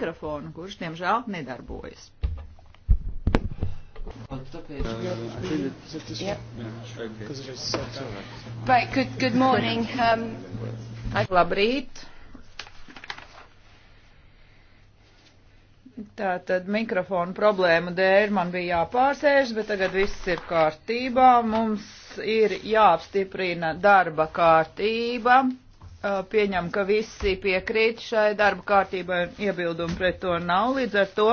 mikrofonu, kurš, diemžēl, nedarbojas. Right, good, good morning. Um, I... Labrīt. Tā tad mikrofonu problēmu dēļ man bija jāpārsēž, bet tagad viss ir kārtībā. Mums ir jāapstiprina darba kārtība pieņem, ka visi piekrīt šai darba kārtībai un iebildumi pret to nav. Līdz ar to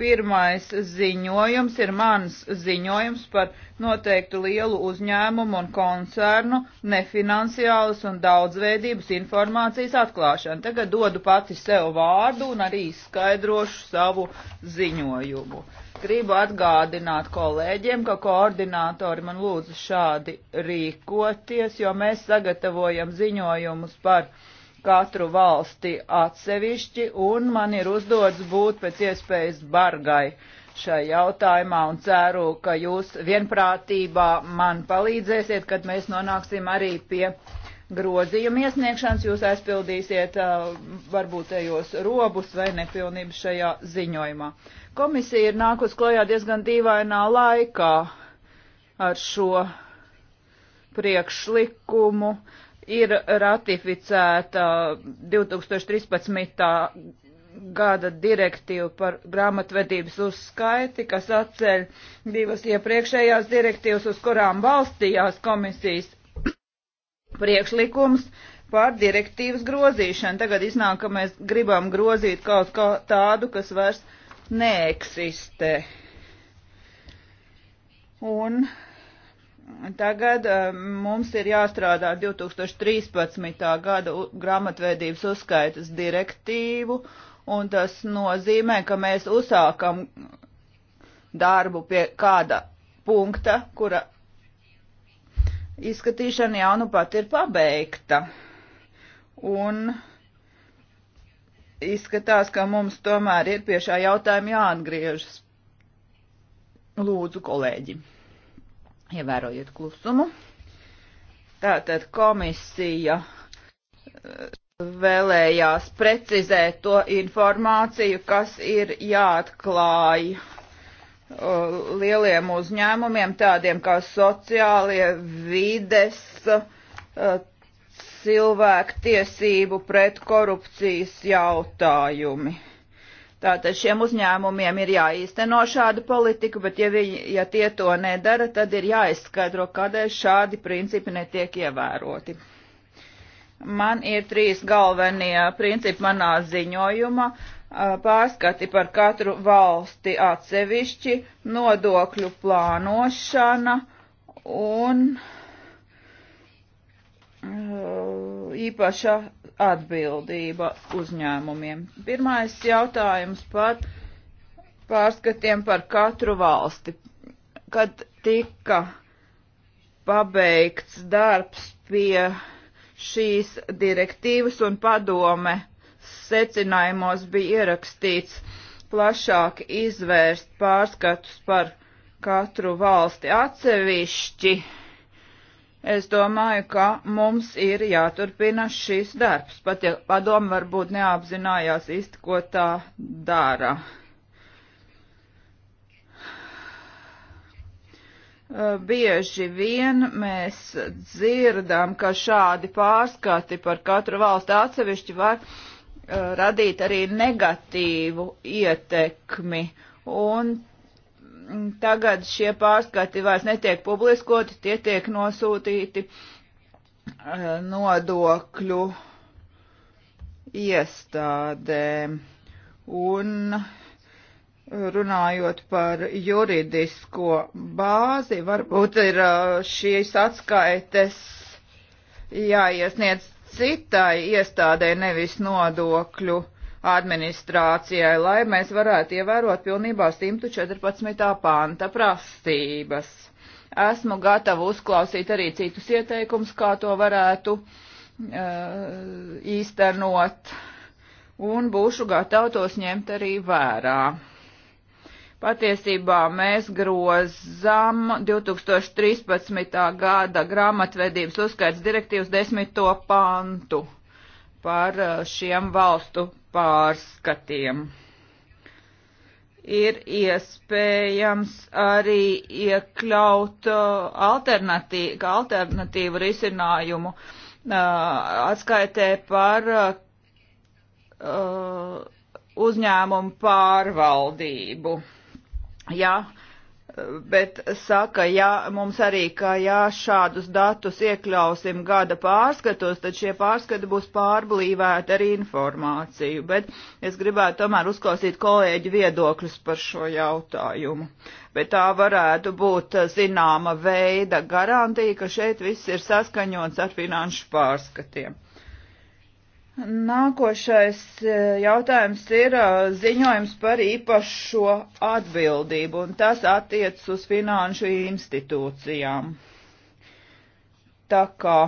pirmais ziņojums ir mans ziņojums par noteiktu lielu uzņēmumu un koncernu nefinanciālas un daudzveidības informācijas atklāšanu. Tagad dodu pati sev vārdu un arī izskaidrošu savu ziņojumu gribu atgādināt kolēģiem, ka koordinātori man lūdzu šādi rīkoties, jo mēs sagatavojam ziņojumus par katru valsti atsevišķi, un man ir uzdots būt pēc iespējas bargai šai jautājumā, un ceru, ka jūs vienprātībā man palīdzēsiet, kad mēs nonāksim arī pie grozījumu iesniegšanas jūs aizpildīsiet varbūt ejos robus vai nepilnības šajā ziņojumā. Komisija ir nākus klajā diezgan dīvainā laikā ar šo priekšlikumu. Ir ratificēta 2013. gada direktīva par grāmatvedības uzskaiti, kas atceļ divas iepriekšējās direktīvas, uz kurām balstījās komisijas priekšlikums par direktīvas grozīšanu. Tagad iznāk, ka mēs gribam grozīt kaut kā tādu, kas vairs neeksistē. Un tagad eh, mums ir jāstrādā 2013. gada grāmatveidības uzskaitas direktīvu, un tas nozīmē, ka mēs uzsākam darbu pie kāda punkta, kura izskatīšana jau nu pat ir pabeigta. Un izskatās, ka mums tomēr ir pie šā jautājuma jāatgriežas. Lūdzu, kolēģi, ievērojiet klusumu. Tātad komisija eh, vēlējās precizēt to informāciju, kas ir jāatklāja lieliem uzņēmumiem, tādiem kā sociālie, vides, cilvēku tiesību pret korupcijas jautājumi. Tātad šiem uzņēmumiem ir jāīsteno šādu politiku, bet ja, viņi, ja tie to nedara, tad ir jāizskaidro, kādēļ šādi principi netiek ievēroti. Man ir trīs galvenie principi manā ziņojumā. Uh, pārskati par katru valsti atsevišķi, nodokļu plānošana un īpaša atbildība uzņēmumiem. Pirmais jautājums par pārskatiem par katru valsti. Kad tika pabeigts darbs pie šīs direktīvas un padome secinājumos bija ierakstīts plašāk izvērst pārskatus par katru valsti atsevišķi. Es domāju, ka mums ir jāturpina šis darbs, pat ja padomu varbūt neapzinājās īsti, ko tā dara. Bieži vien mēs dzirdam, ka šādi pārskati par katru valstu atsevišķi var uh, Eh, radīt arī negatīvu ietekmi. Un mm, tagad šie pārskati vairs netiek publiskoti, tie tiek nosūtīti eh, nodokļu iestādēm. Un runājot par juridisko bāzi, varbūt ir eh, šīs atskaites jāiesniedz citai iestādē, nevis nodokļu administrācijai, lai mēs varētu ievērot pilnībā 114. panta prasības. Esmu gatava uzklausīt arī citus ieteikumus, kā to varētu uh, īstenot, un būšu gatava tos ņemt arī vērā. Patiesībā mēs grozam 2013. gada grāmatvedības uzskaits direktīvas desmito pantu par uh, šiem valstu pārskatiem ir iespējams arī iekļaut uh, alternatīvu, alternatīvu risinājumu uh, atskaitē par uzņēmumu pārvaldību ja bet saka, ja mums arī, ka ja šādus datus iekļausim gada pārskatos, tad šie pārskati būs pārblīvēti ar informāciju, bet es gribētu tomēr uzklausīt kolēģi viedokļus par šo jautājumu. Bet tā varētu būt zināma veida garantija, ka šeit viss ir saskaņots ar finanšu pārskatiem. Nākošais e, jautājums ir e, ziņojums par īpašo atbildību, un tas attiec uz finanšu institūcijām. Tā kā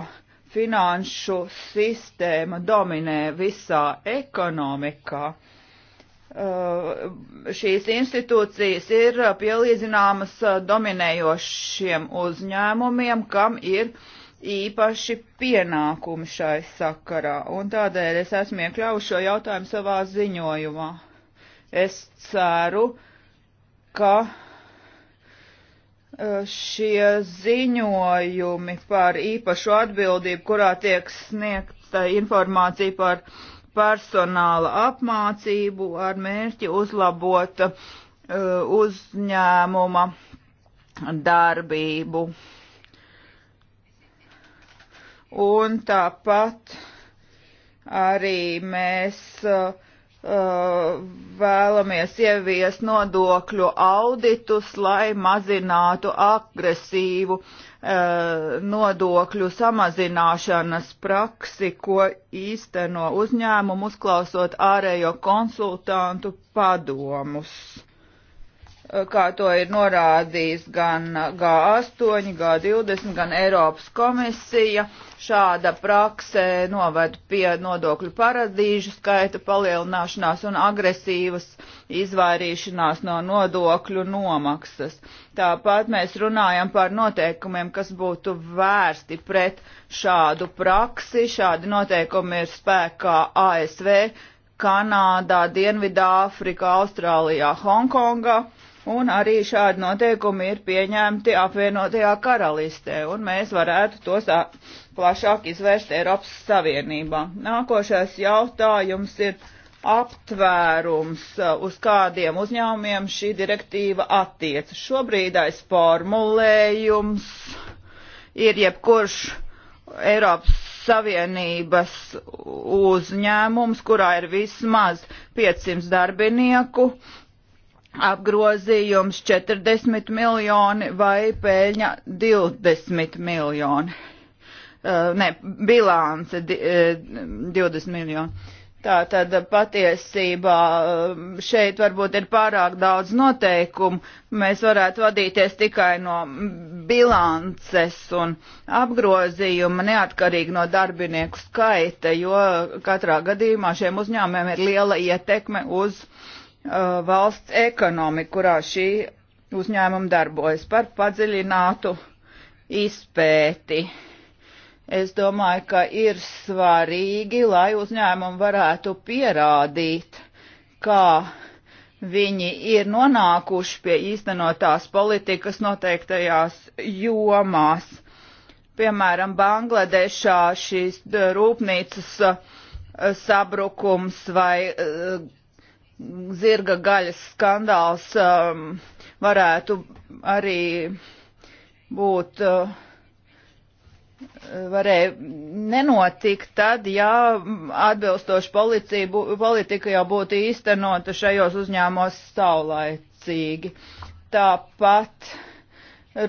finanšu sistēma dominē visā ekonomikā, e, šīs institūcijas ir pielīdzināmas dominējošiem uzņēmumiem, kam ir uh, īpaši pienākumi šai sakarā, un tādēļ es esmu iekļāvuši šo jautājumu savā ziņojumā. Es ceru, ka e, šie ziņojumi par īpašu atbildību, kurā tiek sniegta informācija par personāla apmācību ar mērķi uzlabot e, uzņēmuma darbību un tāpat arī mēs uh, vēlamies ieviest nodokļu auditus, lai mazinātu agresīvu eh, nodokļu samazināšanas praksi, ko īsteno uzņēmumu uzklausot ārējo konsultantu padomus. Eh, kā to ir norādījis gan G8, eh, G20, gan Eiropas komisija. Šāda prakse noved pie nodokļu paradīžu skaita palielināšanās un agresīvas izvairīšanās no nodokļu nomaksas. Tāpat mēs runājam par noteikumiem, kas būtu vērsti pret šādu praksi. Šādi noteikumi ir spēkā ASV, Kanādā, Dienvidāfrikā, Austrālijā, Hongkongā Un arī šādi noteikumi ir pieņemti apvienotajā karalistē, un mēs varētu tos plašāk izvērst Eiropas Savienībā. Nākošais jautājums ir aptvērums, uz kādiem uzņēmumiem šī direktīva attiecas. Šobrīdais formulējums ir jebkurš Eiropas Savienības uzņēmums, kurā ir vismaz 500 darbinieku, uh, apgrozījums 40 miljoni vai pēļņa 20 miljoni. Uh, ne, bilance 20 uh, miljoni. Tā tad patiesībā uh, šeit varbūt ir pārāk daudz noteikumu. Mēs varētu vadīties tikai no bilances un apgrozījuma neatkarīgi no darbinieku skaita, jo katrā gadījumā šiem uzņēmumiem ir liela ietekme uz Uh, valsts ekonomiku, kurā šī uzņēmuma darbojas, par padziļinātu izpēti. Es domāju, ka ir svarīgi, lai uzņēmumi varētu pierādīt, kā viņi ir nonākuši pie īstenotās politikas noteiktajās jomās. Piemēram, Bangladešā šīs rūpnīcas uh, sabrukums vai uh, zirga gaļas skandāls um, varētu arī būt, uh, varēja nenotikt tad, ja atbilstoši policiju, politika jau būtu īstenota šajos uzņēmos saulaicīgi. Tāpat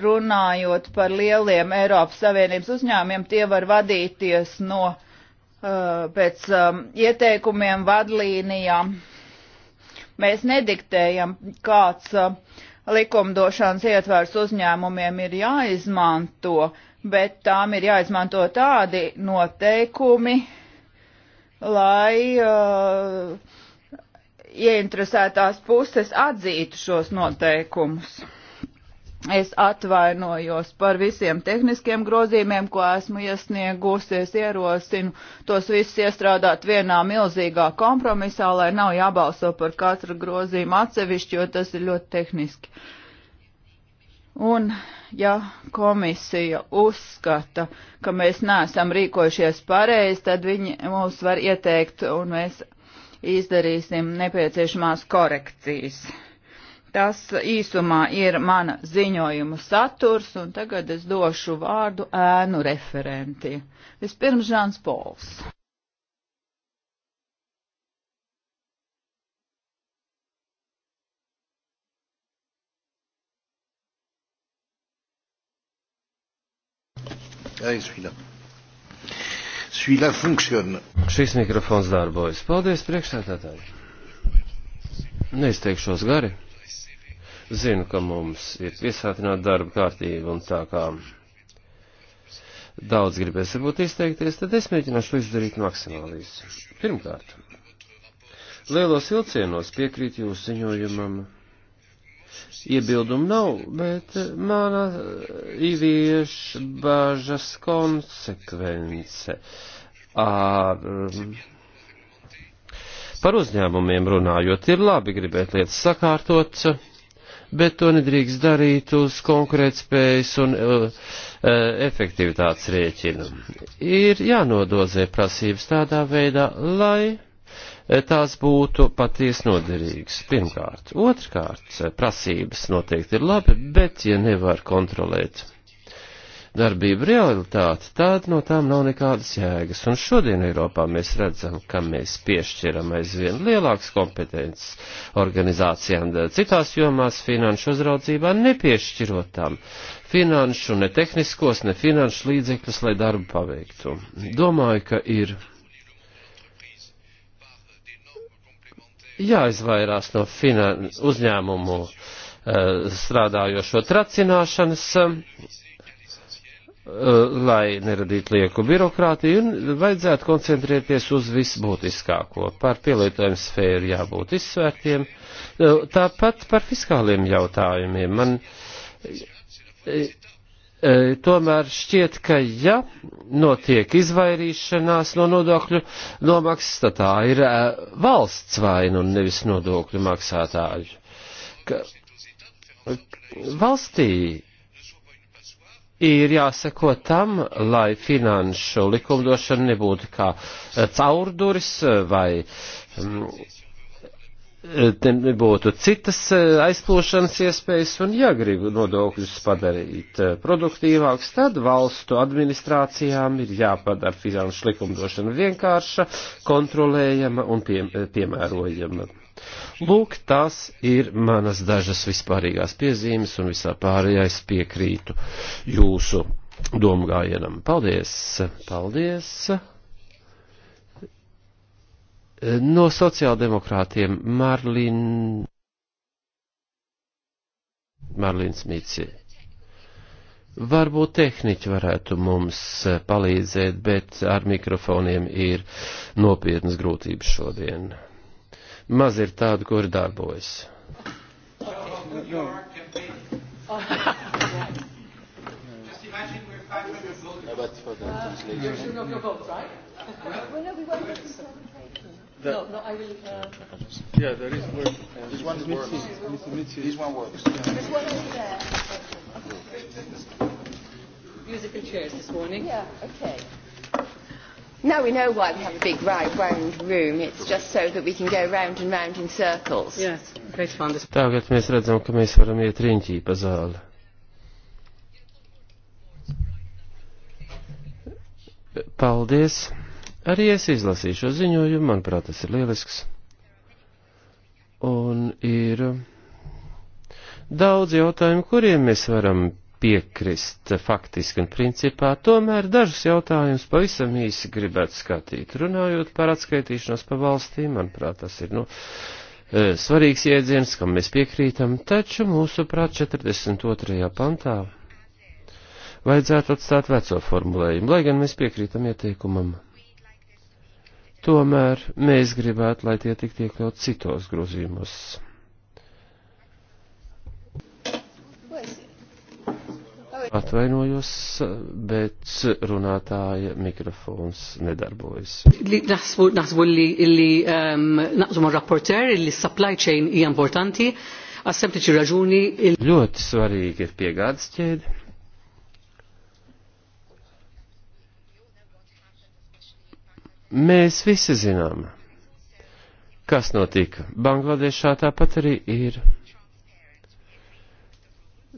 runājot par lieliem Eiropas Savienības uzņēmiem, tie var vadīties no uh, pēc um, ieteikumiem, vadlīnijām, Mēs nediktējam, kāds uh, likumdošanas ietvers uzņēmumiem ir jāizmanto, bet tām ir jāizmanto tādi noteikumi, lai uh, ieinteresētās puses atzītu šos noteikumus. Es atvainojos par visiem tehniskiem grozījumiem, ko esmu iesniegusi. Es ierosinu tos visus iestrādāt vienā milzīgā kompromisā, lai nav jābalso par katru grozījumu atsevišķi, jo tas ir ļoti tehniski. Un, ja komisija uzskata, ka mēs neesam rīkojušies pareizi, tad viņi mums var ieteikt, un mēs izdarīsim nepieciešamās korekcijas. Tas īsumā ir mana ziņojuma saturs, un tagad es došu vārdu ēnu referentī. Vispirms Žāns Pols. Ah, Šis mikrofons darbojas. Paldies, priekšsēdētāji. Neizteikšos gari. Zinu, ka mums ir piesātināta darba kārtība un tā kā daudz gribēs varbūt izteikties, tad es mēģināšu izdarīt maksimāli visu. Pirmkārt, lielos vilcienos piekrīt jūsu ziņojumam. Iebildumu nav, bet mana īvieš bāžas konsekvence ar, um, par uzņēmumiem runājot ir labi gribēt lietas sakārtot bet to nedrīkst darīt uz konkurētspējas un uh, uh, efektivitātes rēķina. Ir jānodozē prasības tādā veidā, lai uh, tās būtu paties noderīgas. Pirmkārt. Otrkārt, prasības noteikti ir labi, bet ja nevar kontrolēt darbību realitāti, tad no tām nav nekādas jēgas. Un šodien Eiropā mēs redzam, ka mēs piešķiram aizvien lielākas kompetences organizācijām citās jomās finanšu uzraudzībā nepiešķirot tam finanšu, ne tehniskos, ne finanšu līdzekļus, lai darbu paveiktu. Domāju, ka ir jāizvairās no finan... uzņēmumu e, strādājošo tracināšanas Eh, lai neradītu lieku birokrātiju, un vajadzētu koncentrēties uz visbūtiskāko. Par pielietojumu sfēru jābūt izsvērtiem, eh, tāpat par fiskāliem jautājumiem. Man eh, tomēr šķiet, ka ja notiek izvairīšanās no nodokļu nomaksas, tad tā ir valsts vaina un nevis nodokļu maksātāju. Ka valstī ir jāseko tam, lai finanšu likumdošana nebūtu kā eh, caurduris eh, vai mm, Eh, te nebūtu citas eh, aizplūšanas iespējas, un ja grib nodokļus padarīt eh, produktīvāks, tad valstu administrācijām ir jāpadara finanšu likumdošana vienkārša, kontrolējama un pie, piemērojama. Lūk, tās ir manas dažas vispārīgās piezīmes, un visā pārējais piekrītu jūsu domgājienam. Paldies! Paldies! No sociāldemokrātiem Marlin, Marlin Smitsi. Varbūt tehniķi varētu mums eh, palīdzēt, bet ar mikrofoniem ir nopietnas grūtības šodien. Maz ir tādu, kuri darbojas. Okay. The no, no, I will. Uh, yeah, there is work. Uh, this one Mitzi, works. Mitzi, Mitzi. This one works. Yeah. This one is there. Uh, musical chairs this morning. Yeah, okay. Now we know why we have a big right round room. It's just so that we can go round and round in circles. Yes, great fun. Tagad mēs redzam, ka mēs varam iet riņķī pa zāli. Paldies. Arī es izlasīju šo ziņojumu, manuprāt, tas ir lielisks. Un ir daudz jautājumu, kuriem mēs varam piekrist faktiski un principā, tomēr dažus jautājumus pavisam īsi gribētu skatīt. Runājot par atskaitīšanos pa valstīm, manuprāt, tas ir, nu, e, svarīgs jēdziens, kam mēs piekrītam, taču mūsuprāt 42. pantā vajadzētu atstāt veco formulējumu, lai gan mēs piekrītam ieteikumam. Tomēr mēs gribētu, lai tie tiktu iekļaut citos grozījumos. Atvainojos, bet runātāja mikrofons nedarbojas. Naħsbu li naqsmu um, rapporter li supply chain hija importanti, għas sempliċi raġuni. Ļoti svarīgi ir piegādes ķēde Mēs visi zinām, kas notika. Bangladešā tāpat arī ir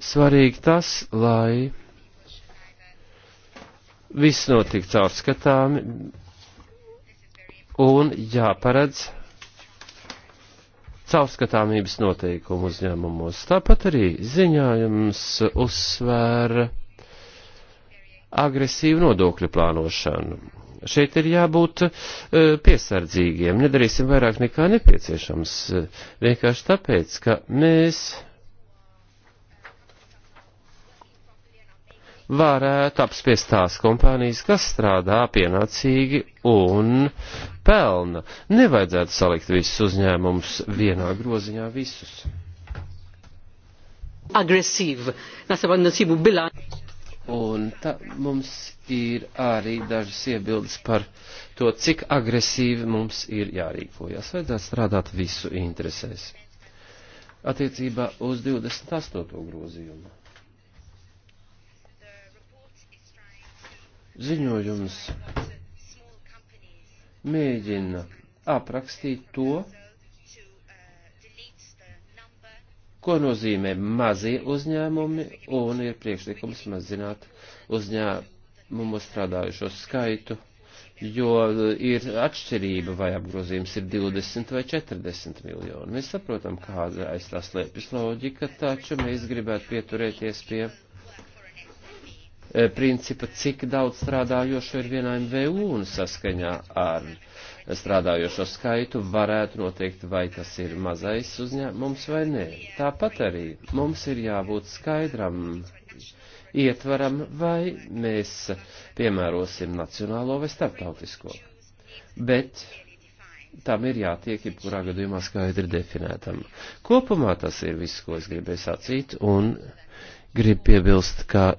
svarīgi tas, lai viss notiek caurskatāmi un jāparedz caurskatāmības noteikumu uzņēmumos. Tāpat arī ziņājums uzsvēra agresīvu nodokļu plānošanu. Šeit ir jābūt e, piesardzīgiem, nedarīsim vairāk nekā nepieciešams, e, vienkārši tāpēc, ka mēs varētu apspiest tās kompānijas, kas strādā pienācīgi un pelna. Nevajadzētu salikt visus uzņēmumus vienā groziņā visus. Agresīvi. Un ta, mums ir arī dažas iebildes par to, cik agresīvi mums ir jārīkojas. Vajadzētu strādāt visu interesēs. Attiecībā uz 28. grozījumu. Ziņojums mēģina aprakstīt to, ko nozīmē mazie uzņēmumi, un ir priekšlikums mazināt uzņēmumu strādājušo skaitu, jo ir atšķirība vai apgrozījums ir 20 vai 40 miljoni. Mēs saprotam, kāda aiz tā slēpjas loģika, taču mēs gribētu pieturēties pie e, principa, cik daudz strādājošo ir vienā MVU un saskaņā ar strādājošo skaitu, varētu noteikt, vai tas ir mazais uzņēmums vai nē. Tāpat arī mums ir jābūt skaidram ietvaram, vai mēs piemērosim nacionālo vai starptautisko. Bet tam ir jātiek jebkurā gadījumā skaidri definētam. Kopumā tas ir viss, ko es gribēju sacīt, un gribu piebilst, ka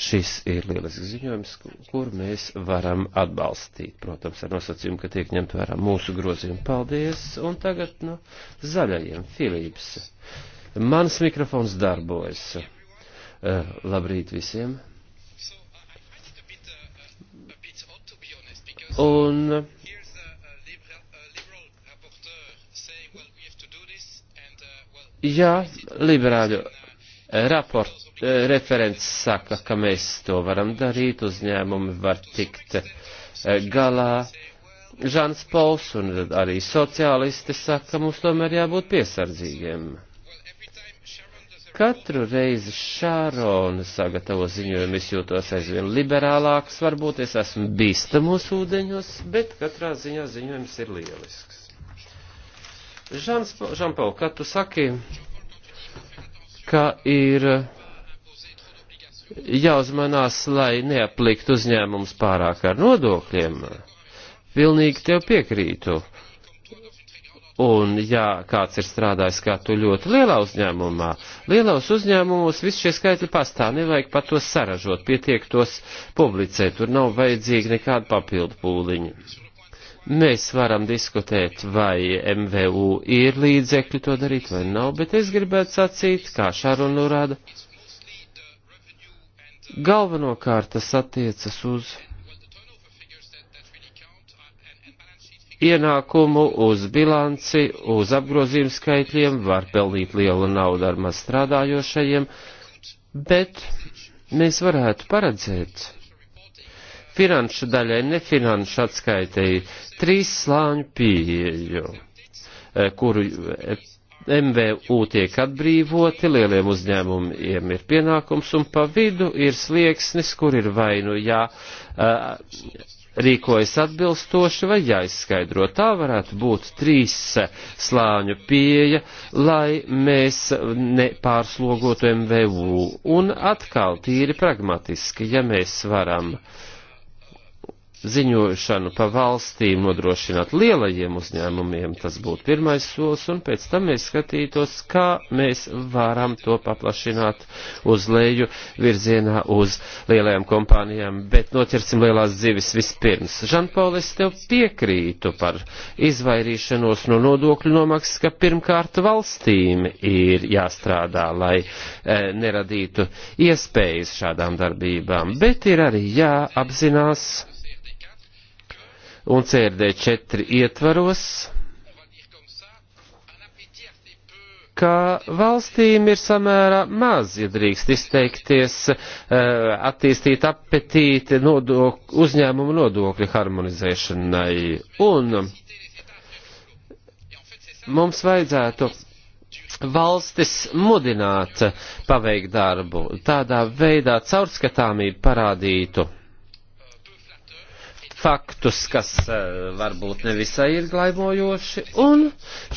šis ir lielisks ziņojums, kur mēs varam atbalstīt. Protams, ar nosacījumu, ka tiek ņemt vērā mūsu grozījumi. Paldies! Un tagad no nu, zaļajiem Filips. Mans mikrofons darbojas. Uh, labrīt visiem! Un Jā, liberāļu raport Eh, referents saka, ka mēs to varam darīt, uzņēmumi var tikt eh, galā. Žans Pols un arī sociālisti saka, ka mums tomēr jābūt piesardzīgiem. Katru reizi Šārona sagatavo ziņojumu, es jūtos aizvien liberālāks, varbūt es esmu bīstamos ūdeņos, bet katrā ziņā ziņojums ir lielisks. Žanpaul, kad tu saki, ka ir jāuzmanās, lai neaplikt uzņēmums pārāk ar nodokļiem. Pilnīgi tev piekrītu. Un, ja kāds ir strādājis kā tu ļoti lielā uzņēmumā, lielos uzņēmumos viss šie skaitļi pastāv, nevajag pat tos saražot, pietiek tos publicēt, tur nav vajadzīgi nekāda papildu pūliņa. Mēs varam diskutēt, vai MVU ir līdzekļi to darīt vai nav, bet es gribētu sacīt, kā Šarun norāda. Nu Galvenokārt tas attiecas uz ienākumu, uz bilanci, uz apgrozījumu skaitļiem, var pelnīt lielu naudu ar maz strādājošajiem, bet mēs varētu paredzēt finanšu daļai, nefinanšu atskaitēji trīs slāņu pieeju, eh, kuru eh, MVU tiek atbrīvoti, lieliem uzņēmumiem ir pienākums, un pa vidu ir slieksnis, kur ir vai nu jā, rīkojas atbilstoši vai jāizskaidro. Tā varētu būt trīs slāņu pieeja, lai mēs nepārslogotu MVU. Un atkal tīri pragmatiski, ja mēs varam uh, ziņošanu pa valstīm nodrošināt lielajiem uzņēmumiem, tas būtu pirmais solis, un pēc tam mēs skatītos, kā mēs varam to paplašināt uz leju virzienā uz lielajām kompānijām, bet noķersim lielās dzīves vispirms. Žanpaul, es tev piekrītu par izvairīšanos no nodokļu nomaksas, ka pirmkārt valstīm ir jāstrādā, lai e, neradītu iespējas šādām darbībām, bet ir arī jāapzinās, un CRD4 ietvaros, ka valstīm ir samērā maz, ja drīkst izteikties, eh, attīstīt apetīti nodok, uzņēmumu nodokļu harmonizēšanai. Un mums vajadzētu valstis mudināt paveikt darbu, tādā veidā caurskatāmību parādītu faktus, kas eh, varbūt nevisai ir glaimojoši, un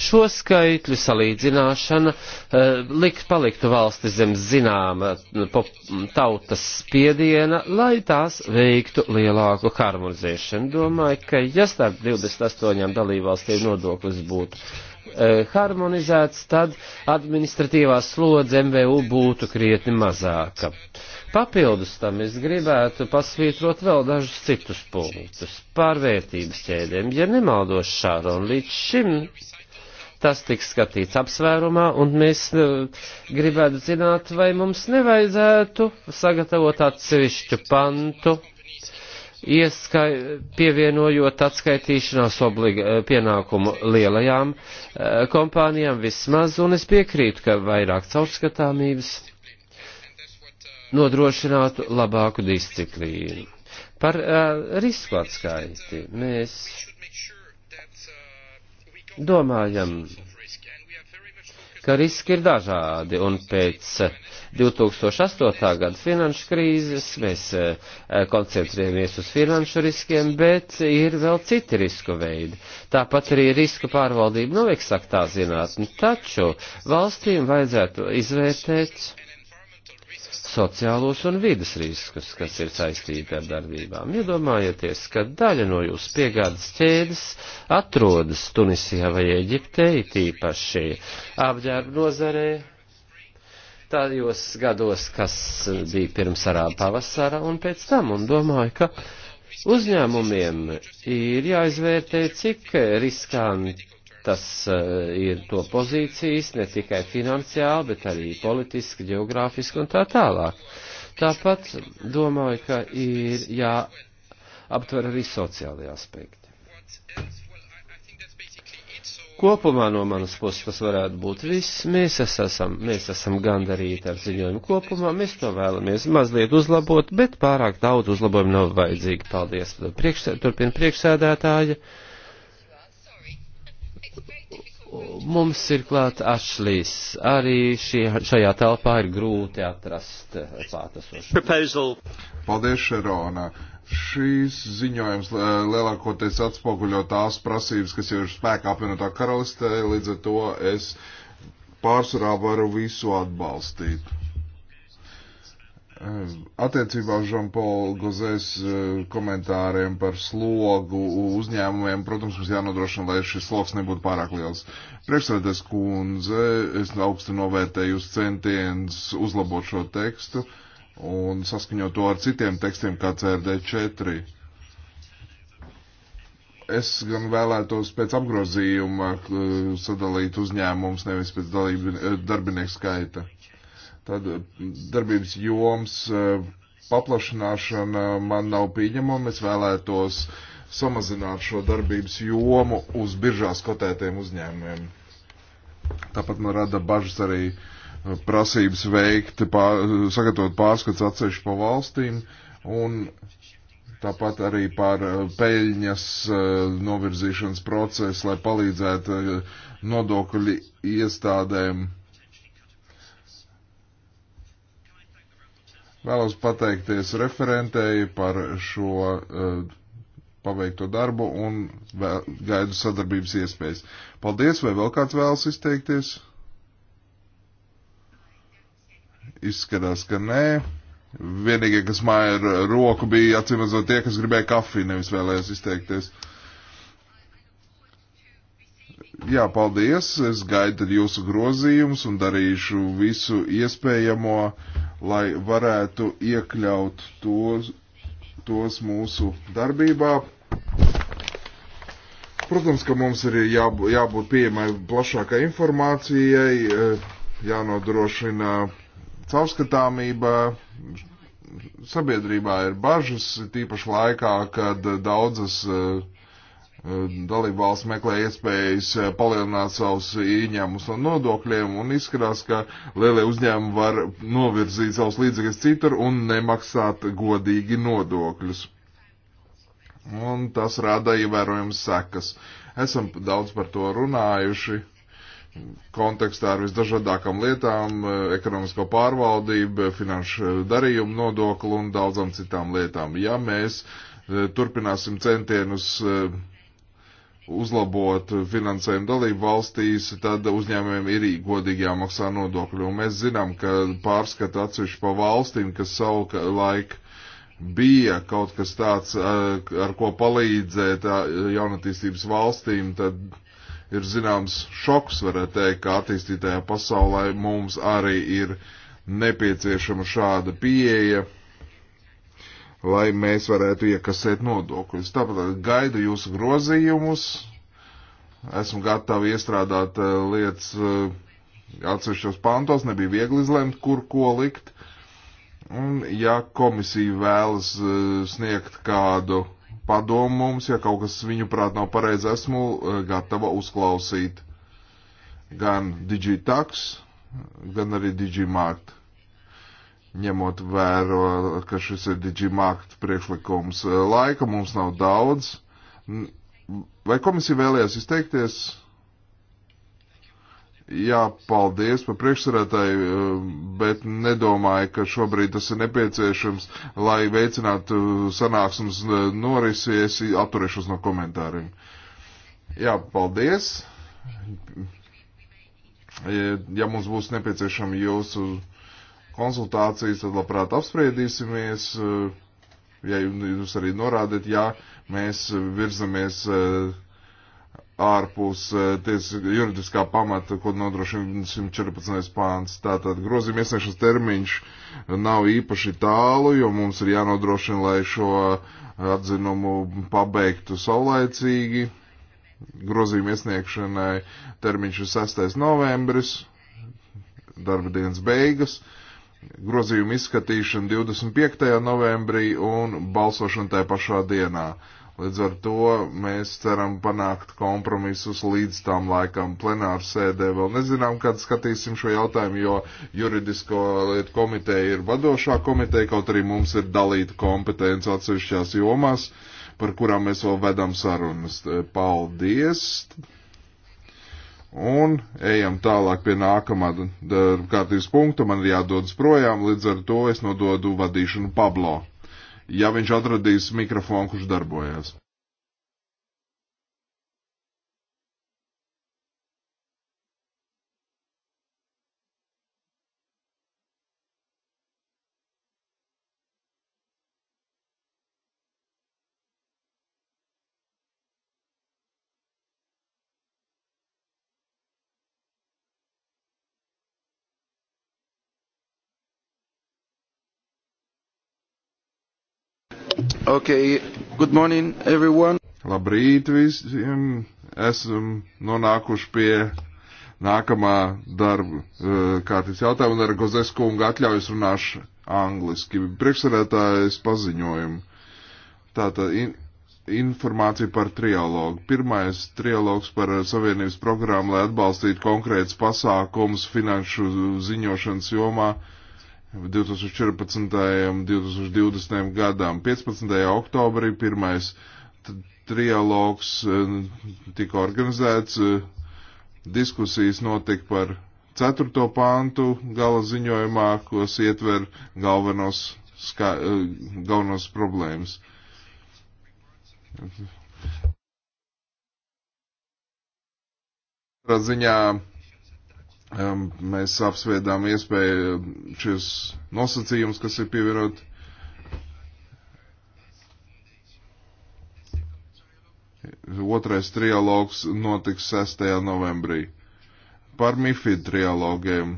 šo skaitļu salīdzināšana eh, likt paliktu valsti zem zināma mm, tautas spiediena, lai tās veiktu lielāku harmonizēšanu. Domāju, ka ja starp 28 dalībvalstīm nodoklis būtu eh, harmonizēts, tad administratīvā slodze MVU būtu krietni mazāka. Uh, Papildus tam es gribētu pasvītrot vēl dažus citus punktus par vērtības ķēdēm. Ja nemaldos Šāron, līdz šim tas tiks skatīts apsvērumā, un mēs e, gribētu zināt, vai mums nevajadzētu sagatavot atsevišķu pantu, ieskai, pievienojot atskaitīšanās obliga, e, pienākumu lielajām e, kompānijām vismaz, un es piekrītu, ka vairāk caurskatāmības nodrošinātu labāku disciplīnu. Par uh, risku atskaiti mēs domājam, ka riski ir dažādi, un pēc 2008. Eh, gada finanšu krīzes mēs eh, koncentrējamies uz finanšu riskiem, bet ir vēl citi risku veidi. Tāpat arī risku pārvaldība nav eksaktā zinātne, taču valstīm vajadzētu izvērtēt sociālos un vidas riskus, kas ir saistīti ar darbībām. Iedomājieties, ka daļa no jūsu piegādes ķēdes atrodas Tunisijā vai Eģiptē, tīpaši apģērba nozarē, tajos gados, kas bija pirms arāba pavasara un pēc tam, un domāju, ka uzņēmumiem ir jāizvērtē, cik riskanti tas eh, ir to pozīcijas ne tikai finansiāli, bet arī politiski, geogrāfiski un tā tālāk. Tāpat domāju, ka ir jāaptver arī sociālajie aspekti. Kopumā no manas puses tas varētu būt viss. Mēs esam, mēs esam gandarīti ar ziņojumu kopumā. Mēs to vēlamies mazliet uzlabot, bet pārāk daudz uzlabojumu nav vajadzīgi. Paldies. Priekš, turpin priekšsēdētāja. Mums ir klāt ašlīs. Arī šie, šajā telpā ir grūti atrast klātesošu. Paldies, Šerona. Šīs ziņojums eh, lielākoties atspoguļo tās prasības, kas jau ir spēkā apvienotā karalistē, līdz ar to es pārsvarā varu visu atbalstīt. Eh, attiecībā uz Žampolu Gozēs eh, komentāriem par slogu uzņēmumiem, protams, mums jānodrošina, lai šis sloks nebūtu pārāk liels. Priekšsēdētājs kundze, es augstu novērtēju jūs centienus uzlabot šo tekstu un saskaņot to ar citiem tekstiem, kā CRD4. Es gan vēlētos pēc apgrozījuma eh, sadalīt uzņēmumus, nevis pēc dalību, darbinieku skaita Tad eh, darbības joms eh, paplašināšana man nav pieņemama. Es vēlētos samazināt šo darbības jomu uz biržās kotētiem uzņēmumiem. Tāpat man rada bažas arī eh, prasības veikt, pār, sagatavot pārskats atsevišķi pa valstīm un tāpat arī par peļņas novirzīšanas procesu, lai palīdzētu nodokļu iestādēm Vēlos pateikties referentēji par šo uh, paveikto darbu un vēl, gaidu sadarbības iespējas. Paldies, vai vēl kāds vēlas izteikties? Izskatās, ka nē. Vienīgie, kas māja ar roku, bija acīm redzot tie, kas gribēja kafiju, nevis vēlējās izteikties. Jā, paldies. Es gaidu jūsu grozījumus un darīšu visu iespējamo, lai varētu iekļaut tos, tos mūsu darbībā. Protams, ka mums ir jābūt, jābūt pieejamai plašākai informācijai, eh, jānodrošina caurskatāmība. Sabiedrībā ir bažas, tīpaši laikā, kad daudzas uh, dalību valsts meklē iespējas eh, palielināt savus ieņēmumus no nodokļiem un izskatās, ka lielie uzņēmumi var novirzīt savus līdzekļus citur un nemaksāt godīgi nodokļus. Un tas rada ievērojams sekas. Esam daudz par to runājuši kontekstā ar visdažādākām lietām, eh, ekonomisko pārvaldību, finanšu darījumu nodokli un daudzām citām lietām. Ja mēs eh, turpināsim centienus uzlabot finansējumu dalību valstīs, tad uzņēmējiem ir godīgi jāmaksā nodokļi. Un mēs zinām, ka pārskata atsevišķi pa valstīm, kas savulaik bija kaut kas tāds, eh, ar ko palīdzēt eh, jaunatīstības valstīm, tad ir zināms šoks, varētu teikt, ka attīstītajā pasaulē mums arī ir nepieciešama šāda pieeja lai mēs varētu iekasēt nodokļus. Tāpat gaidu jūsu grozījumus, esmu gatavi iestrādāt eh, lietas eh, atsevišķos pantos, nebija viegli izlemt, kur ko likt. Un ja komisija vēlas eh, sniegt kādu padomu mums, ja kaut kas viņu prāt nav pareizi, esmu gatava uzklausīt gan Digitax, gan arī Digimart ņemot vēro, ka šis ir Digimakt priekšlikums. Laika mums nav daudz. Vai komisija vēlējās izteikties? Jā, paldies par priekšsarētāju, bet nedomāju, ka šobrīd tas ir nepieciešams, lai veicinātu sanāksmes norisi. Es atturēšos no komentāriem. Jā, paldies. Ja mums būs nepieciešama jūsu. Uz konsultācijas, tad labprāt apspriedīsimies. Eh, ja jūs arī norādat, ja mēs virzamies eh, ārpus eh, tiesa juridiskā pamata, ko nodrošina 114. pāns. Tātad grozījuma iesniegšanas termiņš nav īpaši tālu, jo mums ir jānodrošina, lai šo atzinumu pabeigtu saulaicīgi. Grozījuma iesniegšanai termiņš ir 6. novembris, darba dienas beigas. Uh, grozījumu izskatīšanu 25. novembrī un balsošanu tajā pašā dienā. Līdz ar to mēs ceram panākt kompromisus līdz tām laikam plenāru sēdē. Vēl nezinām, kad skatīsim šo jautājumu, jo juridisko lietu komiteja ir vadošā komiteja, kaut arī mums ir dalīta kompetence atsevišķās jomās, par kurām mēs vēl vedam sarunas. Paldies! Un ejam tālāk pie nākamā kārtības punkta. Man ir jādodas projām, līdz ar to es nododu vadīšanu Pablo. Ja viņš atradīs mikrofonu, kurš darbojas. Okay. Good morning, everyone. Labrīt visiem. Esam nonākuši pie nākamā darba eh, kārtības jautājuma. Ar Gozes kungu atļaujas runāšu angliski. Priekšsarētājs paziņojumu. Tātad in, informācija par trialogu. Pirmais trialogs par savienības programmu, lai atbalstītu konkrētus pasākumus finanšu ziņošanas jomā. Uh, 2014. un 2020. gadām. 15. oktobrī pirmais trialogs eh, tika organizēts, eh, diskusijas notika par 4. pāntu gala ziņojumā, kas ietver galvenos, ska, eh, galvenos problēmas. Ziņā Mēs apsvērdām iespēju šis nosacījums, kas ir pievienot. Otrais trialogs notiks 6. novembrī. Par MIFID trialogiem.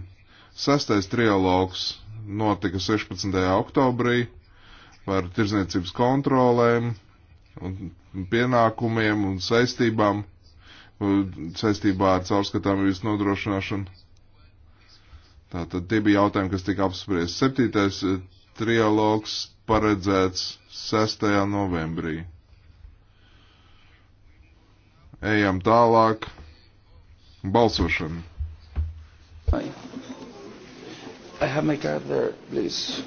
Sestais trialogs notika 16. oktobrī par tirzniecības kontrolēm un pienākumiem un saistībām saistībā ar caurskatāmības nodrošināšanu. Tātad tie bija jautājumi, kas tika apspriest. Septītais eh, trialogs paredzēts 6. novembrī. Ejam tālāk. Balsošana. Hi. I have my card there, please.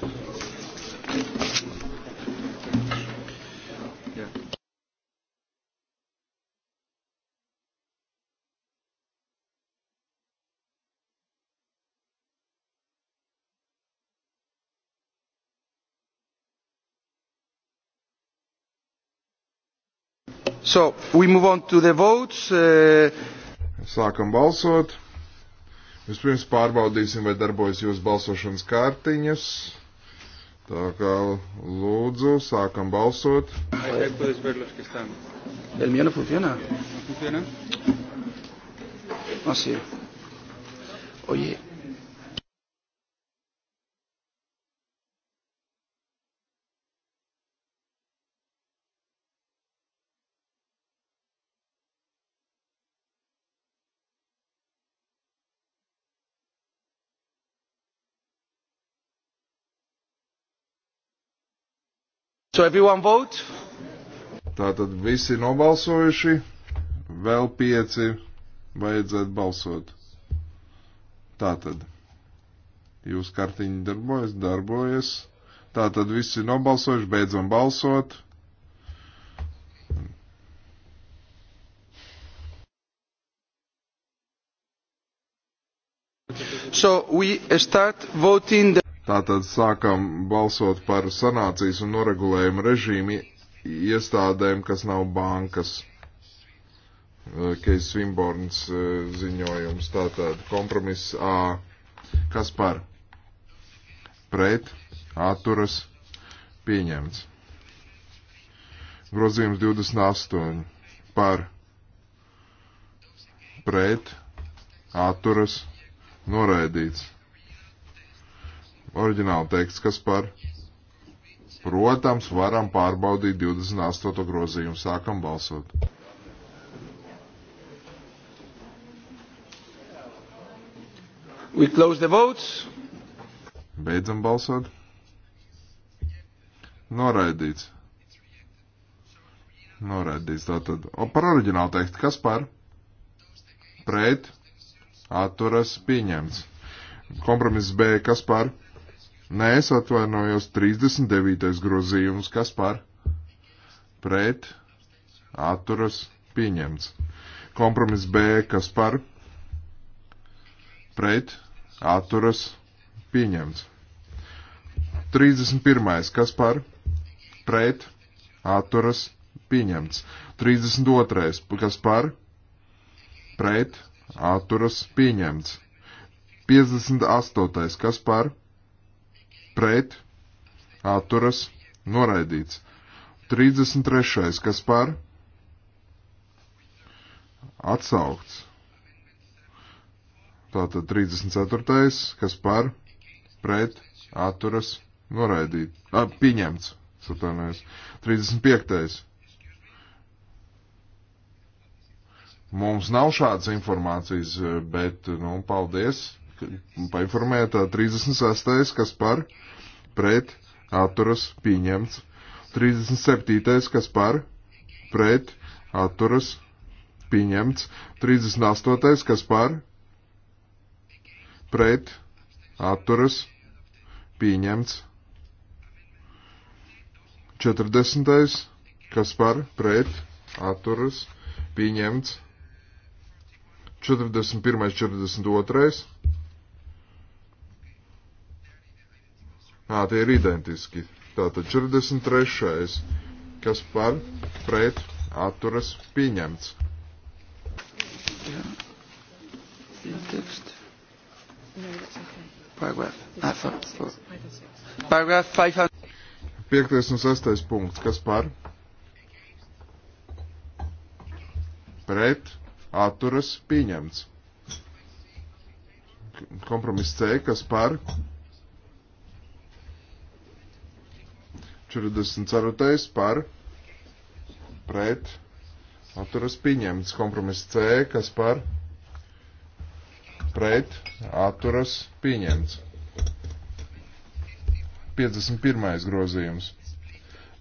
So, we move on to the votes. Uh, sākam balsot. Vispirms pārbaudīsim, vai darbojas jūsu balsošanas kārtiņas. Tā kā lūdzu, sākam balsot. El mío no funciona. No funciona. Así. Ah, Oye, So everyone vote? Tātad visi nobalsojuši, vēl pieci vajadzētu balsot. Tātad. Jūs kartiņi darbojas, darbojas. Tātad visi nobalsojuši, beidzam balsot. So we start voting the Tātad sākam balsot par sanācijas un noregulējumu režīmu iestādēm, kas nav bankas. Keis Svimborns ziņojums, tātad kompromiss A. Kas par? Pret, atturas, pieņemts. Grozījums 28. Par, pret, atturas, noraidīts. Oriģināla teksts, kas par? Protams, varam pārbaudīt 28. grozījumu. Sākam balsot. We close the votes. Beidzam balsot. Noraidīts. Noraidīts tātad. O, par oriģinālu tekstu. Kas par? Pret. Atturas pieņemts. Kompromiss B. Kas par? Nē, es atvainojos 39. grozījums, kas par pret atturas pieņemts. Kompromiss B, kas par pret atturas pieņemts. 31. kas par pret atturas pieņemts. 32. kas par pret atturas pieņemts. 58. kas par pret pret, atturas, noraidīts. 33. kas par? Atsaukts. Tātad 34. kas par? Pret, atturas, noraidīt. A, pieņemts, satanēs. 35. Mums nav šādas informācijas, bet, nu, paldies painformēt 36. kas par pret atturas pieņemts. 37. kas par pret atturas pieņemts. 38. kas par pret atturas pieņemts. 40. kas par pret atturas pieņemts. 41. 42. Ā, tie ir identiski. Tātad 43. kas par pret atturas pieņemts. Paragraf 56. punkts. Kas par? Pret atturas pieņemts. Kompromiss C. Kas par? 44. par pret atturas pieņemts. Kompromiss C, kas par pret atturas pieņemts. 51. grozījums.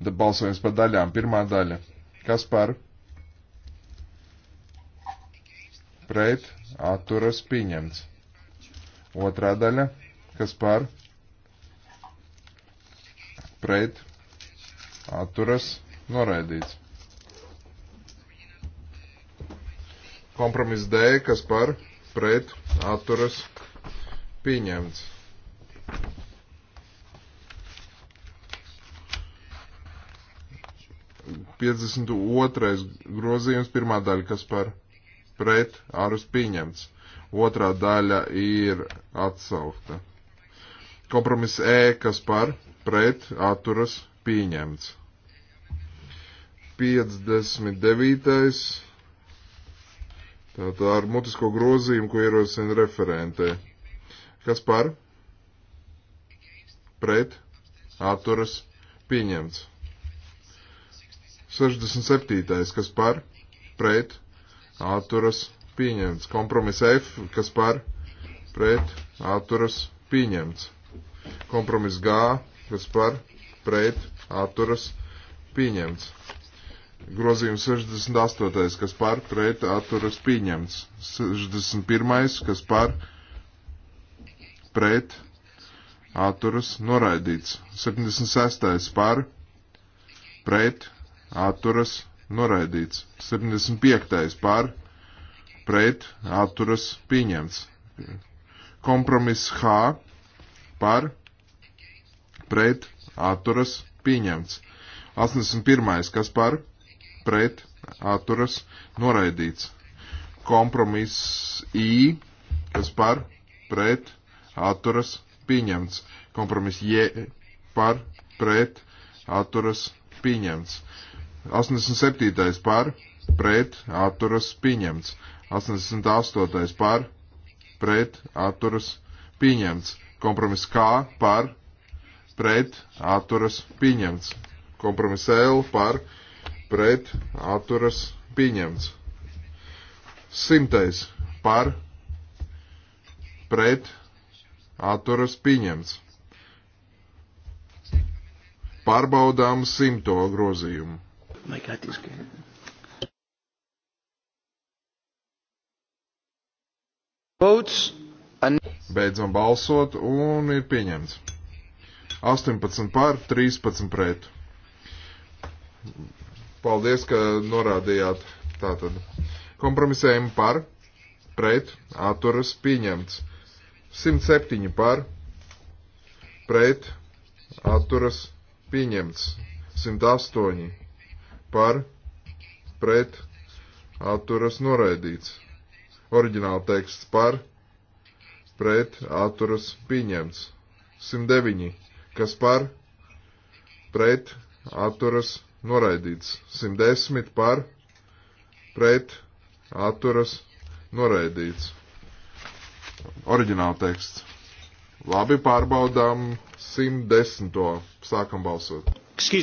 Balsojums par daļām. Pirmā daļa. Kas par pret atturas pieņemts. Otrā daļa. Kas par pret atturas noraidīts. Kompromiss D, kas par pret atturas pieņemts. Piecdesmit otrais grozījums, pirmā daļa, kas par pret ārus pieņemts. Otrā daļa ir atsaukta. Kompromiss E, kas par pret atturas pieņemts. 59. Tātad ar mutisko grozījumu, ko ierosina referentē. Kas par? Pret? Atturas? Pieņemts. 67. Kas par? Pret? Atturas? Pieņemts. Kompromiss F. Kas par? Pret? Atturas? Pieņemts. Kompromiss G. Kas par? Pret? Atturas? Pieņemts. Grozījums 68. kas par pret atturas pieņemts. 61. kas par pret atturas noraidīts. 76. par pret atturas noraidīts. 75. par pret atturas pieņemts. Kompromiss H par pret atturas pieņemts. 81. kas par pret pret atturas noraidīts. Kompromiss I, kas par pret atturas pieņemts. Kompromiss J par pret atturas pieņemts. 87. par pret atturas pieņemts. 88. par pret atturas pieņemts. Kompromiss K par pret atturas pieņemts. Kompromiss L par pret pret atturas pieņemts. Simtais par pret atturas pieņemts. Pārbaudām simto grozījumu. My God is good. Beidzam balsot un ir pieņemts. 18 pār, 13 pret. Paldies, ka norādījāt tātad. Kompromisējumi par, pret, atturas pieņemts. 107 par, pret, atturas pieņemts. 108 par, pret, atturas noraidīts. Oriģināla teksts par, pret, atturas pieņemts. 109, kas par, pret, atturas pieņemts noraidīts. 110 par pret atturas noraidīts. Oriģināla teksts. Labi, pārbaudām 110. Sākam balsot.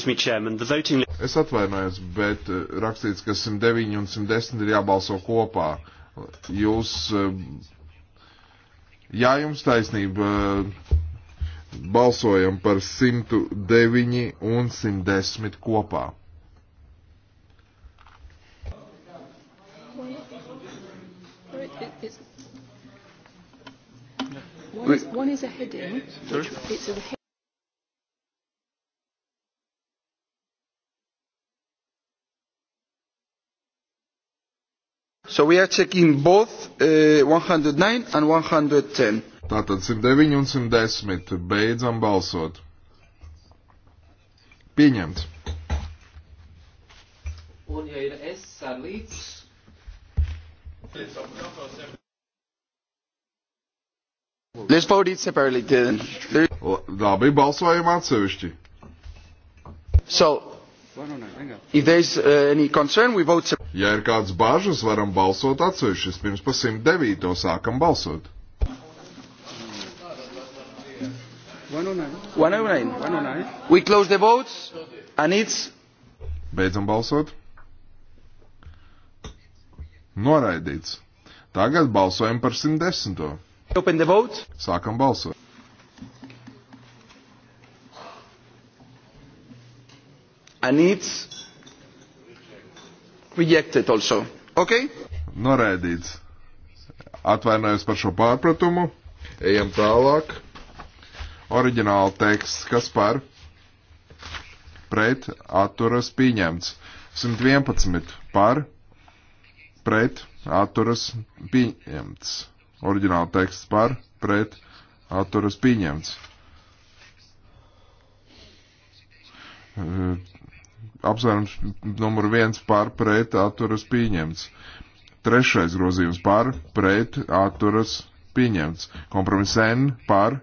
Me, chairman, voting... Es atvainojos, bet eh, rakstīts, ka 109 un 110 ir jābalso kopā. Jūs, eh, jā, jums taisnība Balsojam par 109 un 110 kopā. One is, one is a heading. Sorry? It's a heading. So we are checking both uh, 109 and 110. Tātad 109 un 110. Beidzam balsot. Pieņemts. Un ja ir es ar līdz. Let's vote it separately then. Labi, balsojam atsevišķi. So, if there is uh, any concern, we vote separately. Ja ir kāds bažas, varam balsot atsevišķi. Pirms pa 109. sākam balsot. 109. 109. We close the votes and it's. Beidzam balsot. Noraidīts. Tagad balsojam par 110. Open the vote. Sākam balsot. And it's rejected also. Okay? Noraidīts. Atvainojos par šo pārpratumu. Ejam tālāk. Oriģināla teksts, kas par pret atturas pieņemts. 111 par pret atturas pieņemts. Oriģināla teksts par pret atturas pieņemts. Apsvērums numur viens par pret atturas pieņemts. Trešais grozījums par pret atturas pieņemts. Kompromiss N par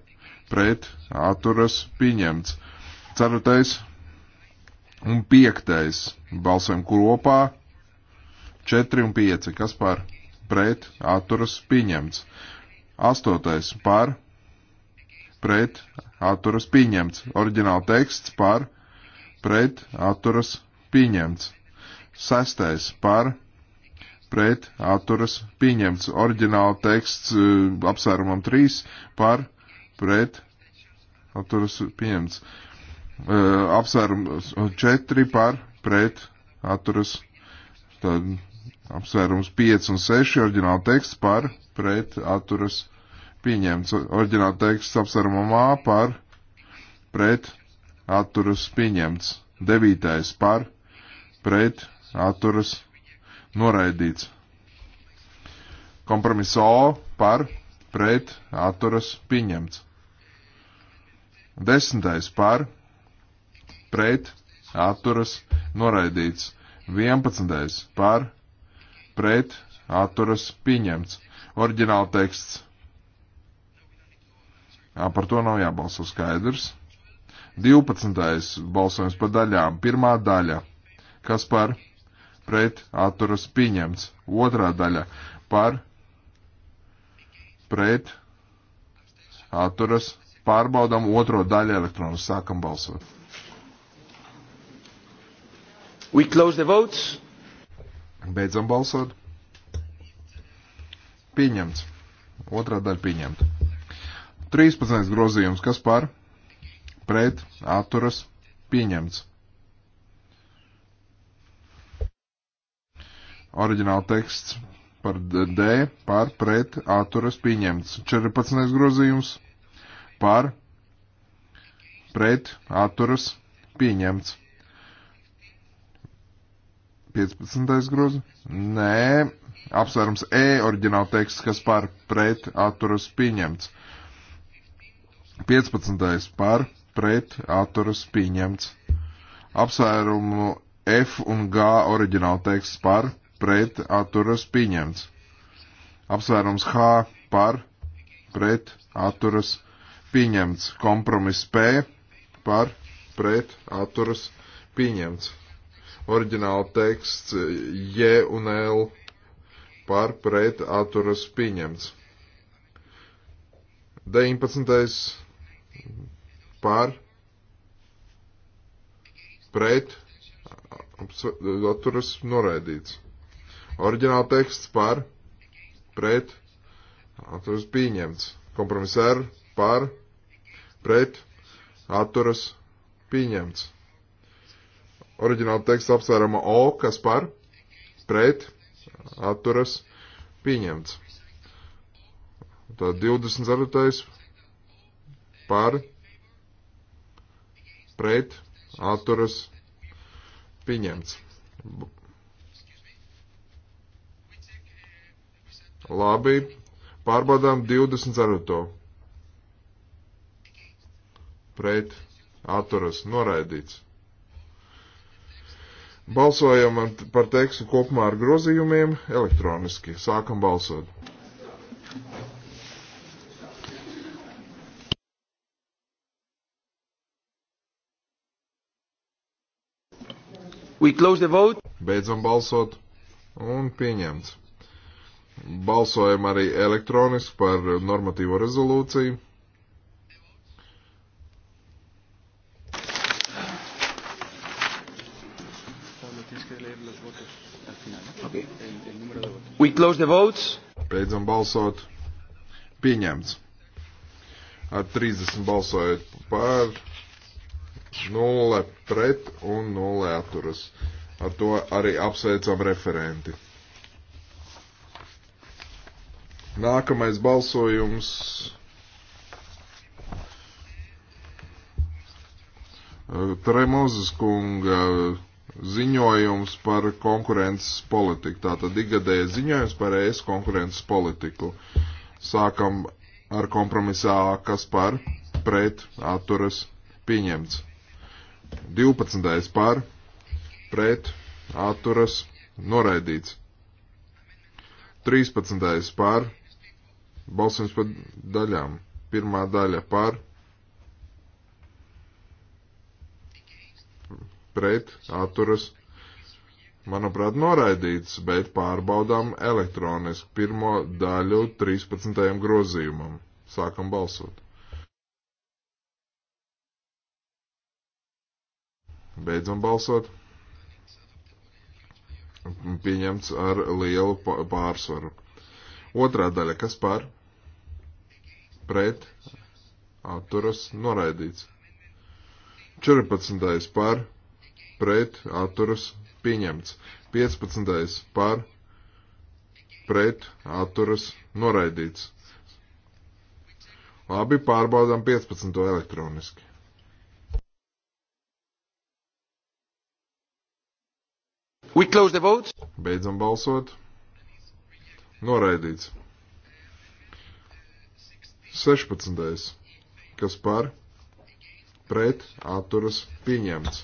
pret atturas pieņemts. Ceturtais un piektais balsojam kopā. Četri un pieci, kas par pret atturas pieņemts. Astotais par pret atturas pieņemts. Oriģināla teksts par pret atturas pieņemts. Sestais par pret atturas pieņemts. Oriģināla teksts eh, apsvērumam 3 par pret atturas pieņemts. Apsvērums 4 par pret atturas. Tad apsvērums 5 un 6 oriģināla teksts par pret atturas pieņemts. Oriģināla teksts apsvērumam A par pret atturas pieņemts. 9 par pret atturas noraidīts. Kompromiss O par pret atturas pieņemts. Desmitais par, pret, atturas, noraidīts. Vienpadsmitais par, pret, atturas, pieņemts. Oriģināla teksts. Jā, par to nav jābalso skaidrs. 12. balsojums par daļām. Pirmā daļa. Kas par? Pret atturas pieņemts. Otrā daļa. Par? Pret atturas Pārbaudām otro daļu elektronu. Sākam balsot. We close the votes. Beidzam balsot. Pieņemts. Otrā daļa pieņemta. 13. grozījums. Kas par? Pret. Atturas. Pieņemts. Oriģināla teksts par D, par pret, atturas pieņemts. 14. grozījums par pret atturas pieņemts. 15. grozu? Nē, apsvērums E oriģināla teksts, kas par pret atturas pieņemts. 15. par pret atturas pieņemts. Apsvērumu F un G oriģināla teksts par pret atturas pieņemts. Apsvērums H par pret atturas pieņemts pieņemts. Kompromiss P par pret atturas pieņemts. Oriģināla teksts J un L par pret atturas pieņemts. 19. par pret atturas noraidīts. Oriģināla teksts par pret atturas pieņemts. Kompromiss R par pret pret atturas pieņemts. Oriģināla teksta apsvērama O, kas par pret atturas pieņemts. Tad 24. par pret atturas pieņemts. Labi, pārbaudām 24 pret atturas noraidīts. Balsojam par tekstu kopumā ar grozījumiem elektroniski. Sākam balsot. We close the vote. Beidzam balsot un pieņemts. Balsojam arī elektroniski par normatīvo rezolūciju. We close the votes. Beidzam balsot. Pieņemts. Ar 30 balsojot par, 0 pret un 0 atturas. Ar to arī apsveicam referenti. Nākamais balsojums Tremozes kunga ziņojums par konkurences politiku. Tātad ikgadēja ziņojums par ES konkurences politiku. Sākam ar kompromisā A, kas par pret atturas pieņemts. 12. par pret atturas noraidīts. 13. par balsojums par daļām. Pirmā daļa par pret atturas, manuprāt, noraidīts, bet pārbaudām elektroniski pirmo daļu 13. grozījumam. Sākam balsot. Beidzam balsot. Pieņemts ar lielu pārsvaru. Otrā daļa, kas par? Pret. Atturas noraidīts. 14. par pret atturas pieņemts. 15. par pret atturas noraidīts. Labi, pārbaudām 15. elektroniski. We close the votes. Beidzam balsot. Noraidīts. 16. Kas par? Pret atturas pieņemts.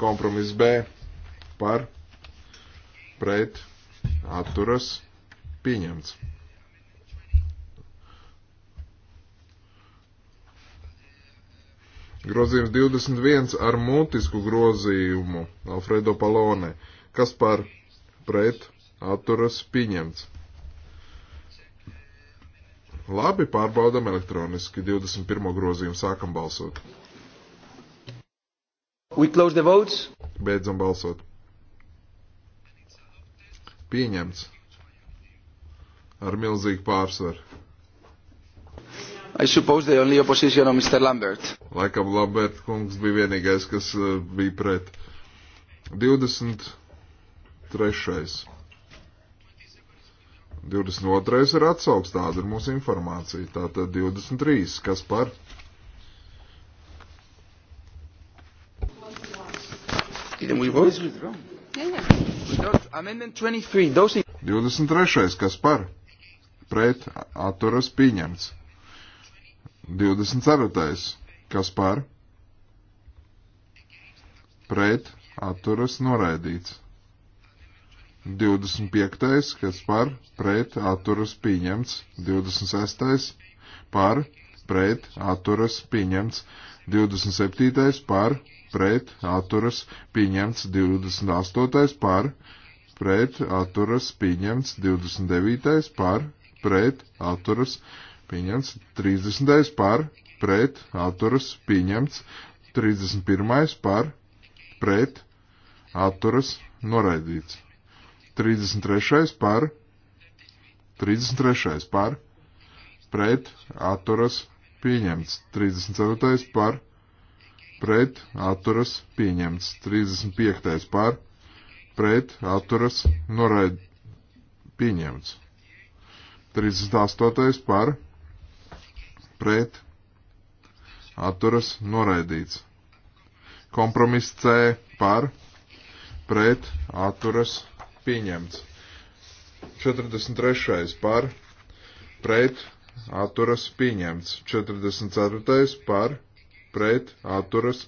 Kompromiss B par pret atturas pieņemts. Grozījums 21 ar mutisku grozījumu Alfredo Palone, kas par pret atturas pieņemts. Labi, pārbaudam elektroniski 21. grozījumu, sākam balsot. We close the votes. Beidzam balsot. Pieņemts. Ar milzīgu pārsvaru. I suppose the only opposition of Mr. Lambert. Laikam Lambert kungs bija vienīgais, kas uh, bija pret. 23. 22. ir atsaugs, tāda ir mūsu informācija. Tātad 23. Kas par? Didn't we vote? Yeah, yeah. Amendment 23. Those in... 23. Kas par? Pret atturas pieņemts. 24. Kas par? Pret atturas noraidīts. 25. Kas par? Pret atturas pieņemts. 26. Par? Pret atturas pieņemts. 27. Par? pret atturas pieņemts 28. par pret atturas pieņemts 29. par pret atturas pieņemts 30. par pret atturas pieņemts 31. par pret atturas noraidīts 33. par 33. par pret atturas pieņemts 34. par pret pret atturas pieņemts. 35. par pret atturas noraid pieņemts. 38. par pret atturas noraidīts. Kompromiss C par pret atturas pieņemts. 43. par pret atturas pieņemts. 44. par pret pret atturas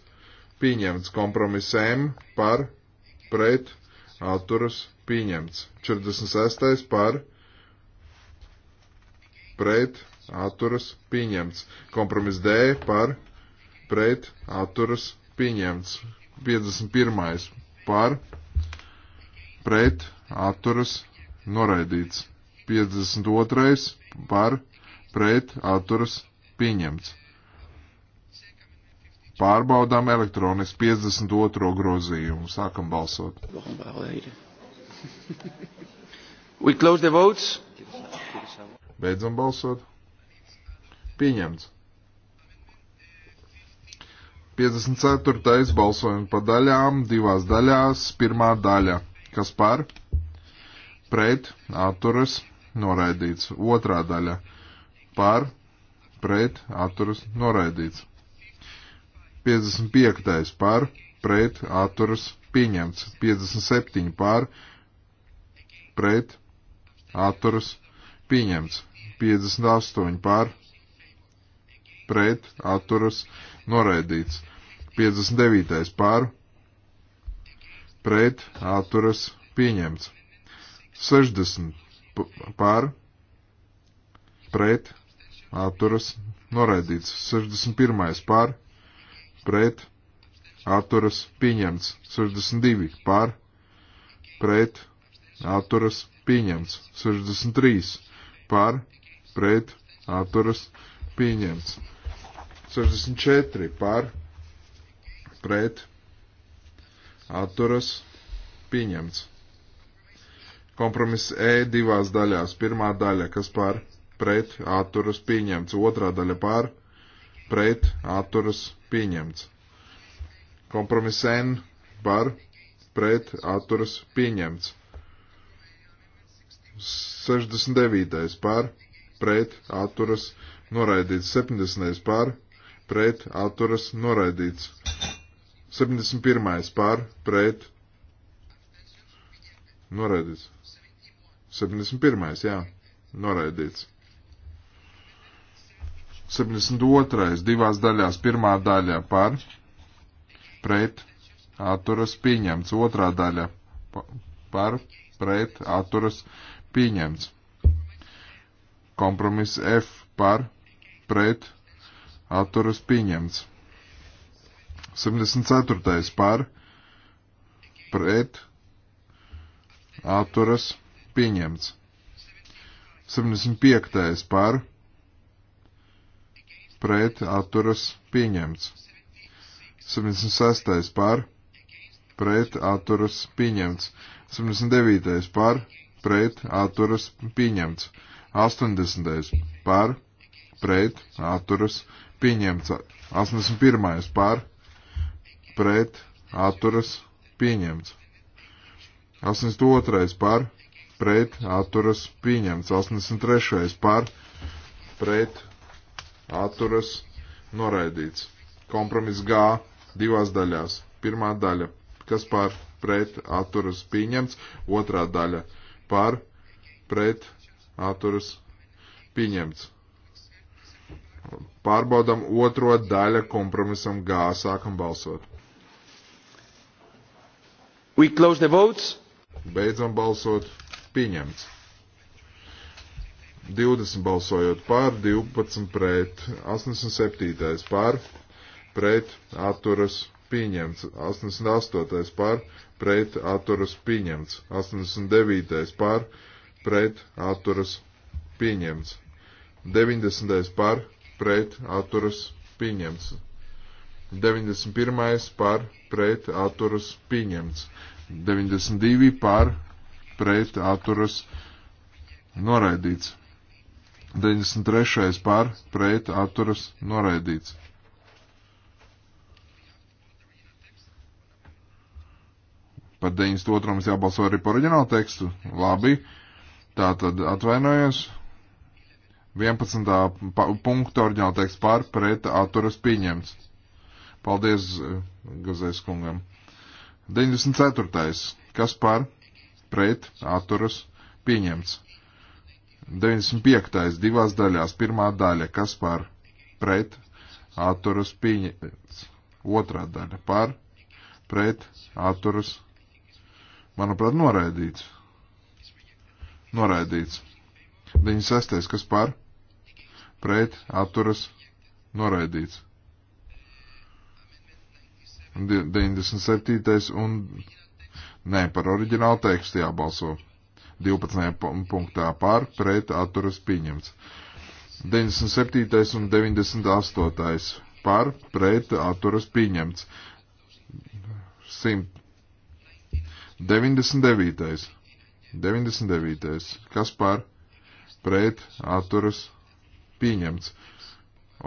pieņemts. Kompromiss M par pret atturas pieņemts. 46. par pret atturas pieņemts. Kompromiss D par pret atturas pieņemts. 51. par pret atturas noraidīts. 52. par pret atturas pieņemts. Pārbaudām elektroniski 52. grozījumu. Sākam balsot. We close the votes. Beidzam balsot. Pieņemts. 54. balsojums pa daļām, divās daļās, pirmā daļa. Kas par? Pret, atturas, noraidīts. Otrā daļa. Par, pret, atturas, noraidīts. 55. par pret atturas pieņemts. 57. par pret atturas pieņemts. 58. par pret atturas noraidīts. 59. par pret atturas pieņemts. 60. par pret atturas noraidīts. 61. par pret pret, atturas pieņemts. 62 par, pret, atturas pieņemts. 63 par, pret, atturas pieņemts. 64 par, pret, atturas pieņemts. Kompromiss E divās daļās. Pirmā daļa, kas par, pret, atturas pieņemts. Otrā daļa par, pret pret atturas pieņemts. Kompromiss N par pret atturas pieņemts. 69. par pret atturas noraidīts. 70. par pret atturas noraidīts. 71. par pret noraidīts. 71. jā, noraidīts. 72. divās daļās. Pirmā daļa par, pret, atturas pieņemts. Otrā daļa par, pret, atturas pieņemts. Kompromiss F par, pret, atturas pieņemts. 74. par, pret, atturas pieņemts. 75. par, pret, pret atturas pieņemts. 76. par pret atturas pieņemts. 79. par pret atturas pieņemts. 80. par pret atturas pieņemts. 81. par pret atturas pieņemts. 82. par pret atturas pieņemts. 83. par pret atturas noraidīts. Kompromiss G divās daļās. Pirmā daļa, kas par pret atturas pieņemts, otrā daļa par pret atturas pieņemts. Pārbaudam otro daļu kompromisam G. Sākam balsot. We close the votes. Beidzam balsot. Pieņemts. 20 balsojot pār, 12 pret, 87 pār, pret, atturas pieņemts, 88 pār, pret, atturas pieņemts, 89 pār, pret, atturas pieņemts, 90 pār, pret, atturas pieņemts, 91 pār, pret, atturas pieņemts, 92 pār, pret, atturas noraidīts. 93. par pret atturas noraidīts. Par 92. mums jābalso arī par oriģinālu tekstu. Labi, tā tad atvainojos. 11. punkta oriģināla teksts par pret atturas pieņemts. Paldies Gazais kungam. 94. kas par pret atturas pieņemts. 95. divās daļās. Pirmā daļa, kas par pret atturas pieņemts. Otrā daļa par pret atturas, manuprāt, noraidīts. Noraidīts. 96. kas par pret atturas noraidīts. 97. un nē, par oriģinālu tekstu jābalso. 12. punktā par pret atturas pieņemts. 97. un 98. par pret atturas pieņemts. 199. 99. Kas par pret atturas pieņemts?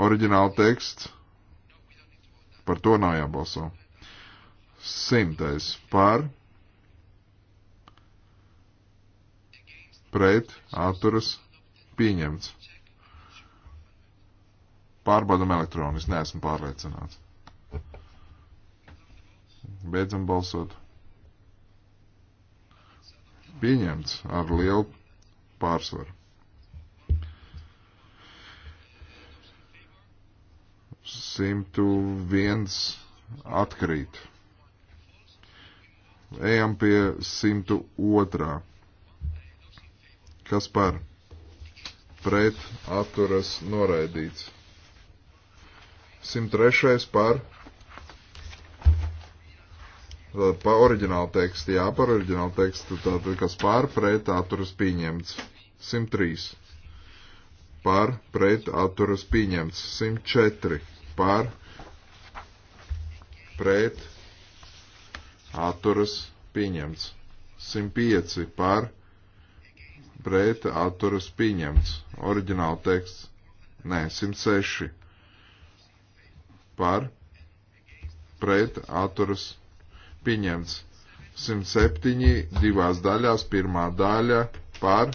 Oriģināla teksts. Par to nav jābalso. Simtais par pret atturas pieņemts. Pārbaudam elektronis, neesmu pārliecināts. Beidzam balsot. Pieņemts ar lielu pārsvaru. Simtu viens atkrīt. Ejam pie simtu otrā. Kas par? Pret atturas noraidīts. 103. par. Tātad pa oriģinālu tekstu, jā, par oriģinālu tekstu, tātad kas par, pret, atturas pieņemts. 103. Par, pret, atturas pieņemts. 104. Par, pret, atturas pieņemts. 105. Par, pret atturas pieņemts. Oriģināla teksts. Nē, 106. Par pret atturas pieņemts. 107. divās daļās. Pirmā daļa par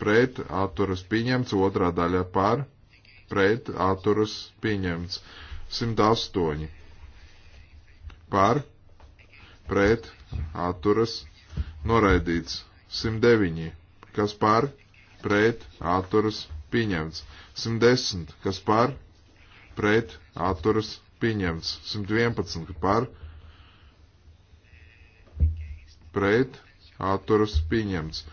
pret atturas pieņemts. Otrā daļa par pret atturas pieņemts. 108. Par pret atturas noraidīts. 109 kas par, pret, atturas, pieņemts. 110, kas par, pret, atturas, pieņemts. 111, par, pret, atturas, pieņemts.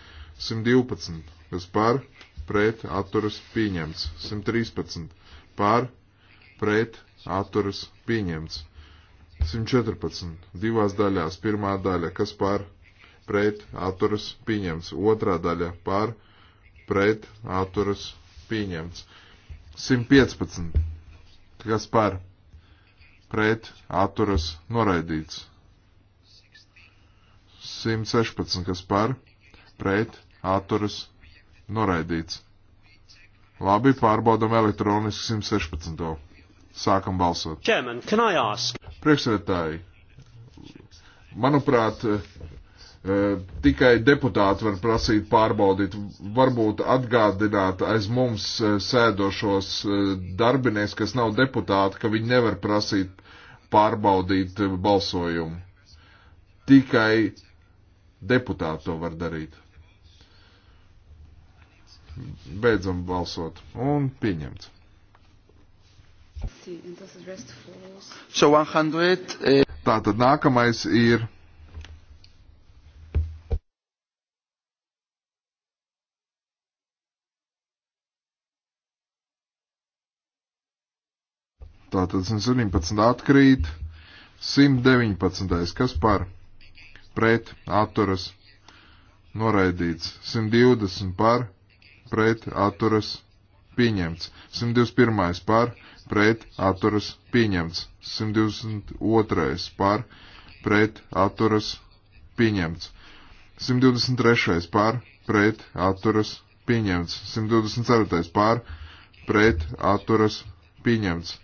112, kas par, pret, atturas, pieņemts. 113, par, pret, atturas, pieņemts. 114, divās daļās, pirmā daļa, kas par, pret, pret atturas pieņemts. Otrā daļa par pret atturas pieņemts. 115. Kas par pret atturas noraidīts. 116. Kas par pret atturas noraidīts. Labi, pārbaudam elektroniski 116. Sākam balsot. Priekšsēdētāji, manuprāt, Eh, tikai deputāti var prasīt pārbaudīt, varbūt atgādināt aiz mums eh, sēdošos eh, darbinieks, kas nav deputāti, ka viņi nevar prasīt pārbaudīt balsojumu. Tikai deputāti to var darīt. Beidzam balsot un pieņemts. Tātad nākamais ir Tātad 117 atkrīt, 119. kas par pret atturas noraidīts, 120 par pret atturas pieņemts, 121 par pret atturas pieņemts, 122 par pret atturas pieņemts, 123 par pret atturas pieņemts, 124 par pret atturas pieņemts.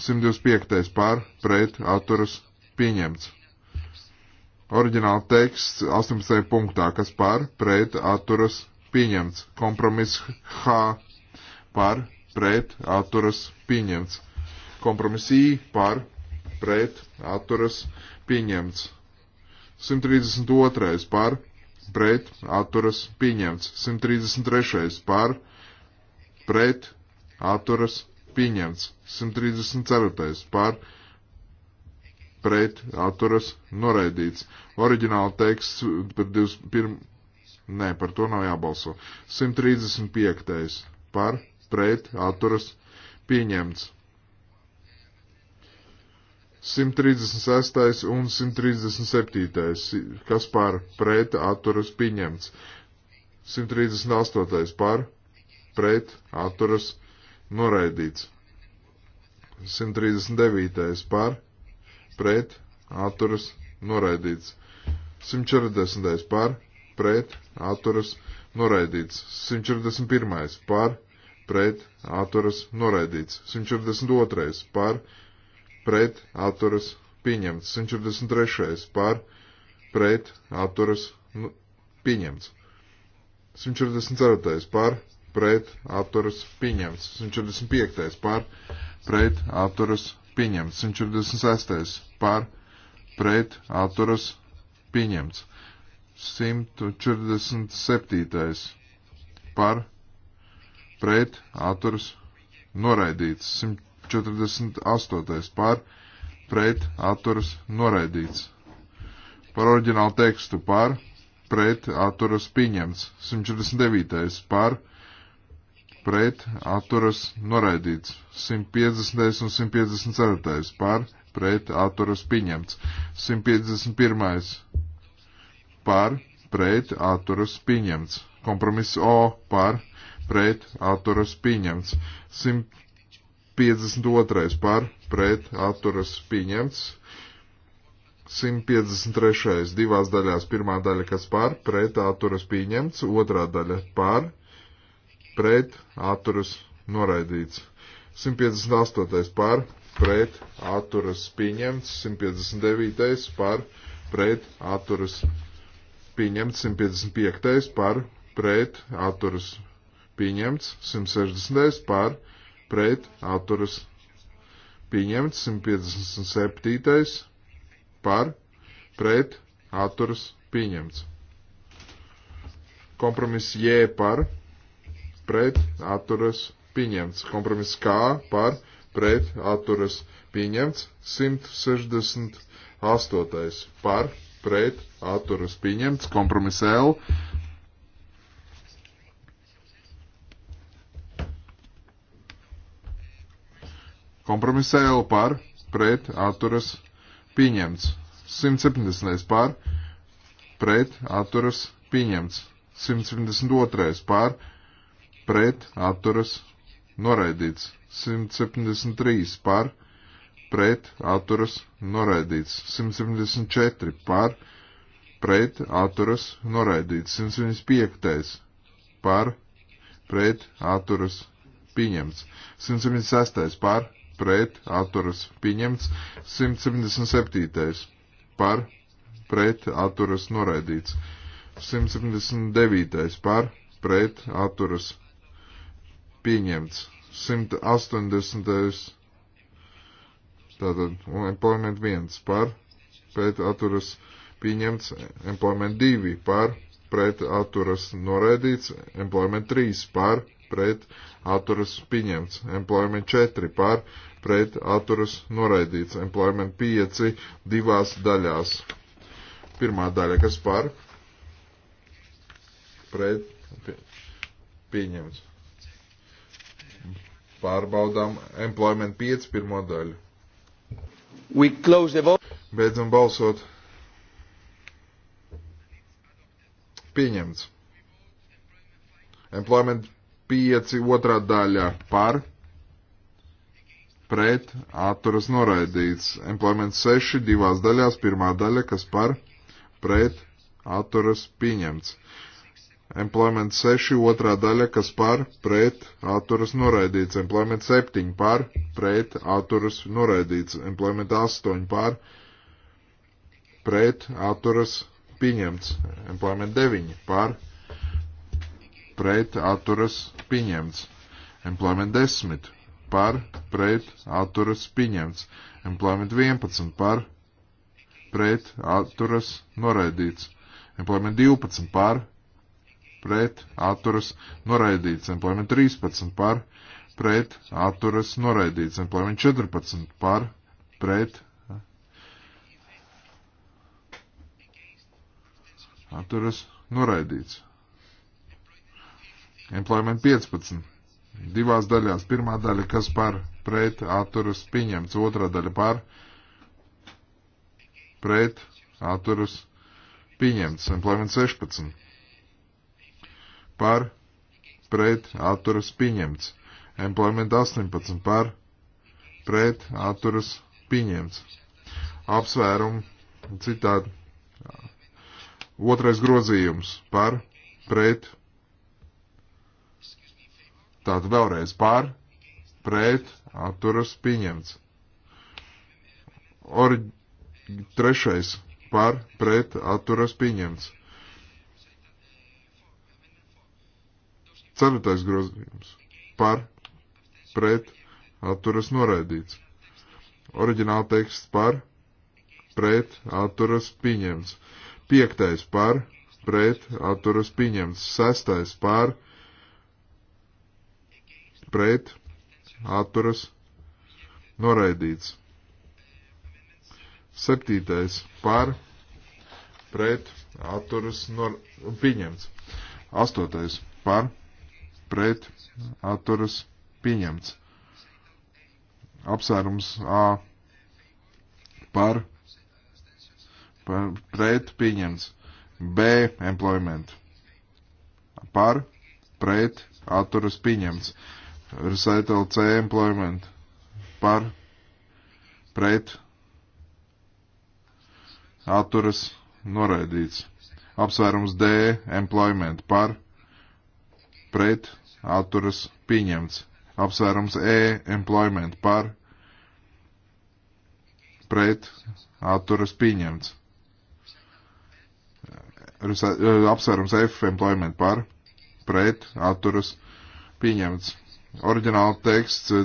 125. pār pret atturas pieņemts. Oriģināla teksts 18. punktā, kas par pret atturas pieņemts. Kompromiss H par pret atturas pieņemts. Kompromiss I par pret atturas pieņemts. 132. par pret atturas pieņemts. 133. par pret atturas pieņemts pieņemts. 134. par pret atturas noraidīts. Oriģināla teksts par 21. Nē, par to nav jābalso. 135. par pret atturas pieņemts. 136. un 137. kas par pret atturas pieņemts. 138. par pret atturas pieņemts noraidīts. 139. par, pret, atturas, noraidīts. 140. par, pret, atturas, noraidīts. 141. par, pret, atturas, noraidīts. 142. par, pret, atturas, pieņemts. 143. par, pret, atturas, nu, pieņemts. 144. par, pret atturas pieņemts. 145. par pret atturas pieņemts. 146. par pret atturas pieņemts. 147. par pret atturas noraidīts. 148. par pret atturas noraidīts. Par oriģinālu tekstu par pret atturas pieņemts. 149. par pret pret atturas noraidīts. 150. un 154. par pret atturas pieņemts. 151. par pret atturas pieņemts. Kompromiss O par pret atturas pieņemts. 152. par pret atturas pieņemts. 153. divās daļās pirmā daļa, kas par pret atturas pieņemts, otrā daļa par pret pret atturas noraidīts. 158. par pret atturas pieņemts, 159. par pret atturas pieņemts, 155. par pret atturas pieņemts, 160. par pret atturas pieņemts, 157. par pret atturas pieņemts. Kompromiss J par pret pret atturas pieņemts. Kompromiss K par pret atturas pieņemts. 168. par pret atturas pieņemts. Kompromiss L. Kompromiss L par pret atturas pieņemts. 170. par pret atturas pieņemts. 172. par pret pret atturas noraidīts. 173 par pret atturas noraidīts. 174 par pret atturas noraidīts. 175 par pret atturas pieņemts. 176 par pret atturas pieņemts. 177 par pret atturas noraidīts. 179 par pret atturas pieņemts pieņemts. 180. Tātad employment 1 par pret atturas pieņemts, employment 2 par pret atturas noraidīts, employment 3 par pret atturas pieņemts, employment 4 par pret atturas noraidīts, employment 5 divās daļās. Pirmā daļa, kas par pret pieņemts. Pārbaudām Employment 5 pirmo daļu. Beidzam balsot. Pieņemts. Employment 5 otrā daļā par pret atturas noraidīts. Employment 6 divās daļās, pirmā daļa, kas par pret atturas pieņemts. Employment 6 otrā daļa, kas par pret atturas noraidīts. Employment 7 par pret atturas noraidīts. Employment 8 par pret atturas pieņemts. Employment 9 par pret atturas pieņemts. Employment 10 par pret atturas pieņemts. Employment 11 par pret atturas noraidīts. Employment 12 par pret pret atturas noraidīts. Employment 13 par pret atturas noraidīts. Employment 14 par pret atturas noraidīts. Employment 15. Divās daļās. Pirmā daļa, kas par pret atturas pieņemts, otrā daļa par pret atturas pieņemts. Employment 16 par pret atturas pieņemts. Employment 18 par pret atturas pieņemts. Apsvērumu citādi. Otrais grozījums par pret. Tātad vēlreiz par pret atturas pieņemts. Or, trešais par pret atturas pieņemts. Ceturtais grozījums par pret atturas noraidīts. Oriģināla teksts par pret atturas pieņemts. Piektais par pret atturas pieņemts. Sestais par pret atturas noraidīts. Septītais par pret atturas nor... pieņemts. Astotais par pret pret atturas pieņemts. Apsvērums A par, par pret pieņemts. B employment par pret atturas pieņemts. Recital C employment par pret atturas noraidīts. Apsvērums D employment par pret pret atturas pieņemts. Apsvērums E employment par pret atturas pieņemts. E, apsvērums F employment par pret atturas pieņemts. Oriģināla teksts e,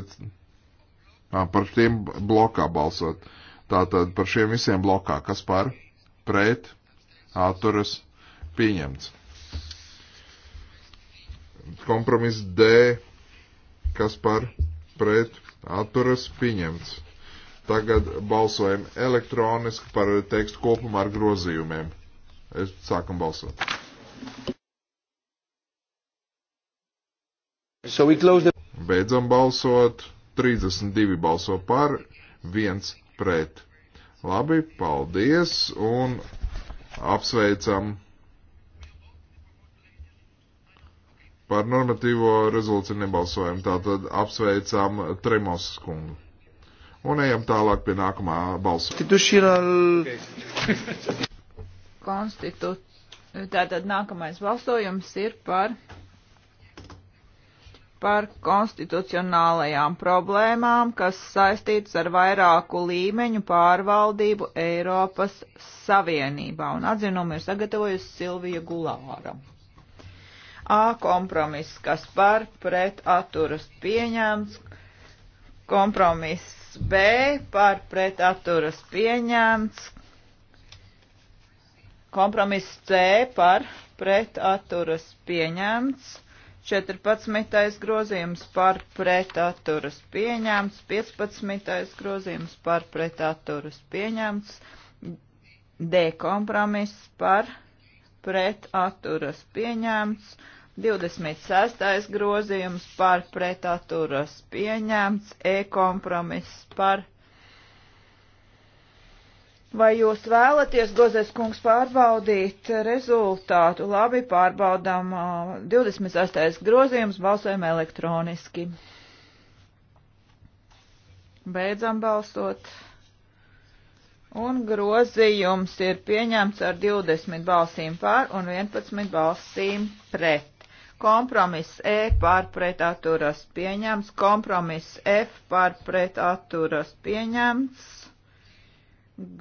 par tiem blokā balsot. Tātad par šiem visiem blokā, kas par pret atturas pieņemts. Kompromiss D, kas par pret atturas pieņemts. Tagad balsojam elektroniski par tekstu kopumā ar grozījumiem. Es sākam balsot. So the... Beidzam balsot. 32 balso par, 1 pret. Labi, paldies un apsveicam Par normatīvo rezolūciju nebalsojam. Tātad apsveicam Tremos kungu. Un ejam tālāk pie nākamā balsu. Konstitūcija. Tātad nākamais balsojums ir par, par konstitucionālajām problēmām, kas saistītas ar vairāku līmeņu pārvaldību Eiropas Savienībā. Un atzinumu ir sagatavojusi Silvija Gulāra. A kompromiss, kas par pret atturas pieņēmts. Kompromiss B par pret atturas pieņēmts. Kompromiss C par pret atturas pieņēmts. 14. grozījums par pretaturas pieņēmts, 15. grozījums par pretaturas pieņēmts, D kompromiss par pretaturas pieņēmts, 26. grozījums par pretaturas pieņemts, e-kompromiss par. Vai jūs vēlaties, Gozes kungs, pārbaudīt rezultātu? Labi, pārbaudām 26. grozījums, balsojam elektroniski. Beidzam balsot. Un grozījums ir pieņemts ar 20 balsīm pār un 11 balsīm pret. Kompromiss E par pretaturas pieņemts, kompromiss F par pretaturas pieņemts,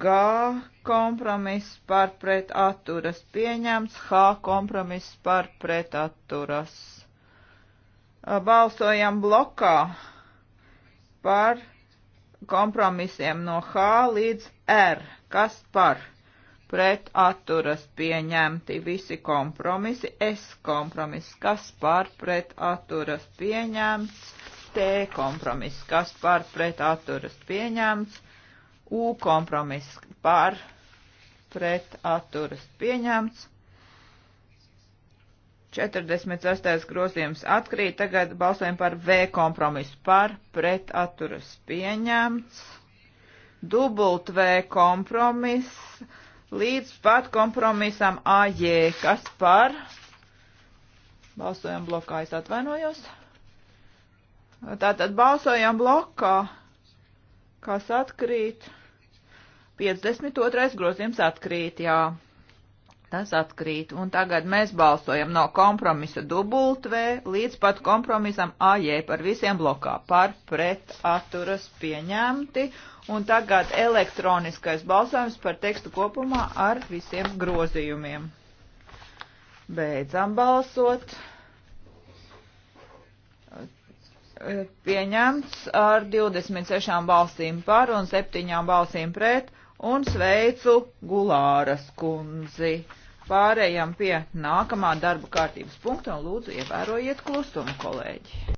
G kompromiss par pretaturas pieņemts, H kompromiss par pretaturas. Balsojam blokā par kompromisiem no H līdz R. Kas par? pret atturas pieņemti visi kompromisi, S kompromiss, kas par pret atturas pieņemts, T kompromiss, kas par pret atturas pieņemts, U kompromiss par pret atturas pieņemts. 46. grozījums atkrīt, tagad balsojam par V kompromisu par pret atturas pieņemts. Dubult V kompromiss līdz pat kompromisam AJ, kas par balsojumu blokā es atvainojos. Tātad balsojam blokā, kas atkrīt. 52. grozījums atkrīt, jā. Tas atkrīt. Un tagad mēs balsojam no kompromisa dubultvē līdz pat kompromisam AJ par visiem blokā. Par pret atturas pieņemti Un tagad elektroniskais balsojums par tekstu kopumā ar visiem grozījumiem. Beidzam balsot. Pieņemts ar 26 balsīm par un 7 balsīm pret un sveicu Gulāras kundzi. Pārējām pie nākamā darba kārtības punkta un lūdzu ievērojiet klusumu, kolēģi.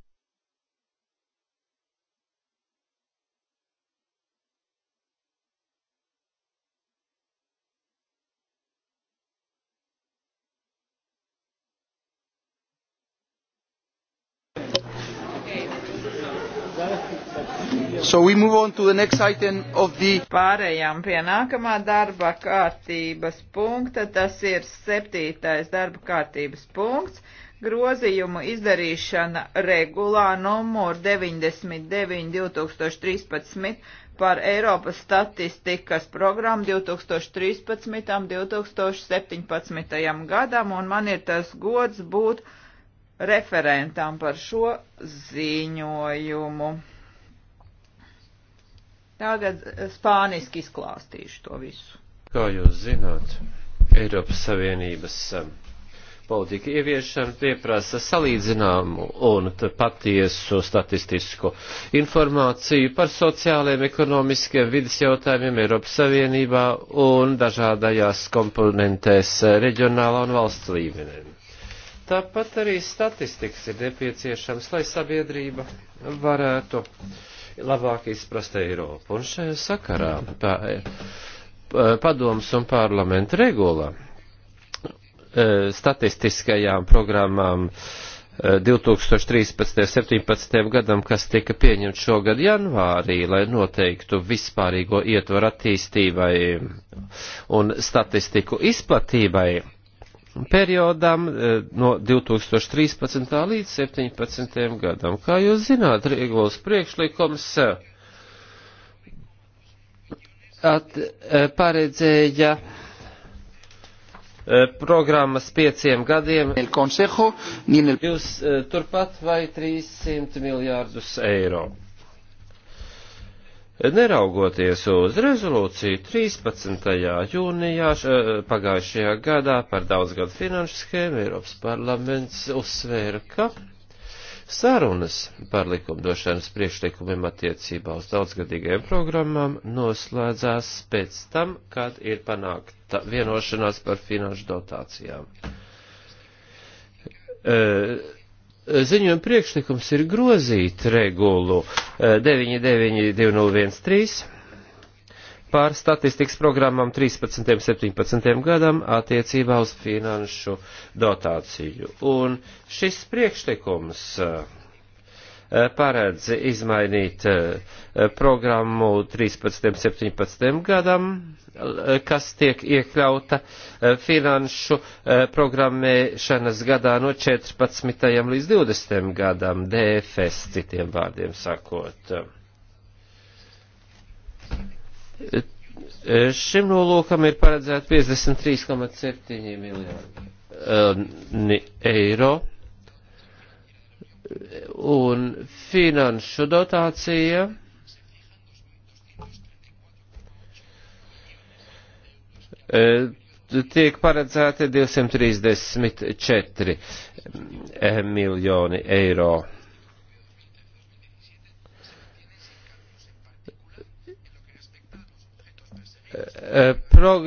So we move on to the next item of the... Pārējām pie nākamā darba kārtības punkta. Tas ir septītais darba kārtības punkts. Grozījumu izdarīšana regulā numur 99-2013 par Eiropas statistikas programmu 2013-2017 gadam, un man ir tas gods būt referentam par šo ziņojumu. Tagad eh, spāniski izklāstīšu to visu. Kā jūs zināt, Eiropas Savienības eh, politika ieviešana pieprasa salīdzināmu un patiesu statistisku informāciju par sociālajiem, ekonomiskiem vidas jautājumiem Eiropas Savienībā un dažādajās komponentēs eh, reģionālā un valsts līmenī. Tāpat arī statistikas ir nepieciešams, lai sabiedrība varētu uh, labāk izprast Eiropu. Un šajā sakarā pa, padoms un parlamenta regula e, statistiskajām programmām 2013.17. E, gadam, kas tika pieņemts šogad janvārī, lai noteiktu vispārīgo ietvaru attīstībai un statistiku izplatībai, periodam e, no 2013. līdz 2017. gadam. Kā jūs zināt, regulas priekšlikums e, at, e, paredzēja programmas pieciem gadiem jūs turpat vai 300 miljārdus eiro. Neraugoties uz rezolūciju 13. jūnijā eh, pagājušajā gadā par daudzgadu finanšu schēmu, Eiropas parlaments uzsvēra, ka sarunas par likumdošanas priekšlikumiem attiecībā uz daudzgadīgajām programmām noslēdzās pēc tam, kad ir panākta vienošanās par finanšu dotācijām. E, ziņojuma priekšlikums ir grozīt regulu 99213 eh, pār statistikas programmām 13. un 17. gadam attiecībā uz finanšu dotāciju. Un šis priekšlikums uh, Eh, paredz izmainīt eh, programmu 13-17 gadam, eh, kas tiek iekļauta finanšu programmēšanas gadā no 14. līdz 20. gadam, DFS citiem vārdiem sakot. Šim nolūkam ir paredzēta 53,7 miljoni eiro un finanšu dotācija. E, tiek paredzēti 234 e, miljoni eiro. Prog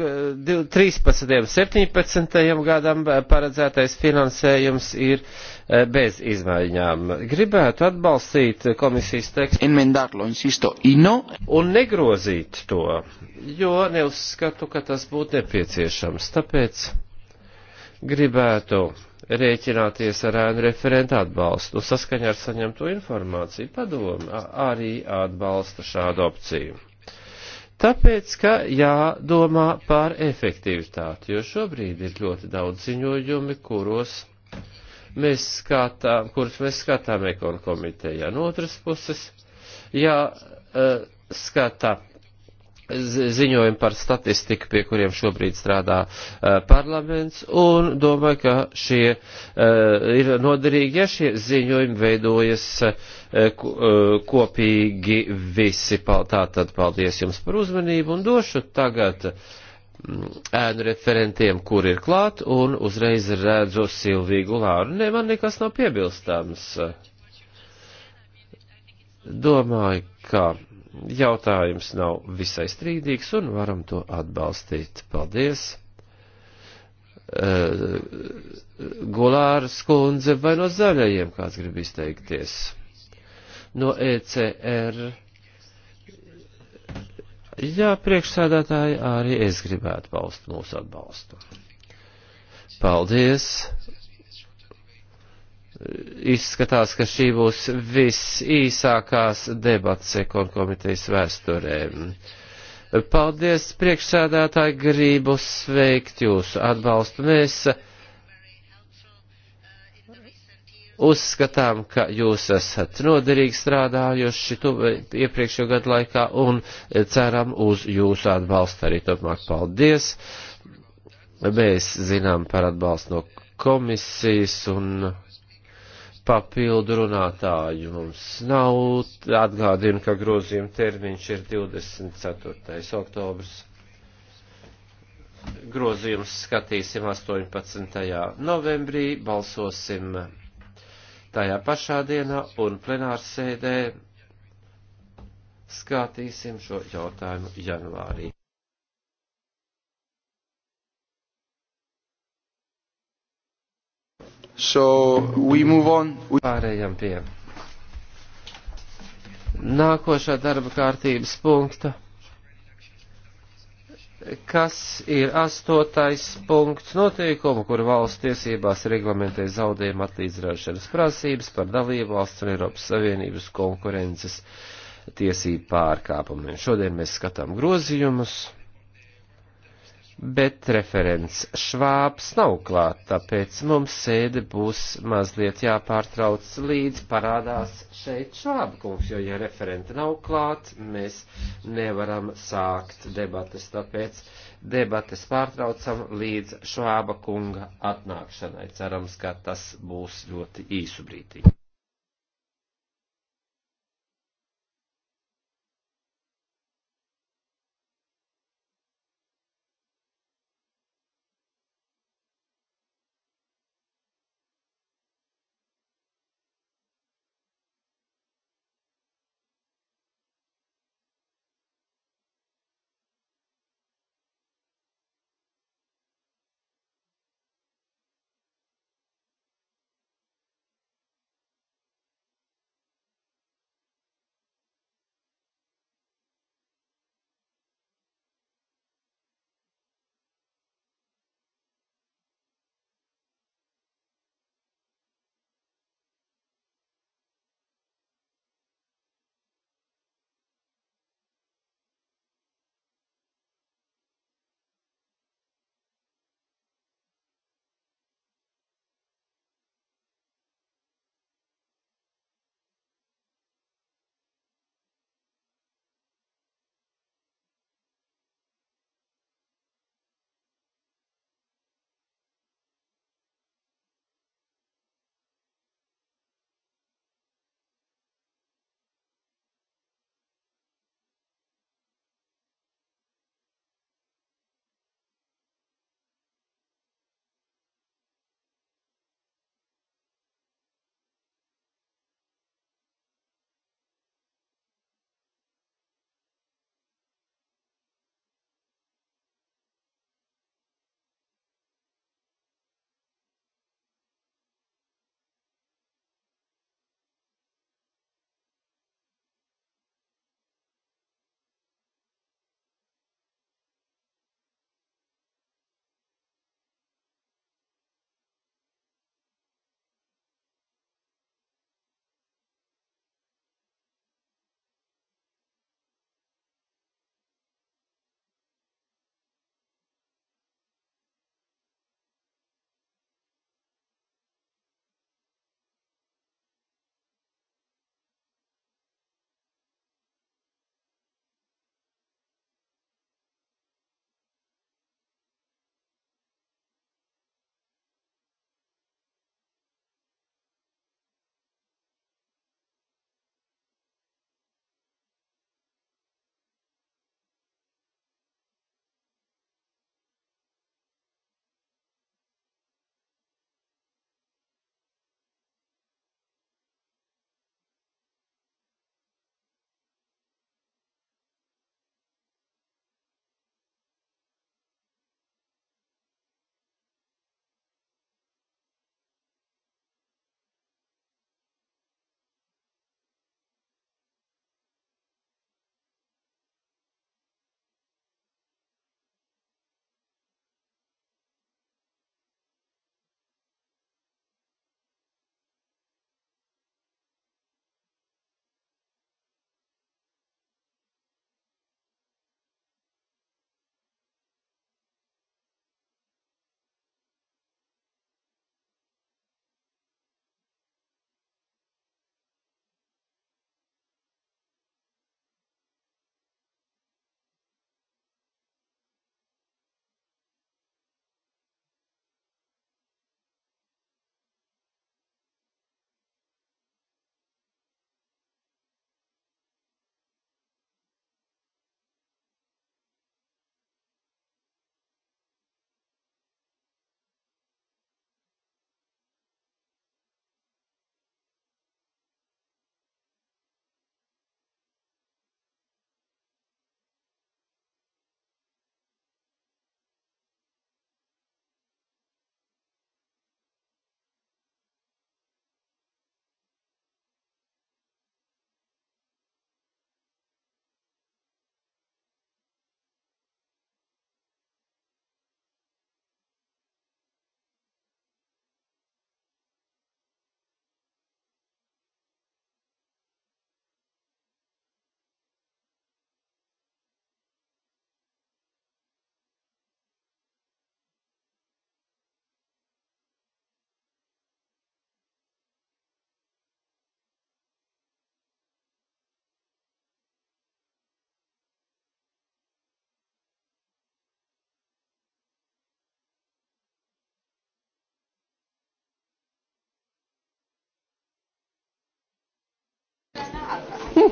13. un 17. gadam paredzētais finansējums ir Eh, bez izmaiņām. Gribētu atbalstīt komisijas tekstu Enmendarlo, insisto, ino... un negrozīt to, jo neuzskatu, ka tas būtu nepieciešams. Tāpēc gribētu rēķināties ar ēnu referentu atbalstu. Saskaņā ar saņemto informāciju padomu arī atbalsta šādu opciju. Tāpēc, ka jādomā par efektivitāti, jo šobrīd ir ļoti daudz ziņojumi, kuros mēs skatām, kurus mēs skatām ekonu komitejā. No otras puses, jā, e, skatā ziņojumi par statistiku, pie kuriem šobrīd strādā uh, parlaments, un domāju, ka šie uh, ir noderīgi, ja šie ziņojumi veidojas uh, kopīgi visi. Tātad paldies jums par uzmanību un došu tagad. Uh, ēnu referentiem, kur ir klāt, un uzreiz redzu Silviju Gulāru. Nē, man nekas nav piebilstams. Domāju, ka jautājums nav visai strīdīgs un varam to atbalstīt. Paldies! Uh, Gulāras kundze vai no zaļajiem kāds grib izteikties? No ECR Jā, priekšsēdētāji, arī es gribētu paust mūsu atbalstu. Paldies! Izskatās, ka šī būs visīsākās debats ekonkomitejas vēsturē. Paldies, priekšsēdētāji, gribu sveikt jūsu atbalstu. Mēs Uzskatām, ka jūs esat noderīgi strādājuši iepriekšējo gadu laikā un ceram uz jūsu atbalstu arī turpmāk. Paldies! Mēs zinām par atbalstu no komisijas un papildu runātāju mums nav. Atgādinu, ka grozījuma termiņš ir 24. oktobrs. Grozījums skatīsim 18. novembrī, balsosim tajā pašā dienā un plenārsēdē skatīsim šo jautājumu janvārī. So we move on. We... Pārējām pie nākošā darba kārtības punkta kas ir astotais punkts noteikumu, kur valsts tiesībās reglamentē zaudējuma atlīdzināšanas prasības par dalību valsts un Eiropas Savienības konkurences tiesību pārkāpumiem. Šodien mēs skatām grozījumus bet referents Švāps nav klāt, tāpēc mums sēde būs mazliet jāpārtrauc līdz parādās šeit Švāba kungs, jo ja referenta nav klāt, mēs nevaram sākt debatas, tāpēc debates pārtraucam līdz Švāba kunga atnākšanai. Cerams, ka tas būs ļoti īsu brīdī.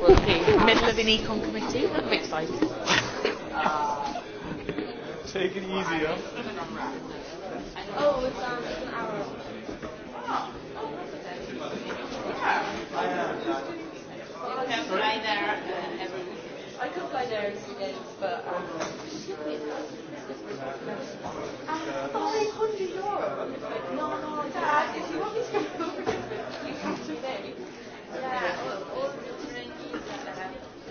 will see. Middle of an econ committee. I'm excited. Take it easy, huh? Oh, it's um, an hour. Oh, oh that's okay. Yeah. You can fly there uh, every week. I could fly there in two days, but um, uh, 500 euro. No, no, Dad, if you want me to come over, you have to pay. Yeah, all, all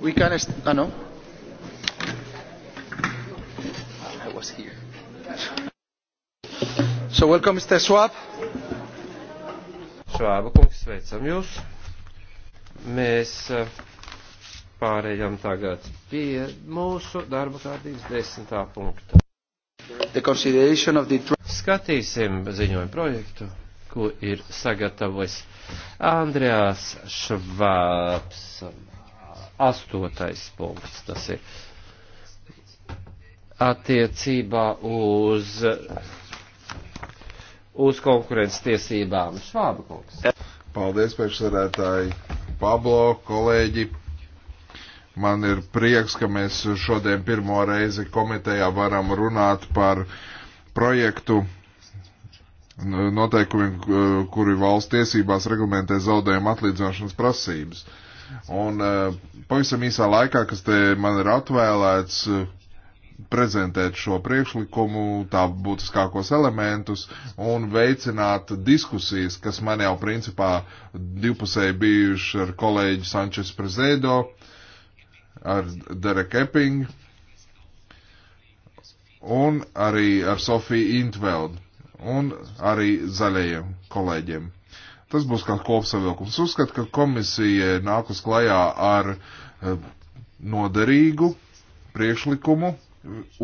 we can. Ah, no. I was here. So, welcome, Mr. Schwab. Švāba kungs, sveicam jūs. Mēs eh, pārējām tagad pie mūsu darba kārtības desmitā punkta. The... Skatīsim ziņojumu projektu, ko ir sagatavojis Andrēs Švābs astotais punkts. Tas ir attiecībā uz, uz konkurences tiesībām. Švāba kungs. Paldies, priekšsarētāji. Pablo, kolēģi, man ir prieks, ka mēs šodien pirmo reizi komitejā varam runāt par projektu noteikumiem, kuri valsts tiesībās reglamentē zaudējuma atlīdzināšanas prasības. Uh, Un e, pavisam īsā laikā, kas te man ir atvēlēts, e, prezentēt šo priekšlikumu, tā būtiskākos elementus un veicināt diskusijas, kas man jau principā divpusēji bijuši ar kolēģi Sančes Prezēdo, ar Derek Epping un arī ar Sofiju Intveld un arī zaļajiem kolēģiem. Tas būs kā kopsavilkums. Uzskat, ka komisija nākus klajā ar eh, noderīgu priekšlikumu,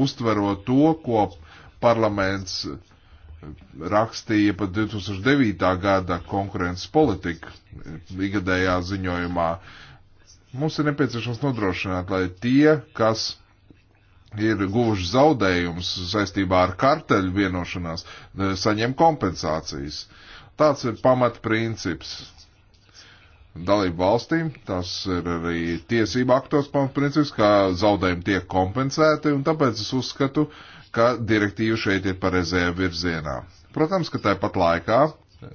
uztverot to, ko parlaments eh, rakstīja pat 2009. gada konkurences politika eh, igadējā ziņojumā. Mums ir nepieciešams nodrošināt, lai tie, kas ir guvuši zaudējumus saistībā ar karteļu vienošanās, saņem kompensācijas. Uh, Tāds ir pamatprincips dalību valstīm, tas ir arī tiesība aktos pamatprincips, ka zaudējumi tiek kompensēti, un tāpēc es uzskatu, ka direktīva šeit ir pareizajā virzienā. Protams, ka tāpat laikā eh,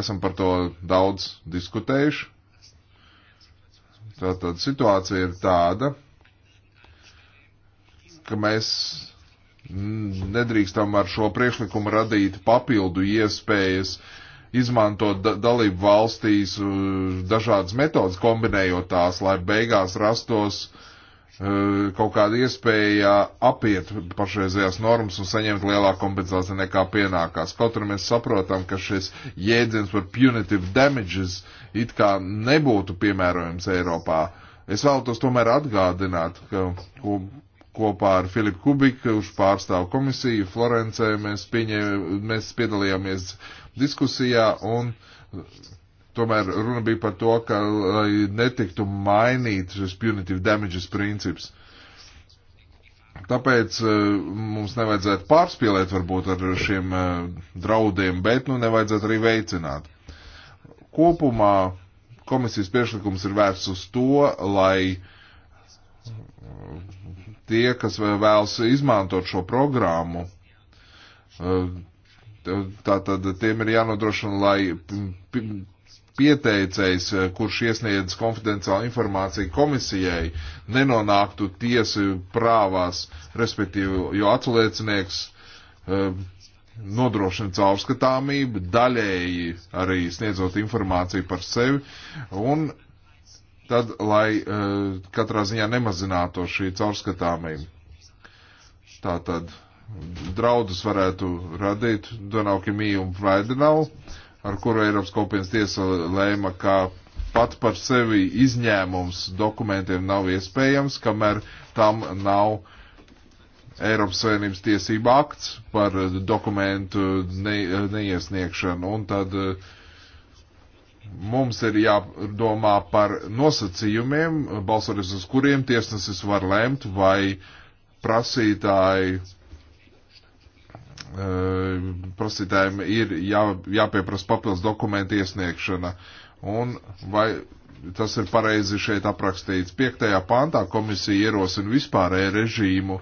esam par to daudz diskutējuši. Tātad situācija ir tāda, ka mēs nedrīkstam ar šo priekšlikumu radīt papildu iespējas uh, izmantot dalību valstīs uh, dažādas metodas, kombinējot tās, lai beigās rastos uh, kaut kāda iespēja apiet pašreizējās normas un saņemt lielāku kompensāciju nekā pienākās. Kaut arī mēs saprotam, ka šis jēdziens par punitive damages it kā nebūtu piemērojams Eiropā. Es vēlētos tomēr atgādināt, ka kopā ar Filipu Kubiku, kurš pārstāv komisiju Florencē, mēs, pieņē, mēs piedalījāmies uh, diskusijā, un tomēr runa bija par to, ka lai netiktu mainīts šis punitive damages princips. Tāpēc eh, mums nevajadzētu pārspīlēt varbūt ar šiem eh, draudiem, bet nu nevajadzētu arī veicināt. Kopumā komisijas priekšlikums ir vērsts uz to, lai eh, tie, kas vēlas izmantot šo programmu, Tātad tiem ir jānodrošina, lai pieteicējs, eh, kurš iesniedz konfidenciālu informāciju komisijai, nenonāktu tiesu prāvās, respektīvi, jo atsliecinieks eh, nodrošina caurskatāmību, daļēji arī sniedzot informāciju par sevi, un tad, lai eh, katrā ziņā nemazinātu šī caurskatāmība. Tātad draudus varētu radīt Donaukimī un Fraidenau, ar kuru Eiropas kopienas tiesa lēma, ka pat par sevi izņēmums dokumentiem nav iespējams, kamēr tam nav Eiropas Savienības tiesība akts par dokumentu ne, neiesniegšanu. Un tad eh, mums ir jādomā par nosacījumiem, balsoties uz kuriem tiesnesis var lemt, vai prasītāji Eh, prasītājiem ir jā, jāpieprasa papildus dokumentu iesniegšana. Un vai tas ir pareizi šeit aprakstīts? Piektajā pantā komisija ierosina vispārēju režīmu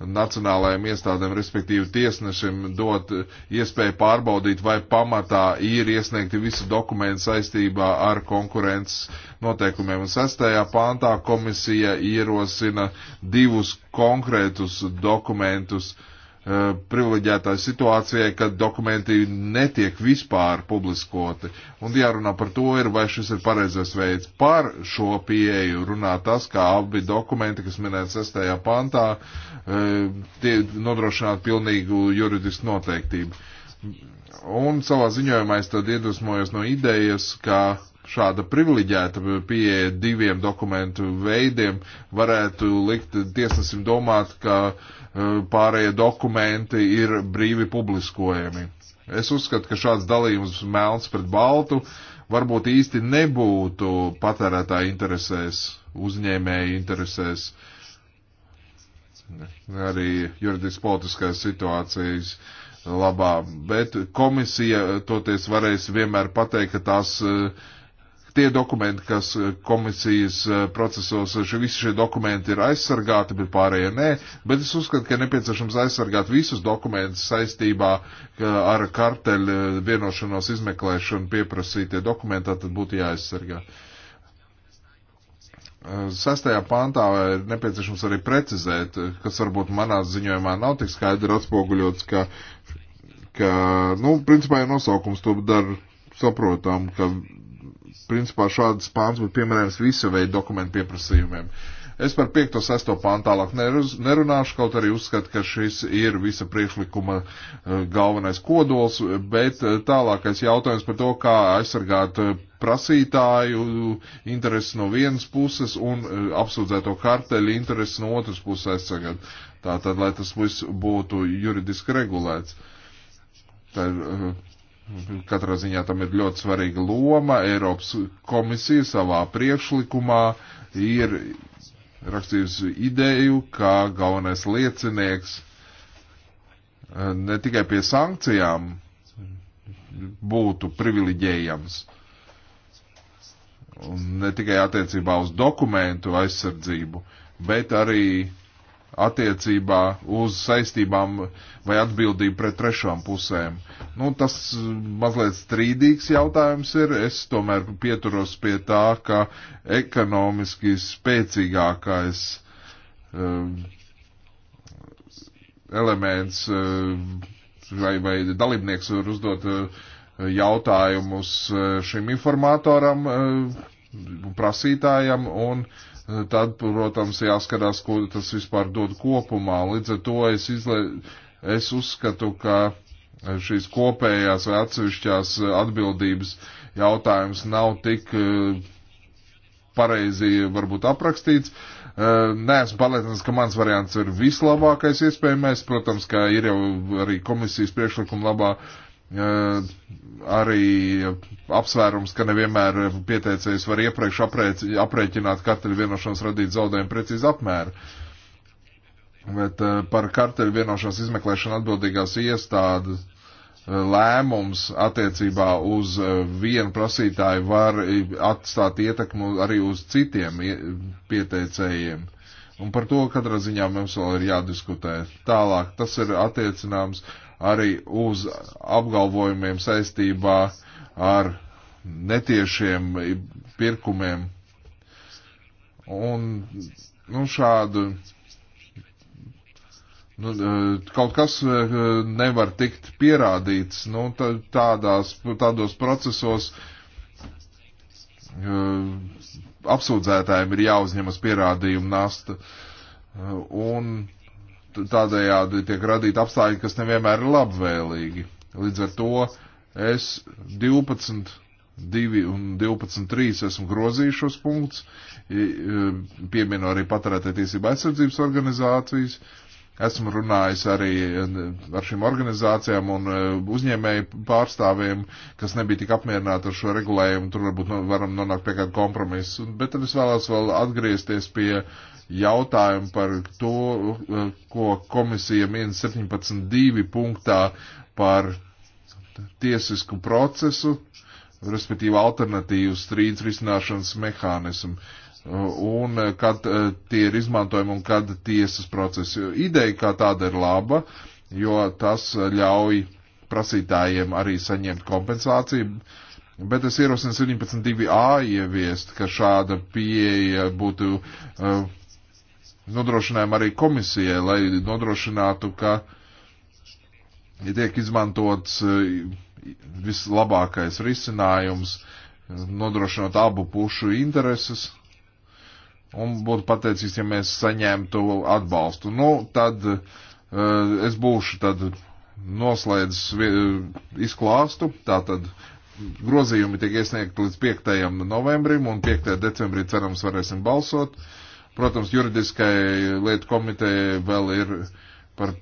nacionālajiem iestādēm, respektīvi tiesnešiem, dot iespēju pārbaudīt, vai pamatā ir iesniegti visi dokumenti saistībā ar konkurences noteikumiem. Un sestajā pāntā komisija ierosina divus konkrētus dokumentus uh, Eh, privileģētā situācijai, kad dokumenti netiek vispār publiskoti. Un jārunā par to ir, vai šis ir pareizais veids. Par šo pieeju runā tas, kā abi dokumenti, kas minēti 6. pantā, eh, tie nodrošinātu pilnīgu juridisku noteiktību. Un savā ziņojumā es tad iedvesmojos no idejas, ka šāda privileģēta pieeja diviem dokumentu veidiem varētu likt tiesnesim domāt, ka e, pārējie dokumenti ir brīvi publiskojami. Es uzskatu, ka šāds dalījums melns pret baltu varbūt īsti nebūtu patērētāja interesēs, uzņēmēja interesēs, arī juridiski politiskās situācijas labā, bet komisija toties varēs vienmēr pateikt, ka tās uh, Tie dokumenti, kas eh, komisijas eh, procesos, eh, ši, visi šie dokumenti ir aizsargāti, bet pārējie nē. Bet es uzskatu, ka ir nepieciešams aizsargāt visus dokumentus saistībā ar karteļu vienošanos izmeklēšanu pieprasītie dokumenti, tad būtu jāaizsargā. Sastajā pāntā ir nepieciešams arī precizēt, kas varbūt manā ziņojumā nav tik skaidri atspoguļots, ka, ka nu, principā jau nosaukums to dara saprotam, ka principā šāds pāns būtu piemērojams visu veidu dokumentu pieprasījumiem. Es par 5. 6. pāntu tālāk nerunāšu, kaut arī uzskatu, ka šis ir visa priekšlikuma eh, galvenais kodols, bet eh, tālākais jautājums par to, kā aizsargāt eh, prasītāju intereses no vienas puses un apsūdzēto karteļu intereses no otras puses aizsargāt. Tātad, lai tas viss būtu juridiski regulēts. Tā ir Mhm. Katrā ziņā tam ir ļoti svarīga loma. Eiropas komisija savā priekšlikumā ir rakstījusi ideju, kā galvenais liecinieks eh, ne tikai pie sankcijām būtu privileģējams, ne tikai attiecībā uz dokumentu aizsardzību, bet arī attiecībā uz saistībām vai atbildību pret trešām pusēm. Nu, tas eh, mazliet strīdīgs jautājums ir. Es tomēr pieturos pie tā, ka ekonomiski spēcīgākais um, elements um, vai, vai dalībnieks var uzdot uh, jautājumus šim informatoram, uh, prasītājam un uh, tad, protams, jāskatās, ko tas vispār dod kopumā. Līdz ar to es, izlē... es uzskatu, ka šīs kopējās vai atsevišķās atbildības jautājums nav tik eh, pareizi varbūt aprakstīts. Eh, Nē, esmu pārliecināts, ka mans variants ir vislabākais iespējamais. Protams, ka ir jau arī komisijas priekšlikuma labā Eh, arī apsvērums, ka nevienmēr pieteicējs var iepriekš aprēc, aprēķināt karteļu vienošanos radīt zaudējumu precīzi apmēru. Bet eh, par karteļu vienošanās izmeklēšanu atbildīgās iestādes eh, lēmums attiecībā uz vienu prasītāju var atstāt ietekmu arī uz citiem pieteicējiem. Un par to katrā ziņā mums vēl ir jādiskutē. Tālāk tas ir attiecināms arī uz apgalvojumiem saistībā ar netiešiem pirkumiem. Un nu, šādu nu, e, kaut kas e, nevar tikt pierādīts nu, tādās, tādos procesos. E, apsūdzētājiem ir jāuzņemas pierādījuma nasta. Un tādējādi tiek radīti apstākļi, kas nevienmēr ir labvēlīgi. Līdz ar to es 12 2 un 12.3 esmu grozījušos punkts, e, pieminu arī patērētāju tiesību aizsardzības organizācijas, esmu runājis arī e, ar šīm organizācijām un e, uzņēmēju pārstāvjiem, kas nebija tik apmierināti ar šo regulējumu, tur varbūt varam nonākt pie kāda kompromisa, bet tad es vēlos vēl atgriezties pie uh, jautājumu par to, ko komisija min 17.2 punktā par tiesisku procesu, respektīvi alternatīvu strīdus risināšanas mehānismu un kad eh, tie ir izmantojumi un kad tiesas procesi. Ideja kā tāda ir laba, jo tas ļauj prasītājiem arī saņemt kompensāciju, bet es ierosinu 17.2a ieviest, ka šāda pieeja būtu uh, nodrošinājumu arī komisijai, lai nodrošinātu, ka ja tiek izmantots e, vislabākais risinājums, nodrošinot abu pušu intereses. Un būtu pateicis, ja mēs saņemtu atbalstu. Nu, tad uh, es būšu tad noslēdzis uh, izklāstu. Tātad grozījumi tiek iesniegti līdz 5. novembrim, un 5. decembrī cerams varēsim balsot. Uh, Protams, juridiskai lietu komitejai vēl ir par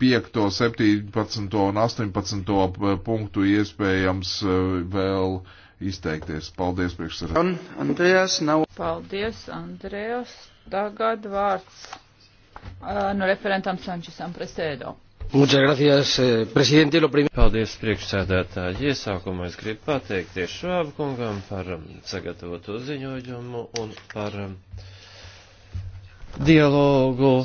5, 17 un 18 punktu iespējams eh, vēl izteikties. Paldies, priekšsardā. Andrejas nav. Paldies, Andrejas. Tagad vārds uh, no referentam Sančesam Presēdo. Gracias, eh, presidente. Lo primero. Paldies, priekšsēdētāji. Iesākumā es gribu pateikties Švābu kungam par um, sagatavoto ziņojumu un par uh, dialogu,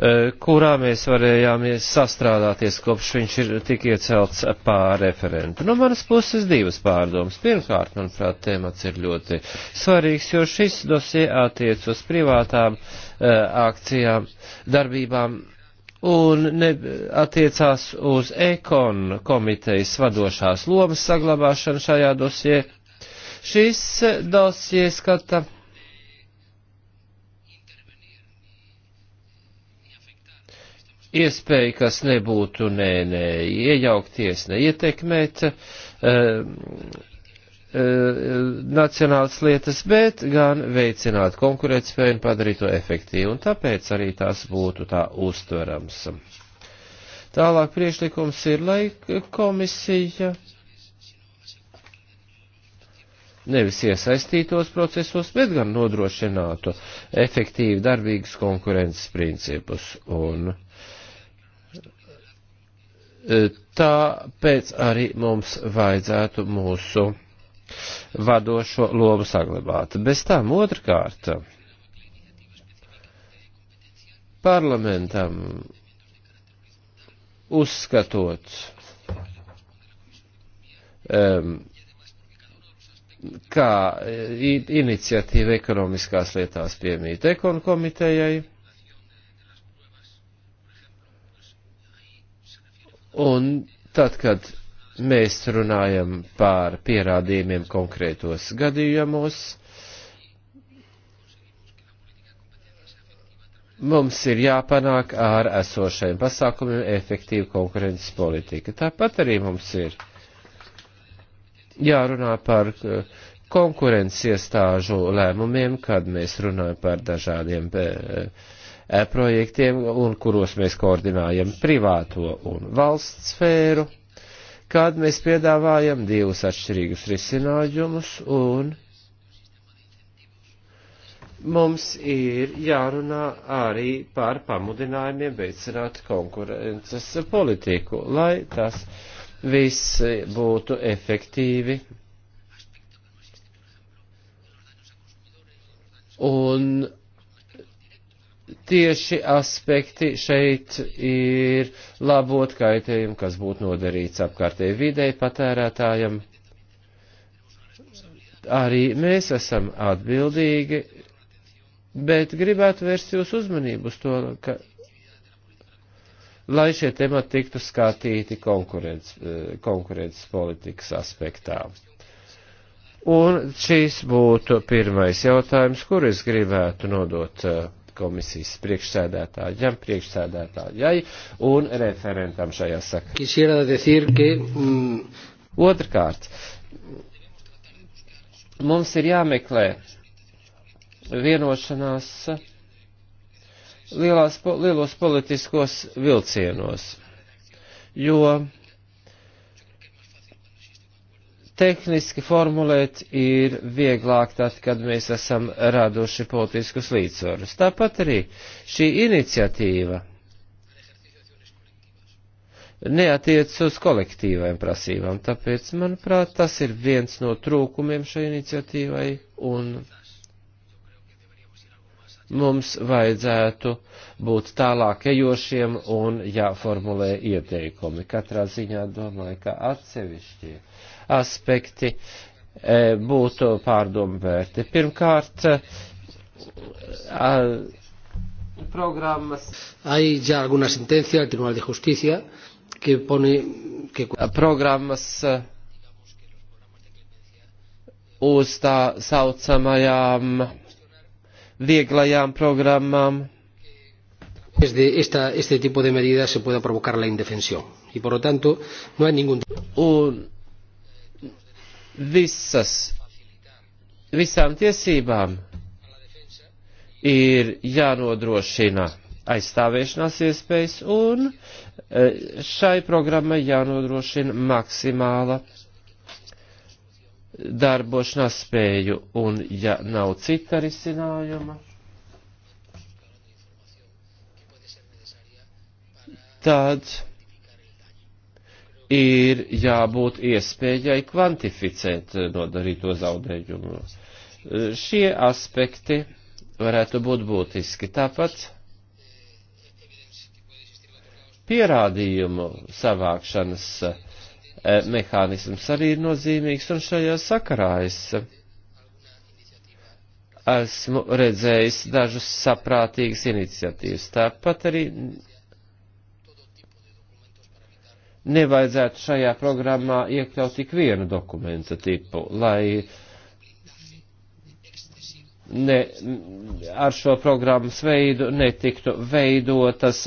eh, kurā mēs varējāmies sastrādāties kopš viņš ir tik iecelts pār referentu. No manas puses divas pārdomas. Pirmkārt, manuprāt, tēmats ir ļoti svarīgs, jo šis dosie attiec uz privātām eh, akcijām, darbībām un ne, attiecās uz ekon komitejas vadošās lomas saglabāšanu šajā dosie. Šis eh, dosie skata iespēja, kas nebūtu ne, ne iejaukties, ne ietekmēt uh, eh, uh, eh, nacionālas lietas, bet gan veicināt konkurētspēju un padarīt to efektīvu, un tāpēc arī tās būtu tā uztverams. Tālāk priešlikums ir, lai komisija nevis iesaistītos procesos, bet gan nodrošinātu efektīvi darbīgus konkurences principus. Un E, tāpēc arī mums vajadzētu mūsu vadošo lomu saglabāt. Bez tām otrkārt, parlamentam uzskatot um, kā iniciatīva ekonomiskās lietās piemīt ekonu komitejai, Un tad, kad mēs runājam par pierādījumiem konkrētos gadījumos, mums ir jāpanāk ar esošajiem pasākumiem efektīva konkurences politika. Tāpat arī mums ir jārunā par eh, konkurences iestāžu lēmumiem, kad mēs runājam par dažādiem. Uh, Eh, projektiem, un kuros mēs koordinējam privāto un valsts sfēru, kad mēs piedāvājam divus atšķirīgus risinājumus, un mums ir jārunā arī par pamudinājumiem veicināt konkurences politiku, lai tas viss būtu efektīvi. Un tieši aspekti šeit ir labot kaitējumu, kas būtu nodarīts apkārtēji videi patērētājam. Arī mēs esam atbildīgi, bet gribētu vērst jūs uzmanību uz to, ka, lai šie temati tiktu skatīti konkurences, eh, konkurences politikas aspektā. Un šīs būtu pirmais jautājums, kur es gribētu nodot uh, komisijas priekšsēdētājiem, priekšsēdētājai un referentam šajā sakā. Mm. Otrkārt, mums ir jāmeklē vienošanās lielās, lielos politiskos vilcienos, jo tehniski formulēt ir vieglāk tad, kad mēs esam radoši politiskus līdzsvarus. Tāpat arī šī iniciatīva neatiec uz kolektīvajām prasībām, tāpēc, manuprāt, tas ir viens no trūkumiem šai iniciatīvai un mums vajadzētu būt tālāk ejošiem un jāformulē ieteikumi. Katrā ziņā domāju, ka atsevišķie aspekti e, būtu pārdomu vērti. Pirmkārt, programmas. Hay ya alguna sentencia del Tribunal de Justicia que pone que programmas e, uz tā saucamajām vieglajām programmām. Desde esta, este tipo de medidas se pueda provocar la indefensión y por lo tanto no hay ningún. Un, visas, visām tiesībām ir jānodrošina aizstāvēšanās iespējas un e, šai programmai jānodrošina maksimāla darbošanās spēju un ja nav cita risinājuma. Tad ir jābūt iespējai kvantificēt nodarīto zaudējumu. Šie aspekti varētu būt būtiski. Tāpat pierādījumu savākšanas eh, mehānisms arī ir nozīmīgs, un šajā sakarā es esmu redzējis dažus saprātīgas iniciatīvas. Tāpat arī nevajadzētu šajā programmā iekļaut tik vienu dokumenta tipu, lai ne, ar šo programmas veidu netiktu veidotas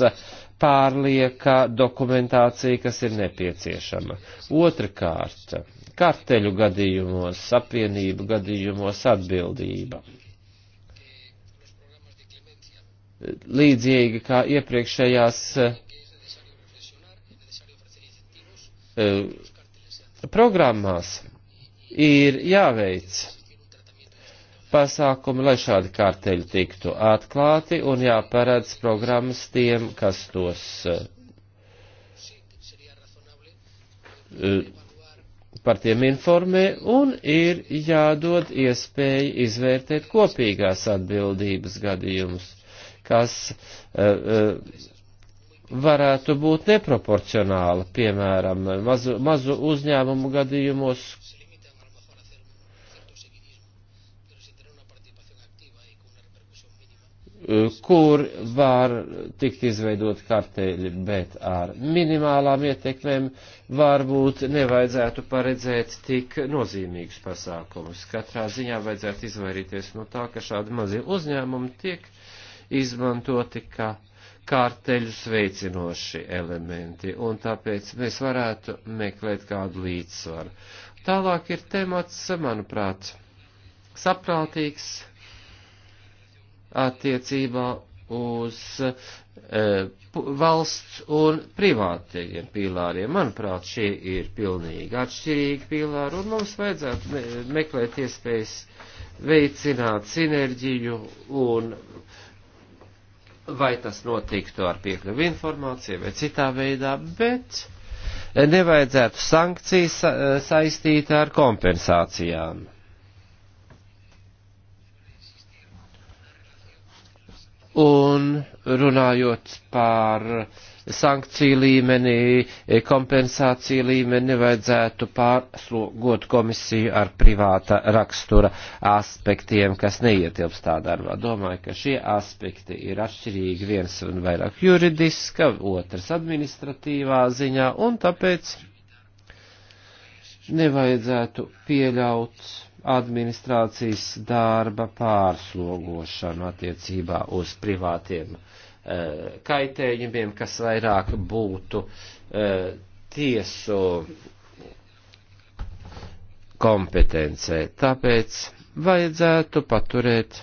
pārlieka dokumentācija, kas ir nepieciešama. Otrakārt, karteļu gadījumos, apvienību gadījumos atbildība. Līdzīgi kā iepriekšējās Eh, programmās ir jāveic pasākumi, lai šādi kārteļi tiktu atklāti un jāparedz programmas tiem, kas tos eh, eh, par tiem informē un ir jādod iespēja izvērtēt kopīgās atbildības gadījumus, kas uh, uh, varētu būt neproporcionāla, piemēram, mazu, mazu uzņēmumu gadījumos, kur var tikt izveidot kartēļi, bet ar minimālām ietekmēm varbūt nevajadzētu paredzēt tik nozīmīgus pasākumus. Katrā ziņā vajadzētu izvairīties no tā, ka šādi mazie uzņēmumi tiek izmantoti, ka uh, kārteļus veicinoši elementi, un tāpēc mēs varētu meklēt kādu līdzsvaru. Tālāk ir temats, manuprāt, saprātīgs attiecībā uz e, valsts un privātajiem pīlāriem. Manuprāt, šie ir pilnīgi atšķirīgi pīlāri, un mums vajadzētu me meklēt iespējas veicināt sinerģiju un vai tas notiktu ar piekļuvu informāciju vai citā veidā, bet nevajadzētu sankcijas eh, saistīt ar kompensācijām. Un runājot par uh, sankciju līmenī, e, kompensāciju līmeni, nevajadzētu pārslogot komisiju ar privāta rakstura aspektiem, kas neietilpst tā darbā. Domāju, ka šie aspekti ir atšķirīgi viens un vairāk juridiska, otrs administratīvā ziņā, un tāpēc nevajadzētu pieļaut administrācijas darba pārslogošanu attiecībā uz privātiem uh, Eh, kaitējumiem, kas vairāk būtu eh, tiesu kompetencē. Tāpēc vajadzētu paturēt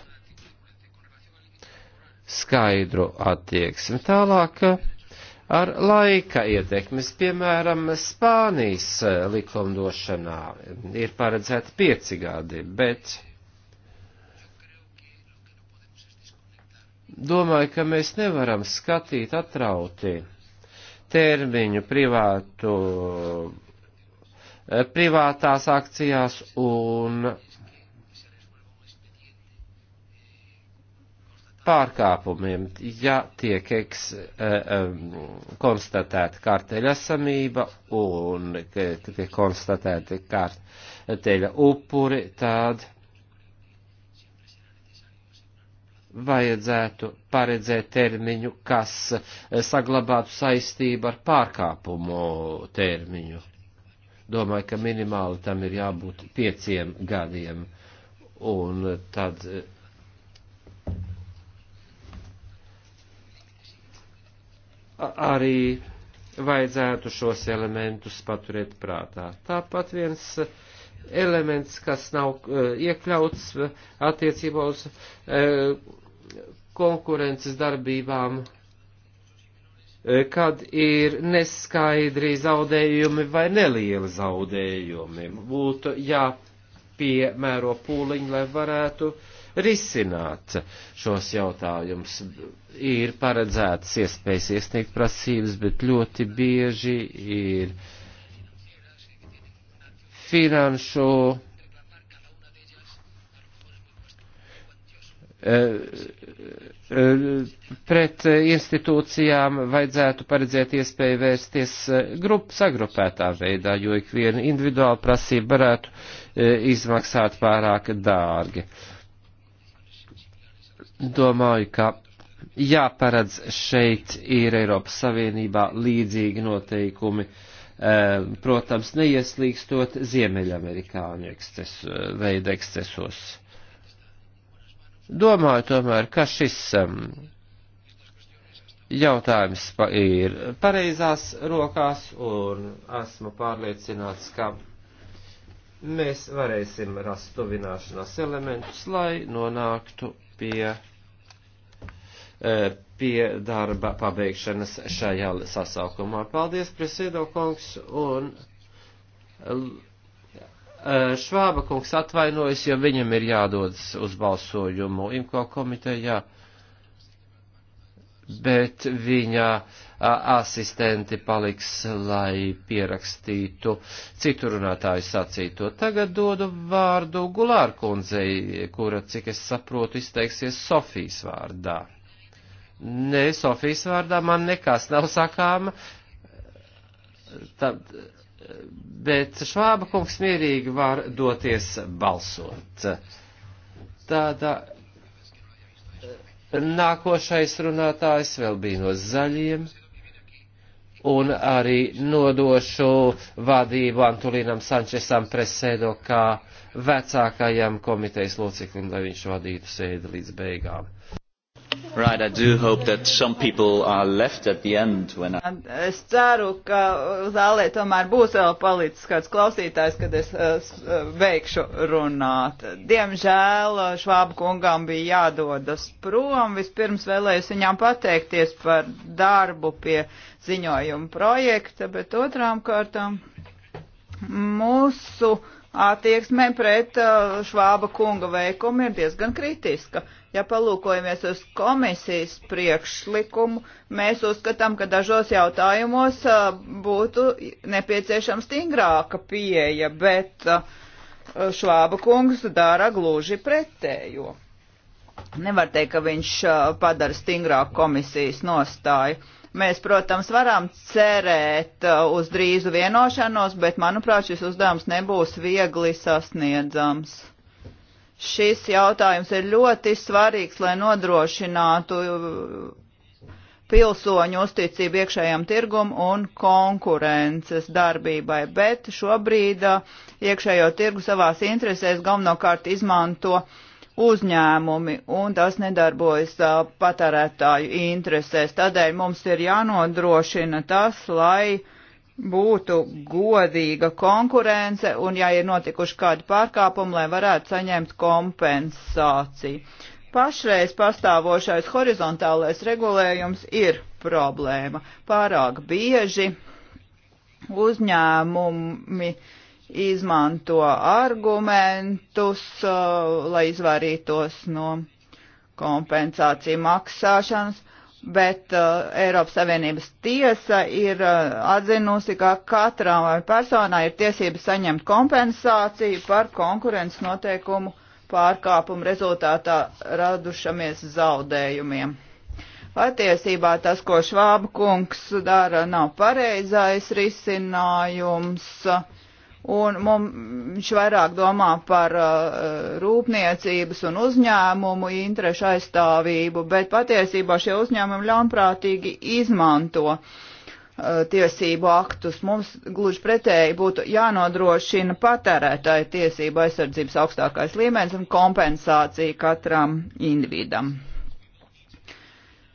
skaidru attieksmi. Tālāk eh, ar laika ietekmes, piemēram, Spānijas likumdošanā ir paredzēta pieci gadi, bet domāju, ka mēs nevaram skatīt atrauti termiņu privātu, eh, privātās akcijās un pārkāpumiem, ja tiek eks, eh, konstatēta kārteļa esamība un tiek konstatēta kārteļa upuri, tad vajadzētu paredzēt termiņu, kas eh, saglabātu saistību ar pārkāpumu termiņu. Domāju, ka minimāli tam ir jābūt pieciem gadiem. Un tad eh, arī vajadzētu šos elementus paturēt prātā. Tāpat viens eh, elements, kas nav iekļauts attiecībā uz konkurences darbībām, e, kad ir neskaidri zaudējumi vai nelieli zaudējumi. Būtu jāpiemēro pūliņi, lai varētu risināt šos jautājumus. Ir paredzētas iespējas iesniegt prasības, bet ļoti bieži ir finanšu pret institūcijām vajadzētu paredzēt iespēju vērsties eh, grup, sagrupētā veidā, jo ikviena individuāla prasība varētu eh, izmaksāt pārāk dārgi. Domāju, ka jāparedz šeit ir Eiropas Savienībā līdzīgi noteikumi, eh, protams, neieslīgstot Ziemeļamerikāņu ekscesu, veidu ekscesos Domāju tomēr, ka šis um, jautājums ir pareizās rokās un esmu pārliecināts, ka mēs varēsim rast tuvināšanās elementus, lai nonāktu pie, eh, pie darba pabeigšanas šajā sasaukumā. Paldies, Presido kungs, un Eh, Švāba kungs atvainojas, jo viņam ir jādodas uz balsojumu IMKO komitejā, bet viņa asistenti paliks, lai pierakstītu citu runātāju sacīto. Tagad dodu vārdu Gulāra kundzei, kura, cik es saprotu, izteiksies Sofijas vārdā. Nē, Sofijas vārdā man nekas nav sakāma. Tad, bet Švāba kungs mierīgi var doties balsot. Tādā eh, nākošais runātājs vēl bija no zaļiem, un arī nodošu vadību Antulīnam Sančesam presēdo kā vecākajam komitejas loceklim, lai viņš vadītu sēdi līdz beigām. Right, I do hope that some people are left at the end when I... Es ceru, ka zālē tomēr būs vēl palicis kāds klausītājs, kad es veikšu eh, eh, runāt. Diemžēl eh, Švāba kungām bija jādodas prom. Vispirms vēlējos viņām pateikties par darbu pie ziņojuma projekta, bet otrām kārtām mūsu attieksme pret uh, Švāba kunga veikumu ir diezgan kritiska. Ja palūkojamies uz komisijas priekšlikumu, mēs uzskatām, ka dažos jautājumos uh, būtu nepieciešama stingrāka pieeja, bet uh, Švāba kungs dara gluži pretējo. Nevar teikt, ka viņš padara stingrāku komisijas nostāju. Mēs, protams, varam cerēt uh, uz drīzu vienošanos, bet, manuprāt, šis uzdevums nebūs viegli sasniedzams. Šis jautājums ir ļoti svarīgs, lai nodrošinātu uh, pilsoņu uzticību iekšējam tirgum un konkurences darbībai, bet šobrīd uh, iekšējo tirgu savās interesēs galvenokārt izmanto uh, uzņēmumi, un tas nedarbojas patērētāju interesēs. Tādēļ mums ir jānodrošina tas, lai būtu godīga konkurence, un ja ir notikuši kādi pārkāpumi, lai varētu saņemt kompensāciju. Pašreiz pastāvošais horizontālais regulējums ir problēma. Pārāk bieži uzņēmumi uh, izmanto argumentus, uh, lai izvairītos no kompensāciju maksāšanas bet uh, Eiropas Savienības tiesa ir uh, atzinusi, ka katram personai ir tiesības saņemt kompensāciju par konkurences noteikumu pārkāpumu rezultātā radušamies zaudējumiem. Patiesībā tas, ko Švāba kungs dara, nav pareizais risinājums. Uh, un viņš vairāk domā par uh, rūpniecības un uzņēmumu interešu aizstāvību, bet patiesībā šie uzņēmumi ļaunprātīgi izmanto uh, tiesību aktus. Mums gluži pretēji būtu jānodrošina patērētāja tiesība aizsardzības augstākais līmenis un kompensācija katram individam.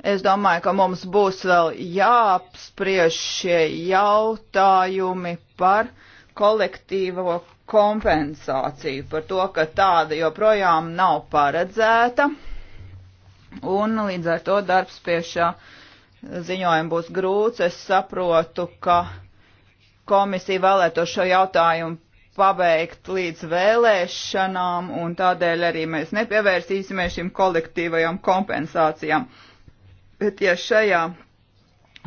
Es domāju, ka mums būs vēl jāapspriež šie jautājumi par uh, kolektīvo kompensāciju par to, ka tāda joprojām nav paredzēta. Un līdz ar to darbs pie šā ziņojuma būs grūts. Es saprotu, ka komisija vēlēto šo jautājumu pabeigt līdz vēlēšanām, un tādēļ arī mēs nepievērsīsimies šīm kolektīvajām kompensācijām. Bet ja šajā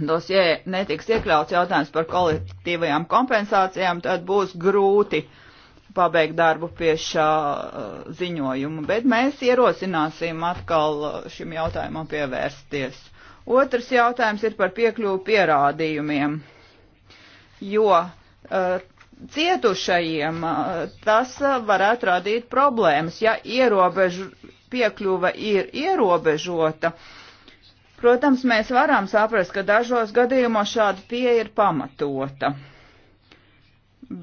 dosjē netiks iekļauts jautājums par kolektīvajām kompensācijām, tad būs grūti pabeigt darbu pie šā uh, ziņojuma, bet mēs ierosināsim atkal uh, šim jautājumam pievērsties. Otrs jautājums ir par piekļuvu pierādījumiem, jo uh, cietušajiem uh, tas uh, varētu radīt problēmas, ja ierobežu, piekļuva ir ierobežota. Uh, Protams, mēs varam saprast, ka dažos gadījumos šāda pieeja ir pamatota.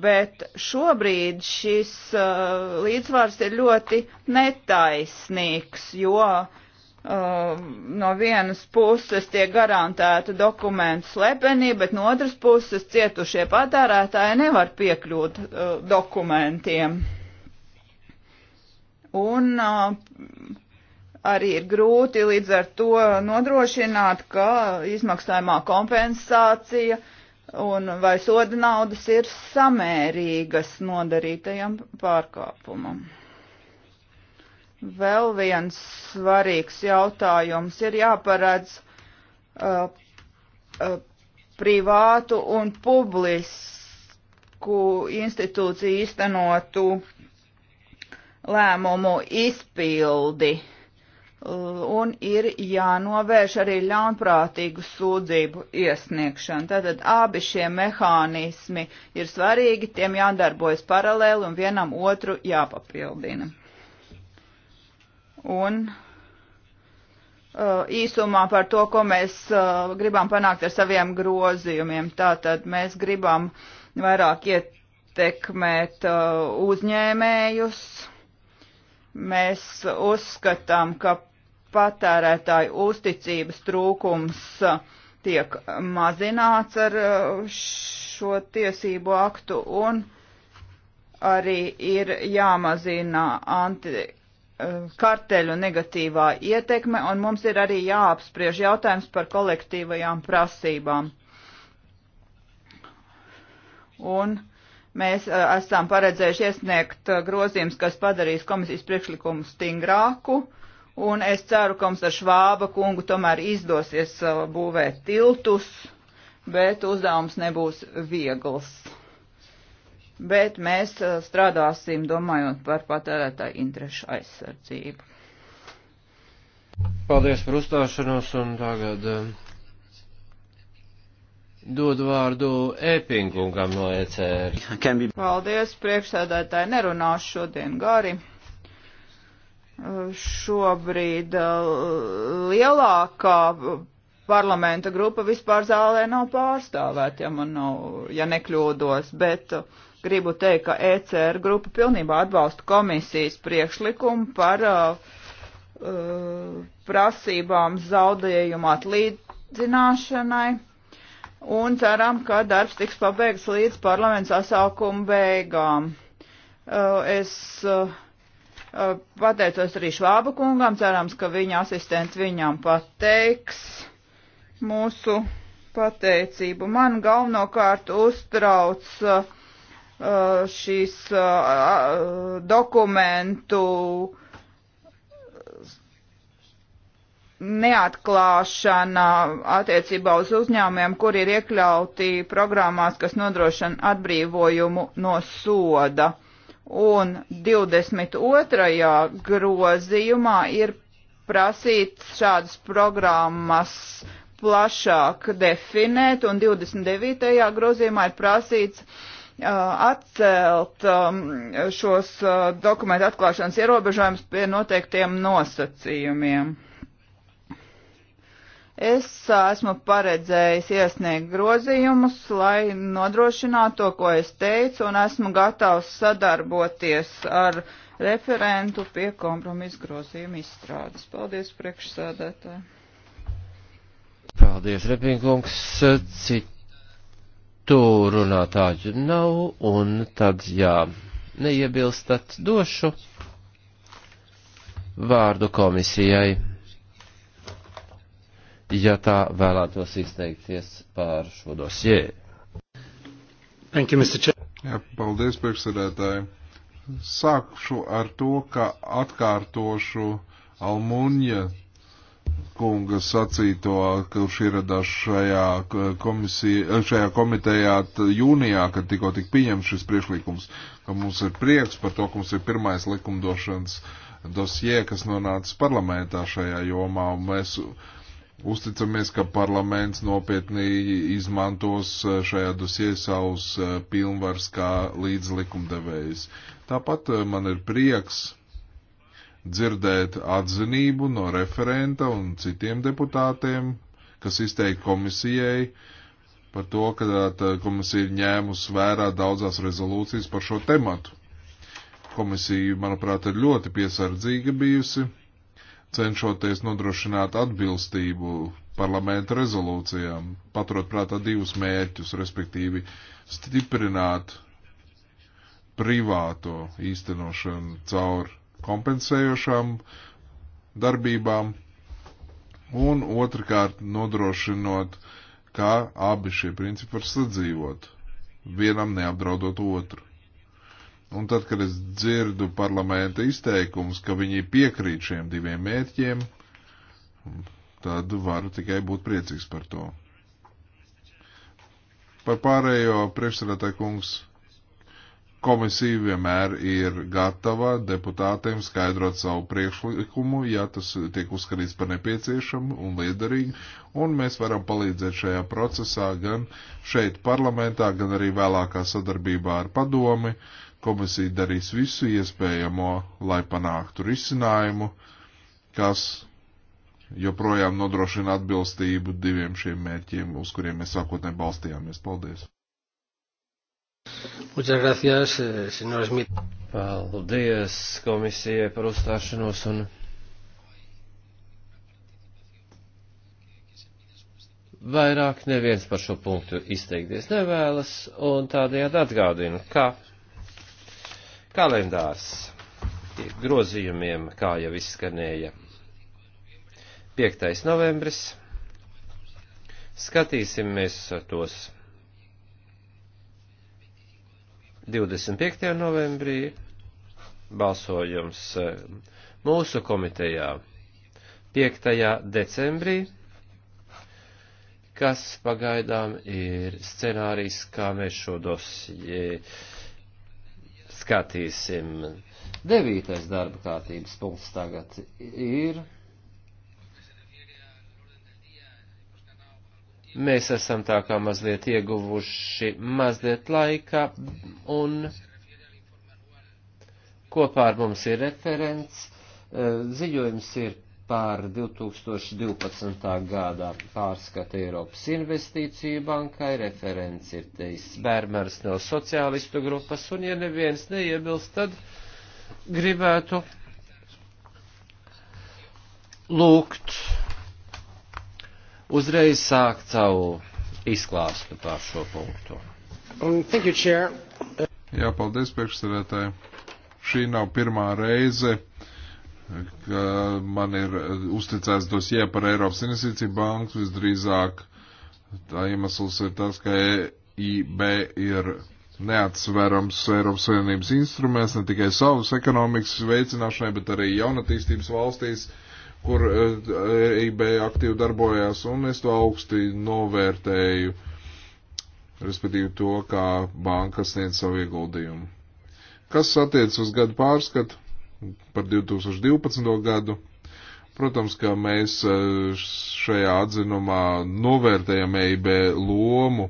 Bet šobrīd šis uh, līdzsvars ir ļoti netaisnīgs, jo uh, Uh, no vienas puses tiek garantēta dokumentu slepenība, bet no otras puses cietušie patērētāji nevar piekļūt uh, dokumentiem. Un uh, arī ir grūti līdz ar to nodrošināt, ka izmaksājumā kompensācija un vai soda naudas ir samērīgas nodarītajam pārkāpumam. Vēl viens svarīgs jautājums ir jāparedz uh, uh, privātu un publisku institūciju īstenotu lēmumu izpildi. Uh, un ir jānovērš arī ļaunprātīgu sūdzību iesniegšanu. Tātad abi šie mehānismi ir svarīgi, tiem jādarbojas paralēli un vienam otru jāpapildina. Un uh, īsumā par to, ko mēs uh, gribam panākt ar saviem grozījumiem. Tātad mēs gribam vairāk ietekmēt uh, uzņēmējus. Mēs uzskatām, ka patērētāju uzticības trūkums uh, tiek mazināts ar uh, šo tiesību aktu un arī ir jāmazina anti uh, karteļu negatīvā ietekme, un mums ir arī jāapspriež jautājums par kolektīvajām prasībām. Un mēs esam paredzējuši iesniegt grozījums, kas padarīs komisijas priekšlikumu stingrāku, uh, un es ceru, ka mums ar Švāba kungu tomēr izdosies uh, būvēt tiltus, bet uzdevums nebūs viegls. Bet mēs uh, strādāsim domājot par patērētāju interešu aizsardzību. Paldies par uzstāšanos un tagad uh, dod vārdu ēpingungam no ECR. Paldies, priekšsēdētāji, nerunāšu šodien gari šobrīd uh, lielākā parlamenta grupa vispār zālē nav pārstāvēta, ja man nav, ja nekļūdos, bet uh, gribu teikt, ka ECR grupa pilnībā atbalsta komisijas priekšlikumu par uh, uh, prasībām zaudējumu atlīdzināšanai un ceram, ka darbs tiks pabeigts līdz parlamenta sasaukuma beigām. Uh, es uh, Uh, pateicos arī Švāba kungam, cerams, ka viņa asistents viņam pateiks mūsu pateicību. Man galvenokārt uztrauc uh, uh, šīs dokumentu neatklāšana attiecībā uz uzņēmumiem, kur ir iekļauti programmās, kas nodrošina atbrīvojumu no soda. Un 22. grozījumā ir prasīts šādas programmas plašāk definēt, un 29. grozījumā ir prasīts uh, atcelt um, šos uh, dokumentu atklāšanas ierobežojumus pie noteiktiem nosacījumiem. Es esmu paredzējis iesniegt grozījumus, lai nodrošinātu to, ko es teicu, un esmu gatavs sadarboties ar referentu pie kompromisu grozījumu izstrādes. Paldies, priekšsēdētāji! Paldies, Repinkungs! Citu runātāju nav, un tad, jā, neiebilstat došu vārdu komisijai ja tā vēlētos izteikties pār šo dosjē. Thank you, Mr. Chair. Jā, paldies, priekšsēdētāji. Sākšu ar to, ka atkārtošu Almunija kunga sacīto, kurš ieradās šajā, komisija, šajā komitejā jūnijā, kad tikko tik pieņemts šis priekšlikums, ka mums ir prieks par to, ka mums ir pirmais likumdošanas dosie, kas nonāca parlamentā šajā jomā, un mēs Uzticamies, ka parlaments nopietni izmantos e, šajā dosie savus e, pilnvars kā līdzlikumdevējs. Tāpat e, man ir prieks dzirdēt atzinību no referenta un citiem deputātiem, kas izteikti komisijai par to, ka komisija ir ņēmusi vērā daudzās rezolūcijas par šo tematu. Komisija, manuprāt, ir ļoti piesardzīga bijusi cenšoties nodrošināt atbilstību parlamenta rezolūcijām, paturot prātā divus mērķus, respektīvi stiprināt privāto īstenošanu caur kompensējošām darbībām un otrkārt nodrošinot, kā abi šie principi var sadzīvot, vienam neapdraudot otru. Un tad, kad es dzirdu parlamenta izteikumus, ka viņi piekrīt šiem diviem mērķiem, tad varu tikai būt priecīgs par to. Par pārējo priekšsēdētāju kungs komisija vienmēr ir gatava deputātiem skaidrot savu priekšlikumu, ja tas tiek uzskatīts par nepieciešamu un liederīgu, un mēs varam palīdzēt šajā procesā gan šeit parlamentā, gan arī vēlākā sadarbībā ar padomi. Uh, Komisija darīs visu iespējamo, lai panāktu risinājumu, kas joprojām nodrošina atbilstību diviem šiem mērķiem, uz kuriem mēs sākotnē balstījāmies. Paldies! Muchas gracias, eh, señor Smith. Paldies komisijai par uzstāšanos un vairāk neviens par šo punktu izteikties nevēlas, un tādējādi atgādinu, ka Kalendārs grozījumiem, kā jau izskanēja, 5. novembris. Skatīsimies tos 25. novembrī balsojums eh, mūsu komitejā 5. decembrī, kas pagaidām ir scenārijs, kā mēs šo dosiju skatīsim. Devītais darba kārtības punkts tagad ir. Mēs esam tā kā mazliet ieguvuši mazliet laika un kopā ar mums ir referents. Eh, ziņojums ir par 2012. gadā pārskatu Eiropas investīciju bankai, referents ir Teis Bērmers no sociālistu grupas, un ja neviens neiebilst, tad gribētu lūgt uzreiz sākt savu izklāstu par šo punktu. Um, thank you, Chair. Jā, paldies priekšsarētāji. Šī nav pirmā reize, uh, ka man ir uzticēts dosie par Eiropas investīciju banku. Visdrīzāk tā iemesls ir tas, ka EIB ir neatsverams Eiropas Savienības instruments ne tikai savas ekonomikas veicināšanai, bet arī jaunatīstības valstīs, kur EIB eh, e aktīvi darbojās, un es to augsti novērtēju, respektīvi to, kā banka sniedz savu ieguldījumu. Kas attiec uz gadu pārskatu? par 2012. gadu. Protams, ka mēs e, šajā atzinumā novērtējam EIB lomu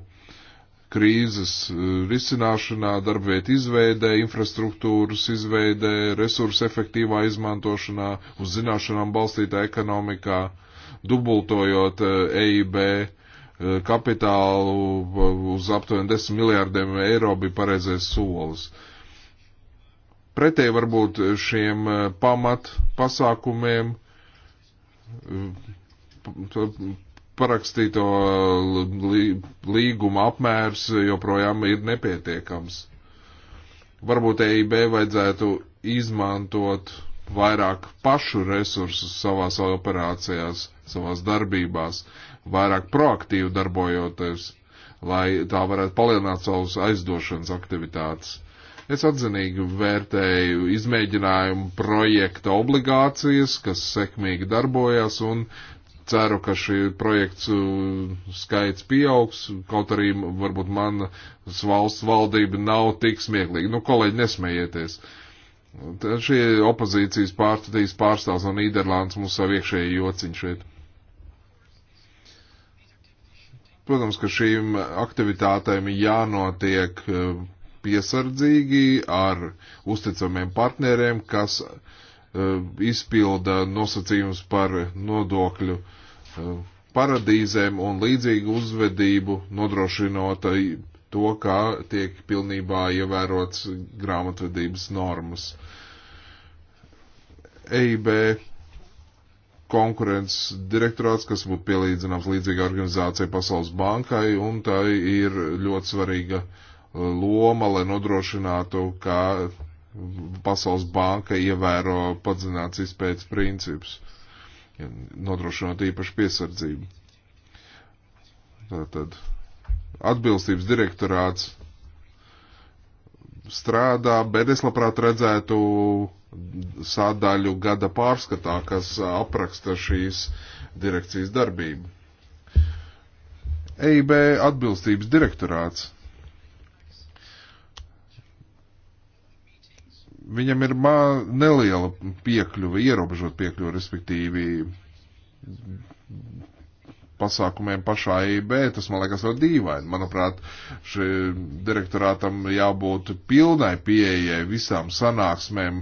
krīzes e, risināšanā, darbvietu izveidē, infrastruktūras izveidē, resursu efektīvā izmantošanā, uz zināšanām balstītā ekonomikā, dubultojot EIB e kapitālu uz aptuveni 10 miljārdiem eiro bija pareizais solis. Uh, pretēji varbūt šiem eh, pamat pasākumiem eh, parakstīto līguma apmērs joprojām ir nepietiekams. Varbūt EIB vajadzētu izmantot vairāk pašu resursus savās operācijās, savās darbībās, vairāk proaktīvi darbojoties, lai tā varētu palielināt savus aizdošanas aktivitātes. Es atzinīgi vērtēju izmēģinājumu projekta obligācijas, kas sekmīgi darbojas un ceru, ka šī projekts uh, skaits pieaugs, kaut arī varbūt manas valsts valdība nav tik smieklīga. Nu, kolēģi, nesmējieties. Tad šie opozīcijas pārstatīs pārstāvs no Nīderlandes mums savu iekšēju jociņu šeit. Protams, ka šīm aktivitātēm jānotiek uh, piesardzīgi ar uzticamiem partneriem, kas uh, izpilda nosacījums par nodokļu uh, paradīzēm un līdzīgu uzvedību, nodrošinot eh, to, kā tiek pilnībā ievērots grāmatvedības normas. EIB konkurences direktorāts, kas būtu pielīdzināms līdzīgai organizācijai Pasaules bankai, un tā ir ļoti svarīga uh, loma, lai nodrošinātu, ka Pasaules banka ievēro padzināts izpētes principus, nodrošinot īpašu piesardzību. Tātad atbilstības direktorāts strādā, bet es labprāt redzētu sādaļu gada pārskatā, kas apraksta šīs direkcijas darbību. EIB atbilstības direktorāts viņam ir mā, neliela piekļuva, ierobežot piekļuva, respektīvi pasākumiem pašā EIB, tas man liekas vēl dīvaini. Manuprāt, šī direktorātam jābūt pilnai pieejai visām sanāksmēm,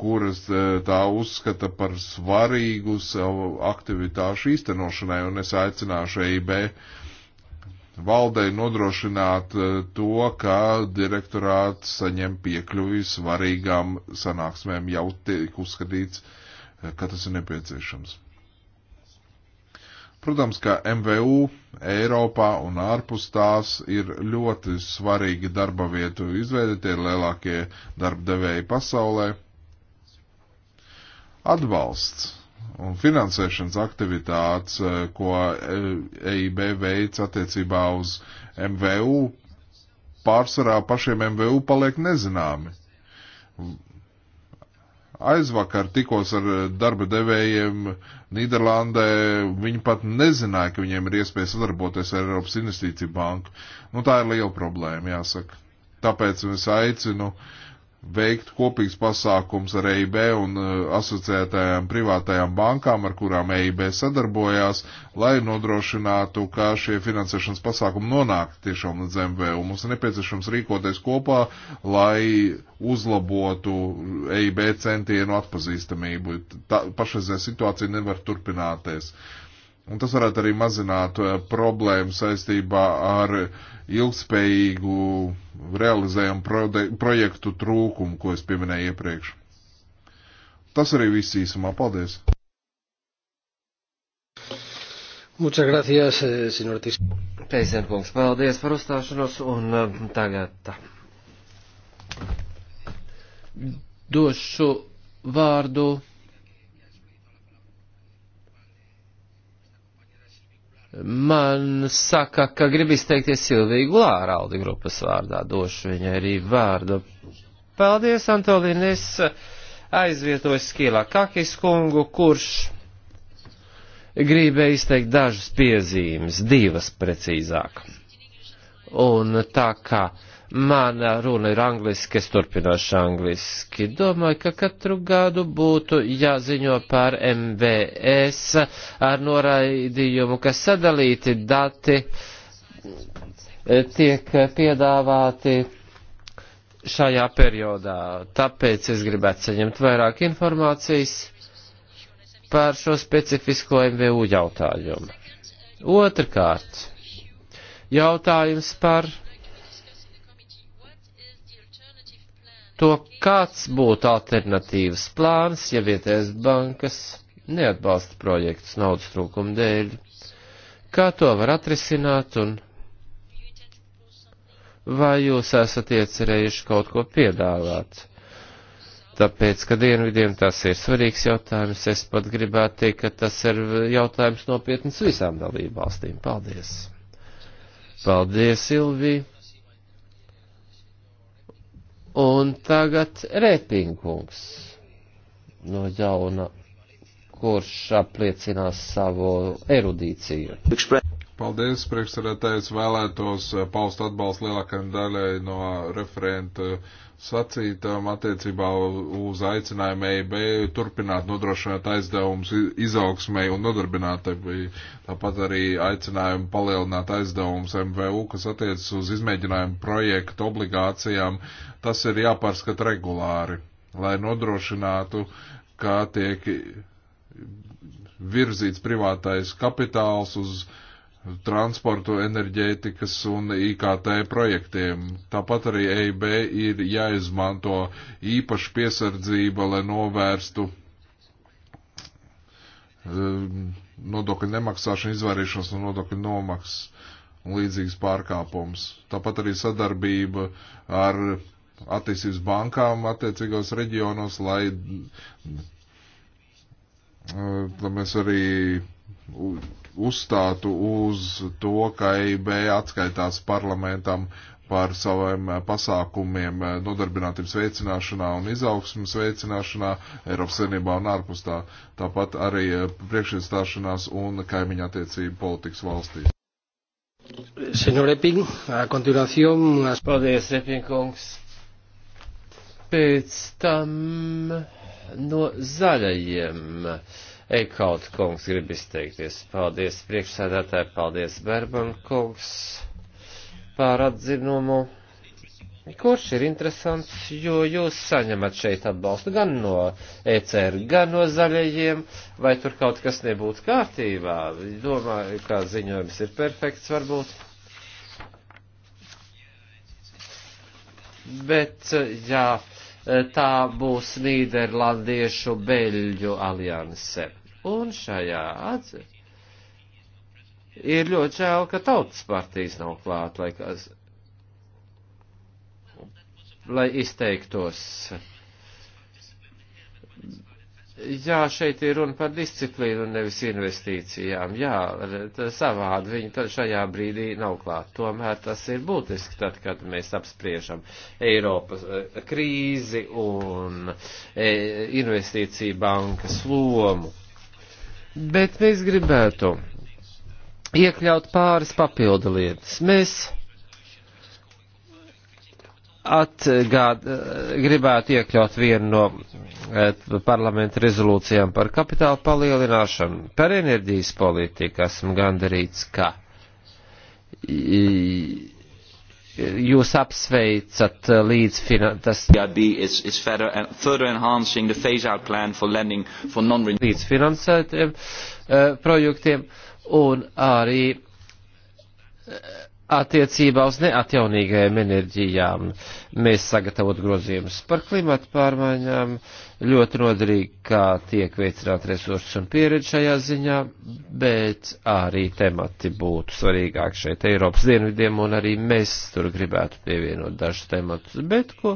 kuras e, tā uzskata par svarīgu savu aktivitāšu īstenošanai, un es aicināšu EIB uh, valdei nodrošināt eh, to, ka direktorāts saņem piekļuvi svarīgām sanāksmēm jau tiek uzskatīts, eh, ka tas ir nepieciešams. Protams, ka MVU Eiropā un ārpus tās ir ļoti svarīgi darba vietu izveidi, tie ir lielākie darba devēji pasaulē. Atbalsts un finansēšanas aktivitātes, eh, ko EIB eh, e veic attiecībā uz MVU, pārsvarā pašiem MVU paliek nezināmi. Aizvakar tikos ar eh, darba devējiem Nīderlandē, viņi pat nezināja, ka viņiem ir iespēja sadarboties ar Eiropas Investīciju banku. Nu, tā ir liela problēma, jāsaka. Tāpēc es aicinu uh, veikt kopīgs pasākums ar EIB un uh, asociētajām privātajām bankām, ar kurām EIB sadarbojās, lai nodrošinātu, ka šie finansēšanas pasākumi nonāk tiešām līdz MVU. Mums ir nepieciešams rīkoties kopā, lai uzlabotu EIB centienu atpazīstamību. Tā, pašreizē situācija nevar turpināties. Un tas varētu arī mazināt uh, problēmu saistībā ar ilgspējīgu realizējumu projektu trūkumu, ko es pieminēju iepriekš. Tas arī viss īsumā. Paldies! Muchas gracias, eh, señor Ortiz. Pēcēnkungs, paldies par uzstāšanos un eh, tagad tā. Došu vārdu man saka, ka grib izteikties Silviju Glāraldi grupas vārdā. Došu viņai arī vārdu. Paldies, Antolīna, es aizvietoju Skilā Kakis kungu, kurš gribēja izteikt dažas piezīmes, divas precīzāk. Un tā kā uh, Mana runa ir angliski, es turpināšu angliski. Domāju, ka katru gadu būtu jāziņo par MVS ar noraidījumu, ka sadalīti dati e, tiek piedāvāti šajā periodā. Tāpēc es gribētu saņemt vairāk informācijas par šo specifisko MVU jautājumu. Otrkārt, jautājums par to, kāds būtu alternatīvas plāns, ja vietējais bankas neatbalsta projektus naudas trūkuma dēļ. Kā to var atrisināt un vai jūs esat iecerējuši kaut ko piedāvāt? Tāpēc, ka dienvidiem tas ir svarīgs jautājums, es pat gribētu teikt, ka tas ir jautājums nopietns visām dalībvalstīm. Paldies! Paldies, Silvija! Un tagad Rēpinkungs no jauna, kurš apliecinās savu erudīciju. Paldies, priekšsarētājs, vēlētos eh, paust atbalstu lielākajai daļai no referenta sacītam attiecībā uz aicinājumu EIB turpināt nodrošināt aizdevumus izaugsmai un nodarbinātībai. Tāpat arī aicinājumu palielināt aizdevumus MVU, kas attiecas uz izmēģinājumu projektu obligācijām. Tas ir jāpārskata regulāri, lai nodrošinātu, kā tiek virzīts privātais kapitāls uz uh, transportu, enerģētikas un IKT projektiem. Tāpat arī EIB ir jāizmanto īpaša piesardzība, lai novērstu um, nodokļu nemaksāšanu, izvairīšanos no nodokļu nomaksas un līdzīgas pārkāpums. Tāpat arī sadarbība ar attīstības bankām attiecīgos reģionos, lai, uh, lai mēs arī uzstātu uz to, ka EIB atskaitās parlamentam par saviem eh, pasākumiem eh, nodarbinātības veicināšanā un izaugsmas veicināšanā Eiropas Savienībā un ārpus tā. Tāpat arī eh, priekšiestāšanās un kaimiņa attiecību politikas valstīs. Senor Eping, a continuación, paldies, Eping kungs. Pēc tam no zaļajiem. Eikaut kungs grib izteikties. Paldies priekšsēdētāji, paldies Berban kungs par atzinumu, kurš ir interesants, jo jūs saņemat šeit atbalstu gan no ECR, gan no zaļajiem, vai tur kaut kas nebūtu kārtībā. Domāju, kā ziņojums ir perfekts varbūt. Bet, jā, tā būs Nīderlandiešu Beļģu alianse. Un šajā atzīmē ir ļoti žēl, ka tautas partijas nav klāt, lai, kas, lai izteiktos. Jā, šeit ir runa par disciplīnu un nevis investīcijām. Jā, savādi viņi šajā brīdī nav klāt. Tomēr tas ir būtiski tad, kad mēs apspriežam Eiropas eh, krīzi un eh, investīciju bankas lomu. Bet mēs gribētu iekļaut pāris papildu lietas. Mēs atgād, gribētu iekļaut vienu no eh, parlamenta rezolūcijām par kapitāla palielināšanu. Par enerģijas politiku esmu gandarīts, ka jūs apsveicat līdz uh, finansētiem eh, projektiem un arī eh, attiecībā uz neatjaunīgajām enerģijām mēs sagatavot grozījumus par klimatu pārmaiņām. Ļoti noderīgi, kā tiek veicināt resursus un pieredze šajā ziņā, bet arī temati būtu svarīgāk šeit Eiropas dienvidiem, un arī mēs tur gribētu pievienot dažus tematus, bet ko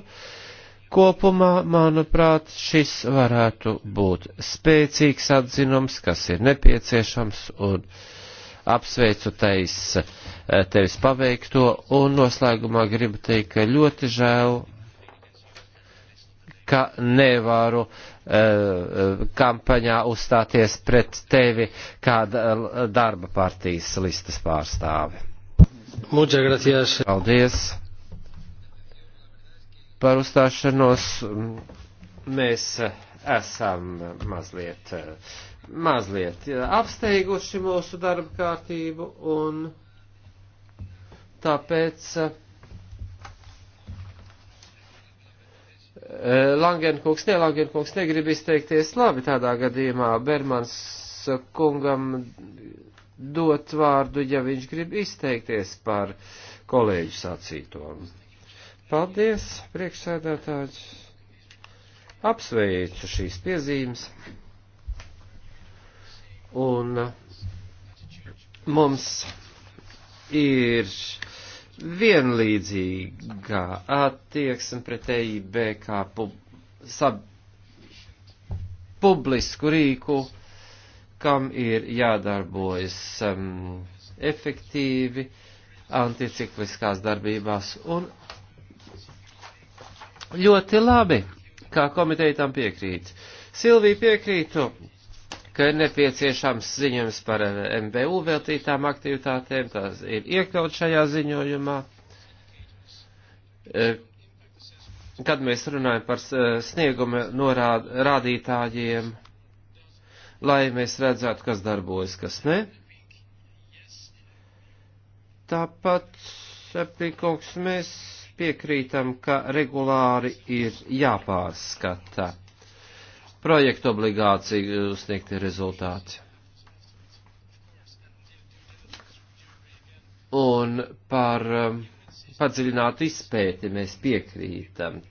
kopumā, manuprāt, šis varētu būt spēcīgs atzinums, kas ir nepieciešams un. Uh, apsveicu tais eh, tevis paveikto un noslēgumā gribu teikt, ka ļoti žēl, ka nevaru uh, kampaņā uzstāties pret tevi kā darba partijas listas pārstāvi. Muchas gracias. Paldies par uzstāšanos. Mēs eh, esam mazliet uh, mazliet jā, apsteiguši mūsu darba kārtību un tāpēc eh, Langenkungs, ne, Langenkungs negrib izteikties labi tādā gadījumā Bermans kungam dot vārdu, ja viņš grib izteikties par kolēģu sacīto. Paldies, priekšsēdētājs! Apsveicu šīs piezīmes. Un mums ir vienlīdzīgā attieksme pret EIB kā pub sab publisku rīku, kam ir jādarbojas um, efektīvi anticikliskās darbībās. Un ļoti labi, kā komiteja tam piekrīt. Silvija piekrītu ka ir nepieciešams ziņojums par MBU veltītām aktivitātēm, tās ir iekļaut šajā ziņojumā. Eh, kad mēs runājam par eh, snieguma norādītājiem, lai mēs redzētu, kas darbojas, kas ne. Tāpat, Šepikungs, mēs piekrītam, ka regulāri ir jāpārskata projektu obligāciju sniegti rezultāti. Un par um, padziļinātu izpēti mēs piekrītam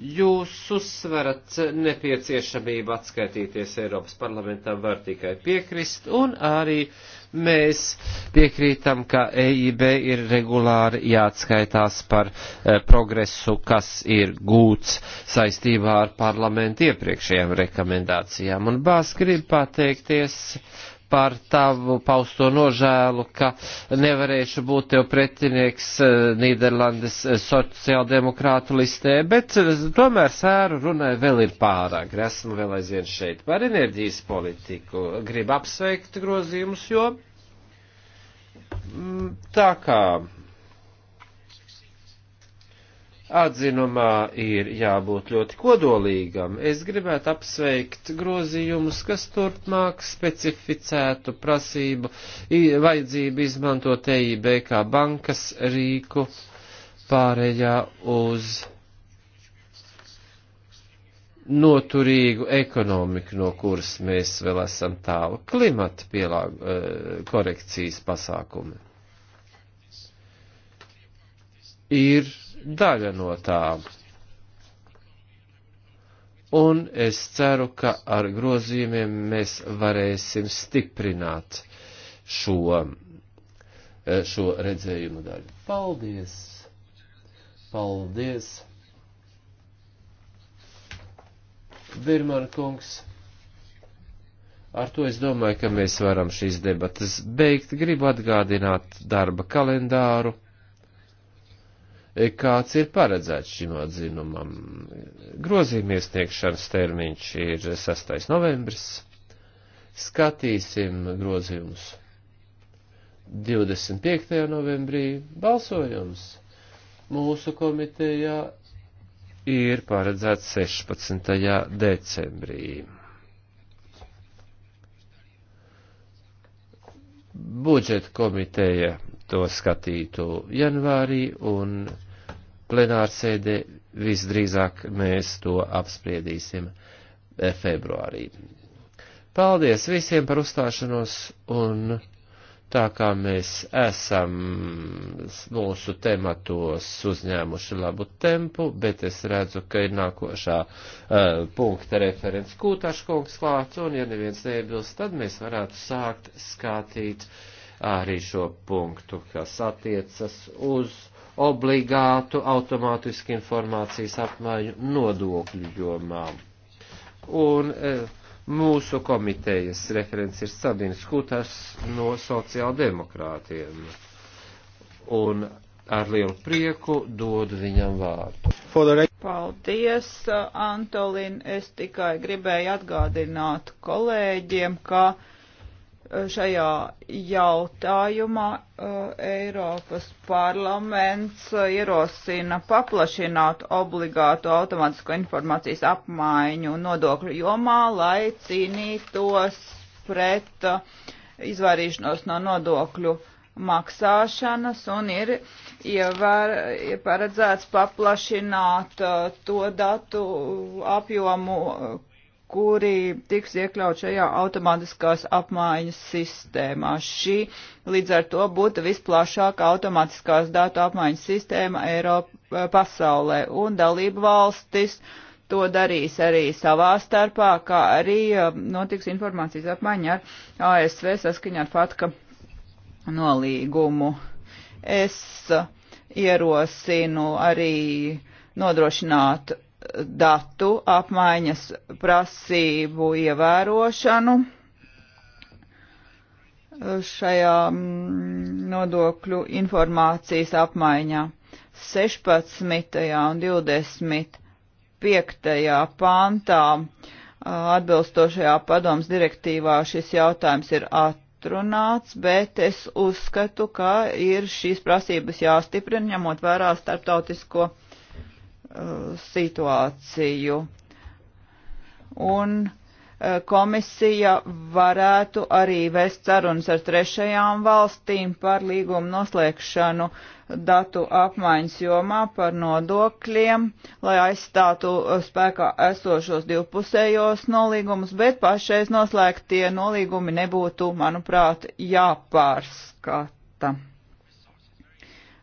Jūs uzsverat nepieciešamību atskaitīties Eiropas parlamentam, var tikai piekrist, un arī mēs piekrītam, ka EIB ir regulāri jāatskaitās par eh, progresu, kas ir gūts saistībā ar parlamentu iepriekšējām rekomendācijām. Un Bās grib pateikties par tavu pausto nožēlu, ka nevarēšu būt tev pretinieks eh, Nīderlandes eh, sociāldemokrātu listē, bet eh, tomēr sēru runai vēl ir pārāk. Esmu vēl aizvien šeit par enerģijas politiku. Gribu apsveikt grozījumus, jo mm, tā kā atzinumā ir jābūt ļoti kodolīgam. Es gribētu apsveikt grozījumus, kas turpmāk specificētu prasību, vajadzību izmantot EIB kā bankas rīku pārējā uz noturīgu ekonomiku, no kuras mēs vēl esam tālu, klimata pielāgu, e, korekcijas pasākumi. Ir daļa no tām. Un es ceru, ka ar grozījumiem mēs varēsim stiprināt šo, eh, šo redzējumu daļu. Paldies! Paldies! Birman kungs! Ar to es domāju, ka mēs varam šīs debatas beigt. Gribu atgādināt darba kalendāru kāds ir paredzēts šim atzinumam. Grozījuma iesniegšanas termiņš ir 6. novembris. Skatīsim grozījumus 25. novembrī. Balsojums mūsu komitejā ir paredzēts 16. decembrī. budžeta komiteja to skatītu janvārī un plenārsēdē visdrīzāk mēs to apspriedīsim februārī. Paldies visiem par uzstāšanos un tā kā mēs esam mūsu tematos uzņēmuši labu tempu, bet es redzu, ka ir nākošā uh, punkta referents Kūtaškungs klāts, un ja neviens neiebilst, tad mēs varētu sākt skatīt arī šo punktu, kas attiecas uz obligātu automātisku informācijas apmaiņu nodokļu jomām. Un, uh, Mūsu komitejas referents ir Sabins Kutas no sociāldemokrātiem. Un ar lielu prieku dodu viņam vārdu. Paldies, Antolin. Es tikai gribēju atgādināt kolēģiem, ka šajā jautājumā Eiropas parlaments ierosina paplašināt obligātu automātisko informācijas apmaiņu nodokļu jomā, lai cīnītos pret izvairīšanos no nodokļu maksāšanas un ir ievēr, ja paredzēts paplašināt to datu apjomu, kuri tiks iekļaut šajā automātiskās apmaiņas sistēmā. Šī līdz ar to būtu visplašākā automātiskās datu apmaiņas sistēma Eiropa eh, pasaulē un dalību valstis. To darīs arī savā starpā, kā arī eh, notiks informācijas apmaiņa ar ASV saskaņā ar FATKA nolīgumu. Es ierosinu arī nodrošināt datu apmaiņas prasību ievērošanu šajā mm, nodokļu informācijas apmaiņā. 16. un 25. pāntā atbilstošajā padoms direktīvā šis jautājums ir atrunāts, bet es uzskatu, ka ir šīs prasības jāstiprina, ņemot vērā starptautisko Eh, situāciju. Un eh, komisija varētu arī vest sarunas ar trešajām valstīm par līgumu noslēgšanu datu apmaiņas jomā par nodokļiem, lai aizstātu eh, spēkā esošos divpusējos nolīgumus, bet pašreiz noslēgtie nolīgumi nebūtu, manuprāt, jāpārskata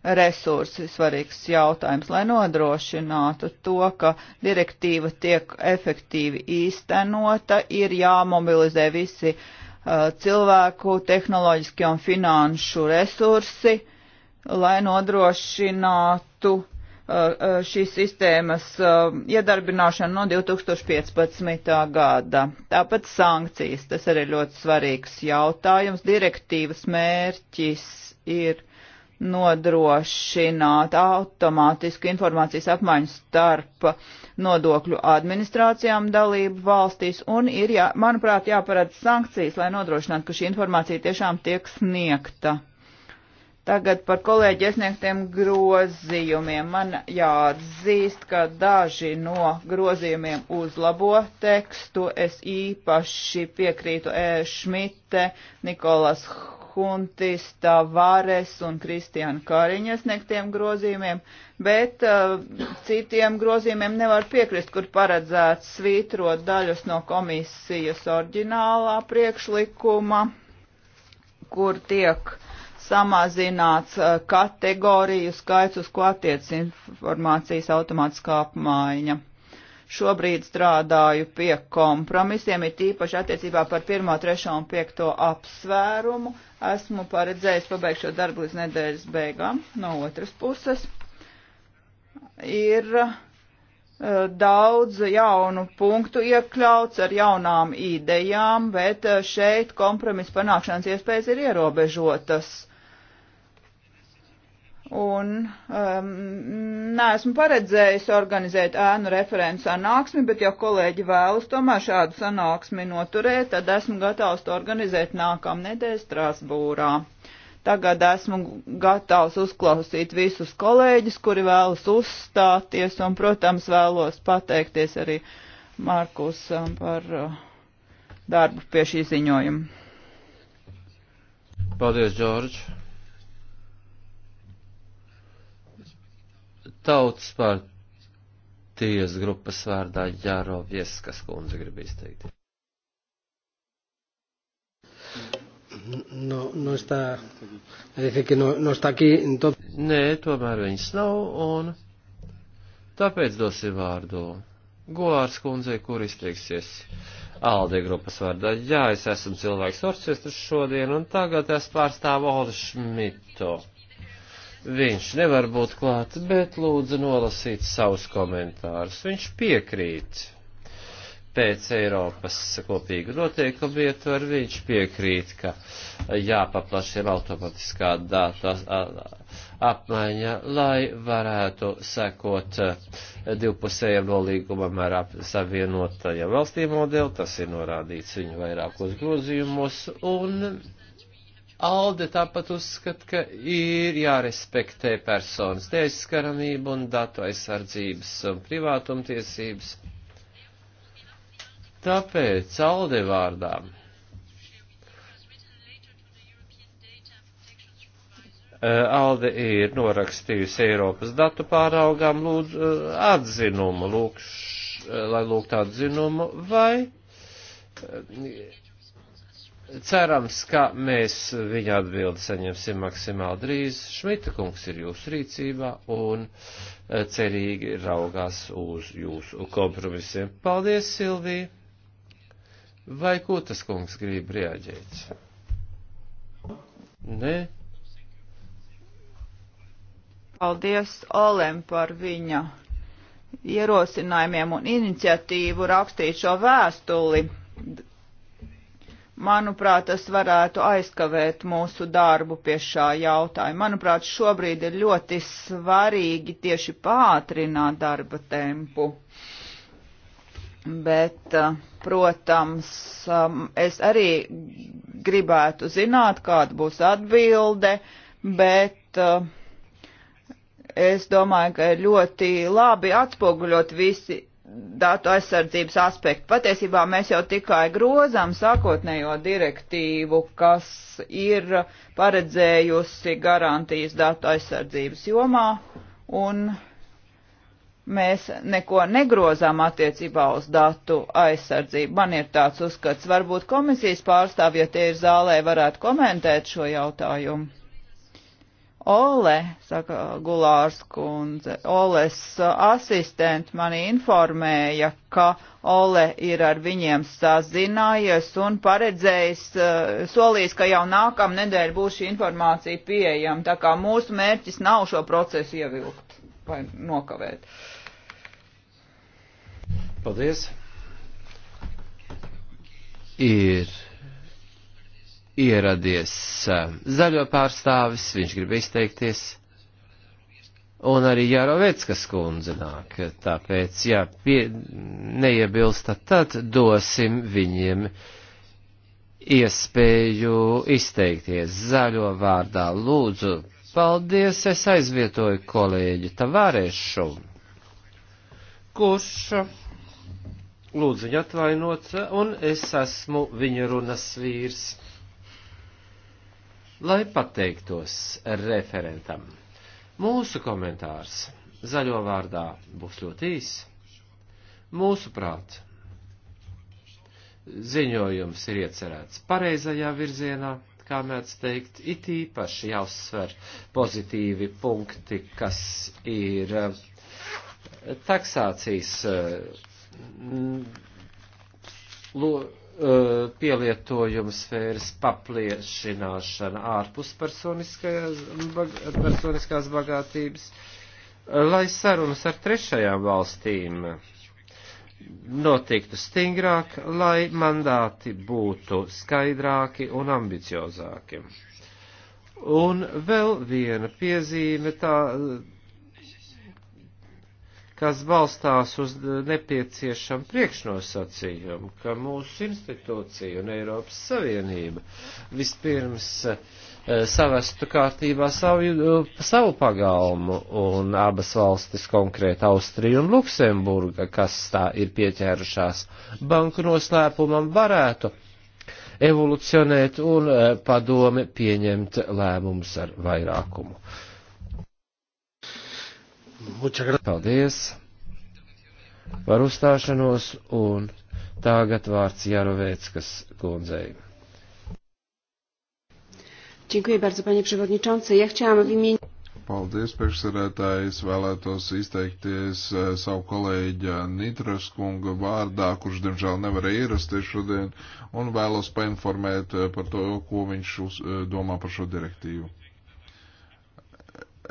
resursi svarīgs jautājums, lai nodrošinātu to, ka direktīva tiek efektīvi īstenota, ir jāmobilizē visi uh, cilvēku, tehnoloģiskie un finanšu resursi, lai nodrošinātu uh, uh šīs sistēmas uh, iedarbināšanu no 2015. gada. Tāpat sankcijas, tas arī ļoti svarīgs jautājums. Direktīvas mērķis ir nodrošināt automātisku informācijas apmaiņu starp nodokļu administrācijām dalību valstīs un ir, jā, manuprāt, jāparāda sankcijas, lai nodrošinātu, ka šī informācija tiešām tiek sniegta. Tagad par kolēģi iesniegtiem grozījumiem. Man jāatzīst, ka daži no grozījumiem uzlabo tekstu. Es īpaši piekrītu E. Šmite, Nikolas Huntis, Tavares un Kristiāna Kariņa sniegtiem grozījumiem, bet uh, citiem grozījumiem nevar piekrist, kur paredzēts svītrot daļas no komisijas oriģinālā priekšlikuma, kur tiek samazināts uh, kategoriju skaits, uz ko attiec informācijas automātiskā apmaiņa. Šobrīd strādāju pie kompromisiem, ir tīpaši attiecībā par 1, 3 un 5 apsvērumu. Esmu paredzējis pabeigt šo darbu līdz nedēļas beigām. No otras puses ir eh, daudz jaunu punktu iekļauts ar jaunām idejām, bet eh, šeit kompromisa panākšanas iespējas ir ierobežotas Un um, neesmu paredzējis organizēt ēnu referents sanāksmi, bet ja kolēģi vēlas tomēr šādu sanāksmi noturēt, tad esmu gatavs to organizēt nākamnedēļ Strasbūrā. Tagad esmu gatavs uzklausīt visus kolēģis, kuri vēlas uzstāties, un, protams, vēlos pateikties arī Markusam par uh, darbu pie šī ziņojuma. Paldies, Džordž! tautas partijas grupas vārdā Jāro Vieskas kundze grib izteikt. No, no está, dice que no, no está aquí, entonces... Nē, tomēr viņas nav, un tāpēc dosim vārdu Goārs kundzei, kur izteiksies. Alde grupas vārdā. Jā, es esmu cilvēks orķestrs šodien, un tagad es pārstāvu Olu Šmitu. Viņš nevar būt klāt, bet lūdzu nolasīt savus komentārus. Viņš piekrīt pēc Eiropas kopīgu noteikumu ietvaru, viņš piekrīt, ka jāpaplašina automatiskā data apmaiņa, lai varētu sekot divpusējiem nolīgumam ar savienotajiem valstīm modeli, tas ir norādīts viņu vairākos grozījumos, un Alde tāpat uzskata, ka ir jārespektē personas neaizskaramība un datu aizsardzības un privātumtiesības. Tāpēc Alde vārdām eh, Alde ir norakstījusi Eiropas datu pāraugām lūdzu eh, atzinumu, lūkš, eh, lai lūgtu atzinumu vai Cerams, ka mēs viņa atbildi saņemsim maksimāli drīz. Šmita kungs ir jūsu rīcībā un e, cerīgi raugās uz jūsu kompromisiem. Paldies, Silvija! Vai ko tas kungs grib reaģēt? Nē. Paldies Olem par viņa ierosinājumiem un iniciatīvu rakstīt šo vēstuli Manuprāt, tas varētu aizkavēt mūsu darbu pie šā jautājuma. Manuprāt, šobrīd ir ļoti svarīgi tieši pātrināt darba tempu. Bet, eh, protams, eh, es arī gribētu zināt, kāda būs atbilde, bet eh, es domāju, ka ļoti labi atspoguļot visi datu aizsardzības aspektu. Patiesībā mēs jau tikai grozām sākotnējo direktīvu, kas ir paredzējusi garantijas datu aizsardzības jomā, un mēs neko negrozām attiecībā uz datu aizsardzību. Man ir tāds uzskats, varbūt komisijas pārstāvja, ja tie ir zālē, varētu komentēt šo jautājumu. Ole, saka Gulārs kundze, Oles uh, asistenti mani informēja, ka Ole ir ar viņiem sazinājies un paredzējis, uh, solījis, ka jau nākam nedēļ būs šī informācija pieejama, tā kā mūsu mērķis nav šo procesu ievilkt vai nokavēt. Paldies. Ir ieradies zaļo pārstāvis, viņš grib izteikties. Un arī Jāroveckas kundze nāk, tāpēc, ja pie, neiebilsta, tad dosim viņiem iespēju izteikties zaļo vārdā. Lūdzu, paldies, es aizvietoju kolēģi Tavārešu, kurš lūdzu viņu atvainot, un es esmu viņa runas vīrs lai pateiktos referentam. Mūsu komentārs zaļo vārdā būs ļoti īs. Mūsuprāt, ziņojums ir iecerēts pareizajā virzienā, kā mēdz teikt, it īpaši jāuzsver pozitīvi punkti, kas ir eh, taksācijas eh, lo, Uh, pielietojuma sfēras papliešināšana ārpus personiskās bagātības, uh, lai sarunas ar trešajām valstīm notiktu stingrāk, lai mandāti būtu skaidrāki un ambiciozāki. Un vēl viena piezīme tā kas balstās uz nepieciešamu priekšnosacījumu, ka mūsu institūcija un Eiropas Savienība vispirms eh, savestu kārtībā savu, eh, savu pagalmu un abas valstis konkrēti Austrija un Luksemburga, kas tā ir pieķērušās banku noslēpumam, varētu evolucionēt un eh, padome pieņemt lēmumus ar vairākumu. Paldies par uzstāšanos un tagad vārds Jarovēckas kundzei. Dziękuję bardzo, panie przewodniczący. Ja chciałam w imieniu. Paldies, priekšsēdētāji. Es vēlētos izteikties eh, savu kolēģi Nitras kunga vārdā, kurš diemžēl nevarēja ierasties šodien, un vēlos painformēt eh, par to, ko viņš eh, domā par šo direktīvu.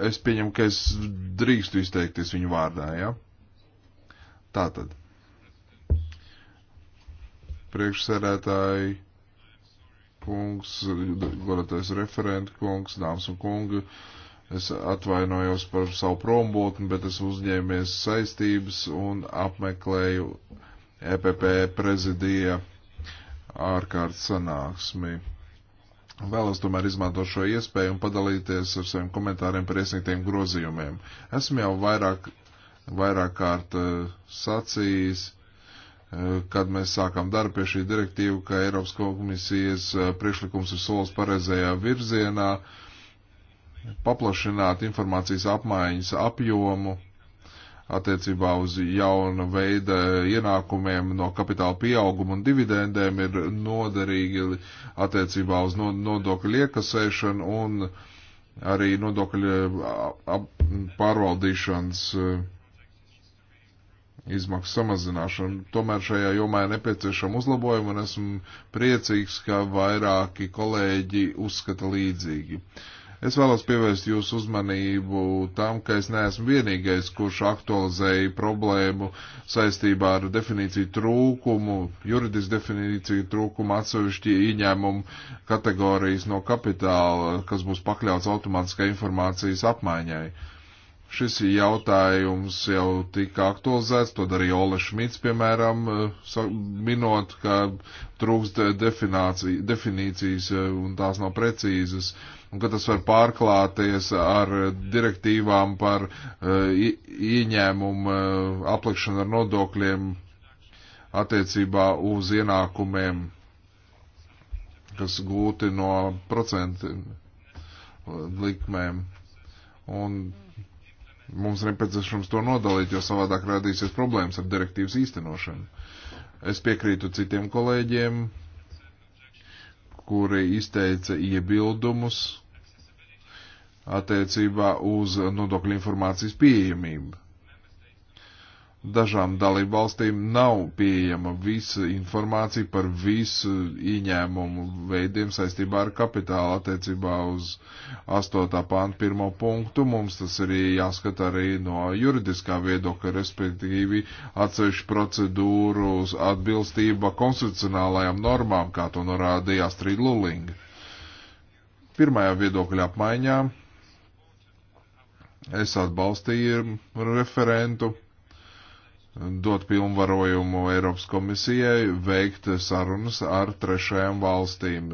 Es pieņemu, ka es drīkstu izteikties viņu vārdā, jā? Ja? Tātad. Priekšsēdētāji, kungs, godātais referenta kungs, dāmas un kungi, es atvainojos par savu prombūtni, bet es uzņēmies saistības un apmeklēju EPP prezidija ārkārtas sanāksmi. Vēlos tomēr izmantot šo iespēju un padalīties ar saviem komentāriem par iesniegtiem grozījumiem. Esmu jau vairāk, vairāk kārt uh, sacījis, uh, kad mēs sākām darbu pie šī direktīva, ka Eiropas komisijas uh, priekšlikums ir solis pareizajā virzienā, paplašināt informācijas apmaiņas apjomu attiecībā uz jaunu veidu ienākumiem no kapitāla pieauguma un dividendēm ir noderīgi attiecībā uz nodokļu iekasēšanu un arī nodokļu pārvaldīšanas e, izmaksu samazināšanu. Tomēr šajā jomā ir nepieciešama uzlabojuma un esmu priecīgs, ka vairāki kolēģi uzskata līdzīgi. Uh, Es vēlos pievērst jūsu uzmanību tam, ka es neesmu vienīgais, kurš aktualizēja problēmu saistībā ar definīciju trūkumu, juridisku definīciju trūkumu atsevišķi ieņēmumu kategorijas no kapitāla, kas būs pakļauts automātiskai informācijas apmaiņai. Uh, Šis jautājums jau tika aktualizēts, to darīja Ole Šmits, piemēram, eh, minot, ka trūkst definīcijas eh, un tās nav precīzas, un ka tas var pārklāties ar direktīvām par eh, ieņēmumu aplikšanu ar nodokļiem attiecībā uz ienākumiem, kas gūti no procentu likmēm. Un Mums ir nepieciešams to nodalīt, jo savādāk radīsies problēmas ar direktīvas īstenošanu. Es piekrītu citiem kolēģiem, kuri izteica iebildumus attiecībā uz nodokļu informācijas pieejamību dažām dalību valstīm nav pieejama visa informācija par visu ieņēmumu veidiem saistībā ar kapitālu attiecībā uz 8. pānta pirmo punktu. Mums tas arī jāskata arī no juridiskā viedokļa, respektīvi atsevišķu procedūru uz atbilstība konstitucionālajām normām, kā to norādīja Astrid Lulinga. Pirmajā viedokļa apmaiņā es atbalstīju referentu dot pilnvarojumu Eiropas komisijai veikt sarunas ar trešajām valstīm.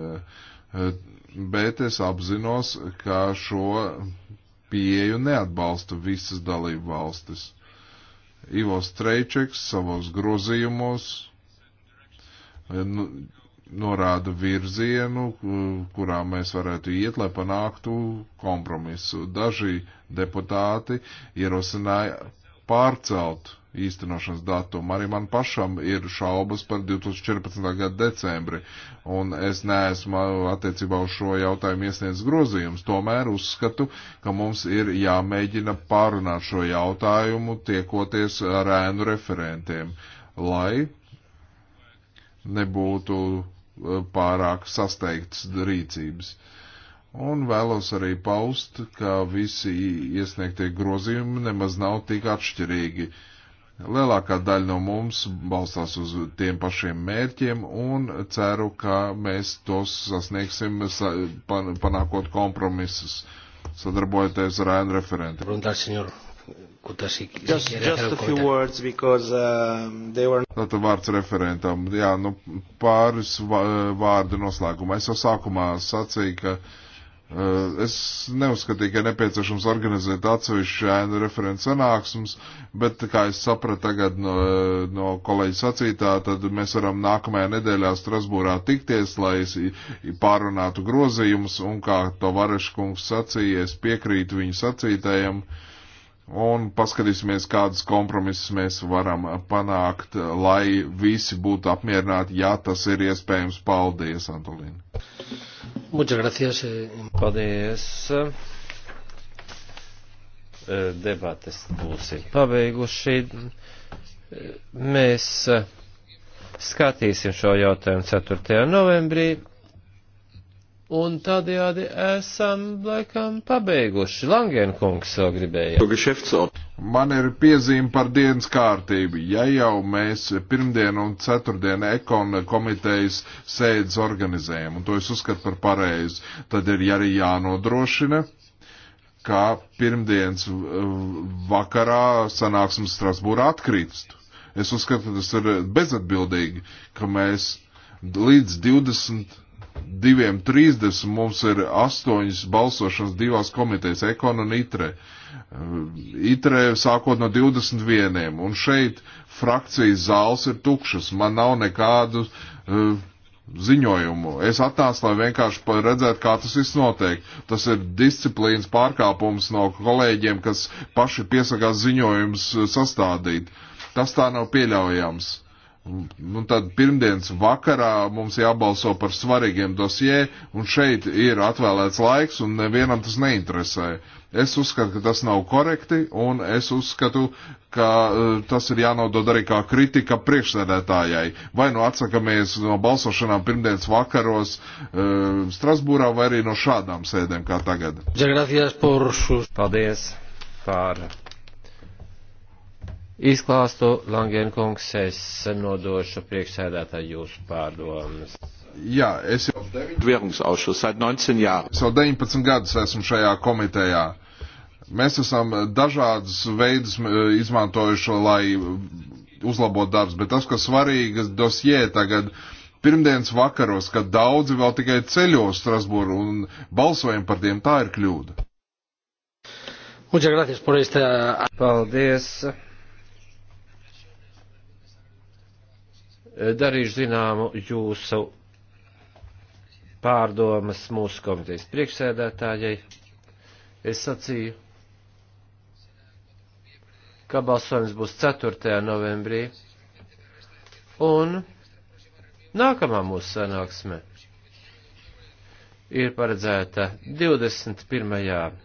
Bet es apzinos, ka šo pieeju neatbalsta visas dalību valstis. Ivo Streičeks savos grozījumos eh, nu, norāda virzienu, kurā mēs varētu iet, lai panāktu kompromisu. Daži deputāti ierosināja pārcelt īstenošanas datumu. Arī man pašam ir šaubas par 2014. gada decembri, un es neesmu attiecībā uz šo jautājumu iesniedz grozījums. Tomēr uzskatu, ka mums ir jāmēģina pārunāt šo jautājumu, tiekoties ar ēnu referentiem, lai nebūtu eh, pārāk sasteigts rīcības. Un vēlos arī paust, ka visi iesniegtie grozījumi nemaz nav tik atšķirīgi. Uh, Lielākā daļa no mums balstās uz tiem pašiem mērķiem un ceru, ka mēs tos sasniegsim, panākot kompromisus, sadarbojoties ar ANR referentiem. Just, just a few words, because um, they were... Tātad vārds referentam. Jā, nu pāris vārdi noslēgumā. Es jau sākumā sacīju, ka Eh, es neuzskatīju, ka nepieciešams organizēt atsevišķu ēnu referents sanāksmes, bet, kā es sapratu tagad no, eh, no kolēģa sacītā, tad mēs varam nākamajā nedēļā Strasbūrā tikties, lai pārunātu grozījumus, un kā to Vareša kungs sacīja, es piekrītu viņu sacītajam. Uh, un paskatīsimies, kādas kompromises mēs varam panākt, lai visi būtu apmierināti, ja tas ir iespējams. Paldies, Antolīna. Muchas gracias. Eh, Paldies. Eh, debates būsim pabeiguši. Eh, mēs skatīsim šo jautājumu 4. novembrī. Un tādējādi esam laikam pabeiguši. Langenkungs vēl gribēja. Man ir piezīme par dienas kārtību. Ja jau mēs pirmdien un ceturtdien ekon komitejas sēdes organizējam, un to es uzskatu par pareizi, tad ir arī jānodrošina, ka pirmdienas vakarā sanāksmes Strasbūrā atkrītst. Es uzskatu, ka tas ir bezatbildīgi, ka mēs līdz 20 2.30 mums ir astoņas balsošanas divās komitejas, Ekon un Itre. Uh, Itre sākot no 21. Un šeit frakcijas zāles ir tukšas. Man nav nekādu uh, ziņojumu. Es atnācu, lai vienkārši redzētu, kā tas viss notiek. Tas ir disciplīnas pārkāpums no kolēģiem, kas paši piesakās ziņojumus uh, sastādīt. Tas tā nav pieļaujams Un nu, tad pirmdienas vakarā mums jābalso par svarīgiem dosjē, un šeit ir atvēlēts laiks, un nevienam tas neinteresē. Es uzskatu, ka tas nav korekti, un es uzskatu, ka uh, tas ir jānodod arī kā kritika priekšsēdētājai. Vai nu atsakamies no balsošanām pirmdienas vakaros uh, Strasbūrā, vai arī no šādām sēdēm kā tagad. Paldies par izklāstu. Langenkungs, es nodošu priekšsēdētāju jūsu pārdomas. Jā, es jau 19 gadus esmu šajā komitejā. Mēs esam dažādas veidus izmantojuši, lai uzlabotu darbs, bet tas, kas svarīgas dosie tagad, pirmdienas vakaros, kad daudzi vēl tikai ceļo uz Strasburu un balsojam par tiem, tā ir kļūda. Paldies! darīšu zināmu jūsu pārdomas mūsu komitejas priekšsēdētājai. Es sacīju, ka balsojums būs 4. novembrī, un nākamā mūsu sanāksme ir paredzēta 21.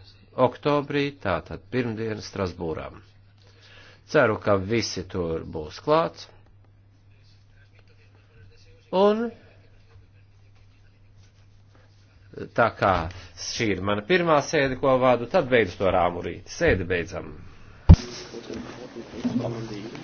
oktobrī, tātad pirmdien Strasbūrām. Ceru, ka visi tur būs klāts. Un tā kā šī ir mana pirmā sēde, ko vadu, tad beidz to rāmurīti. Sēde beidzam. Thank you.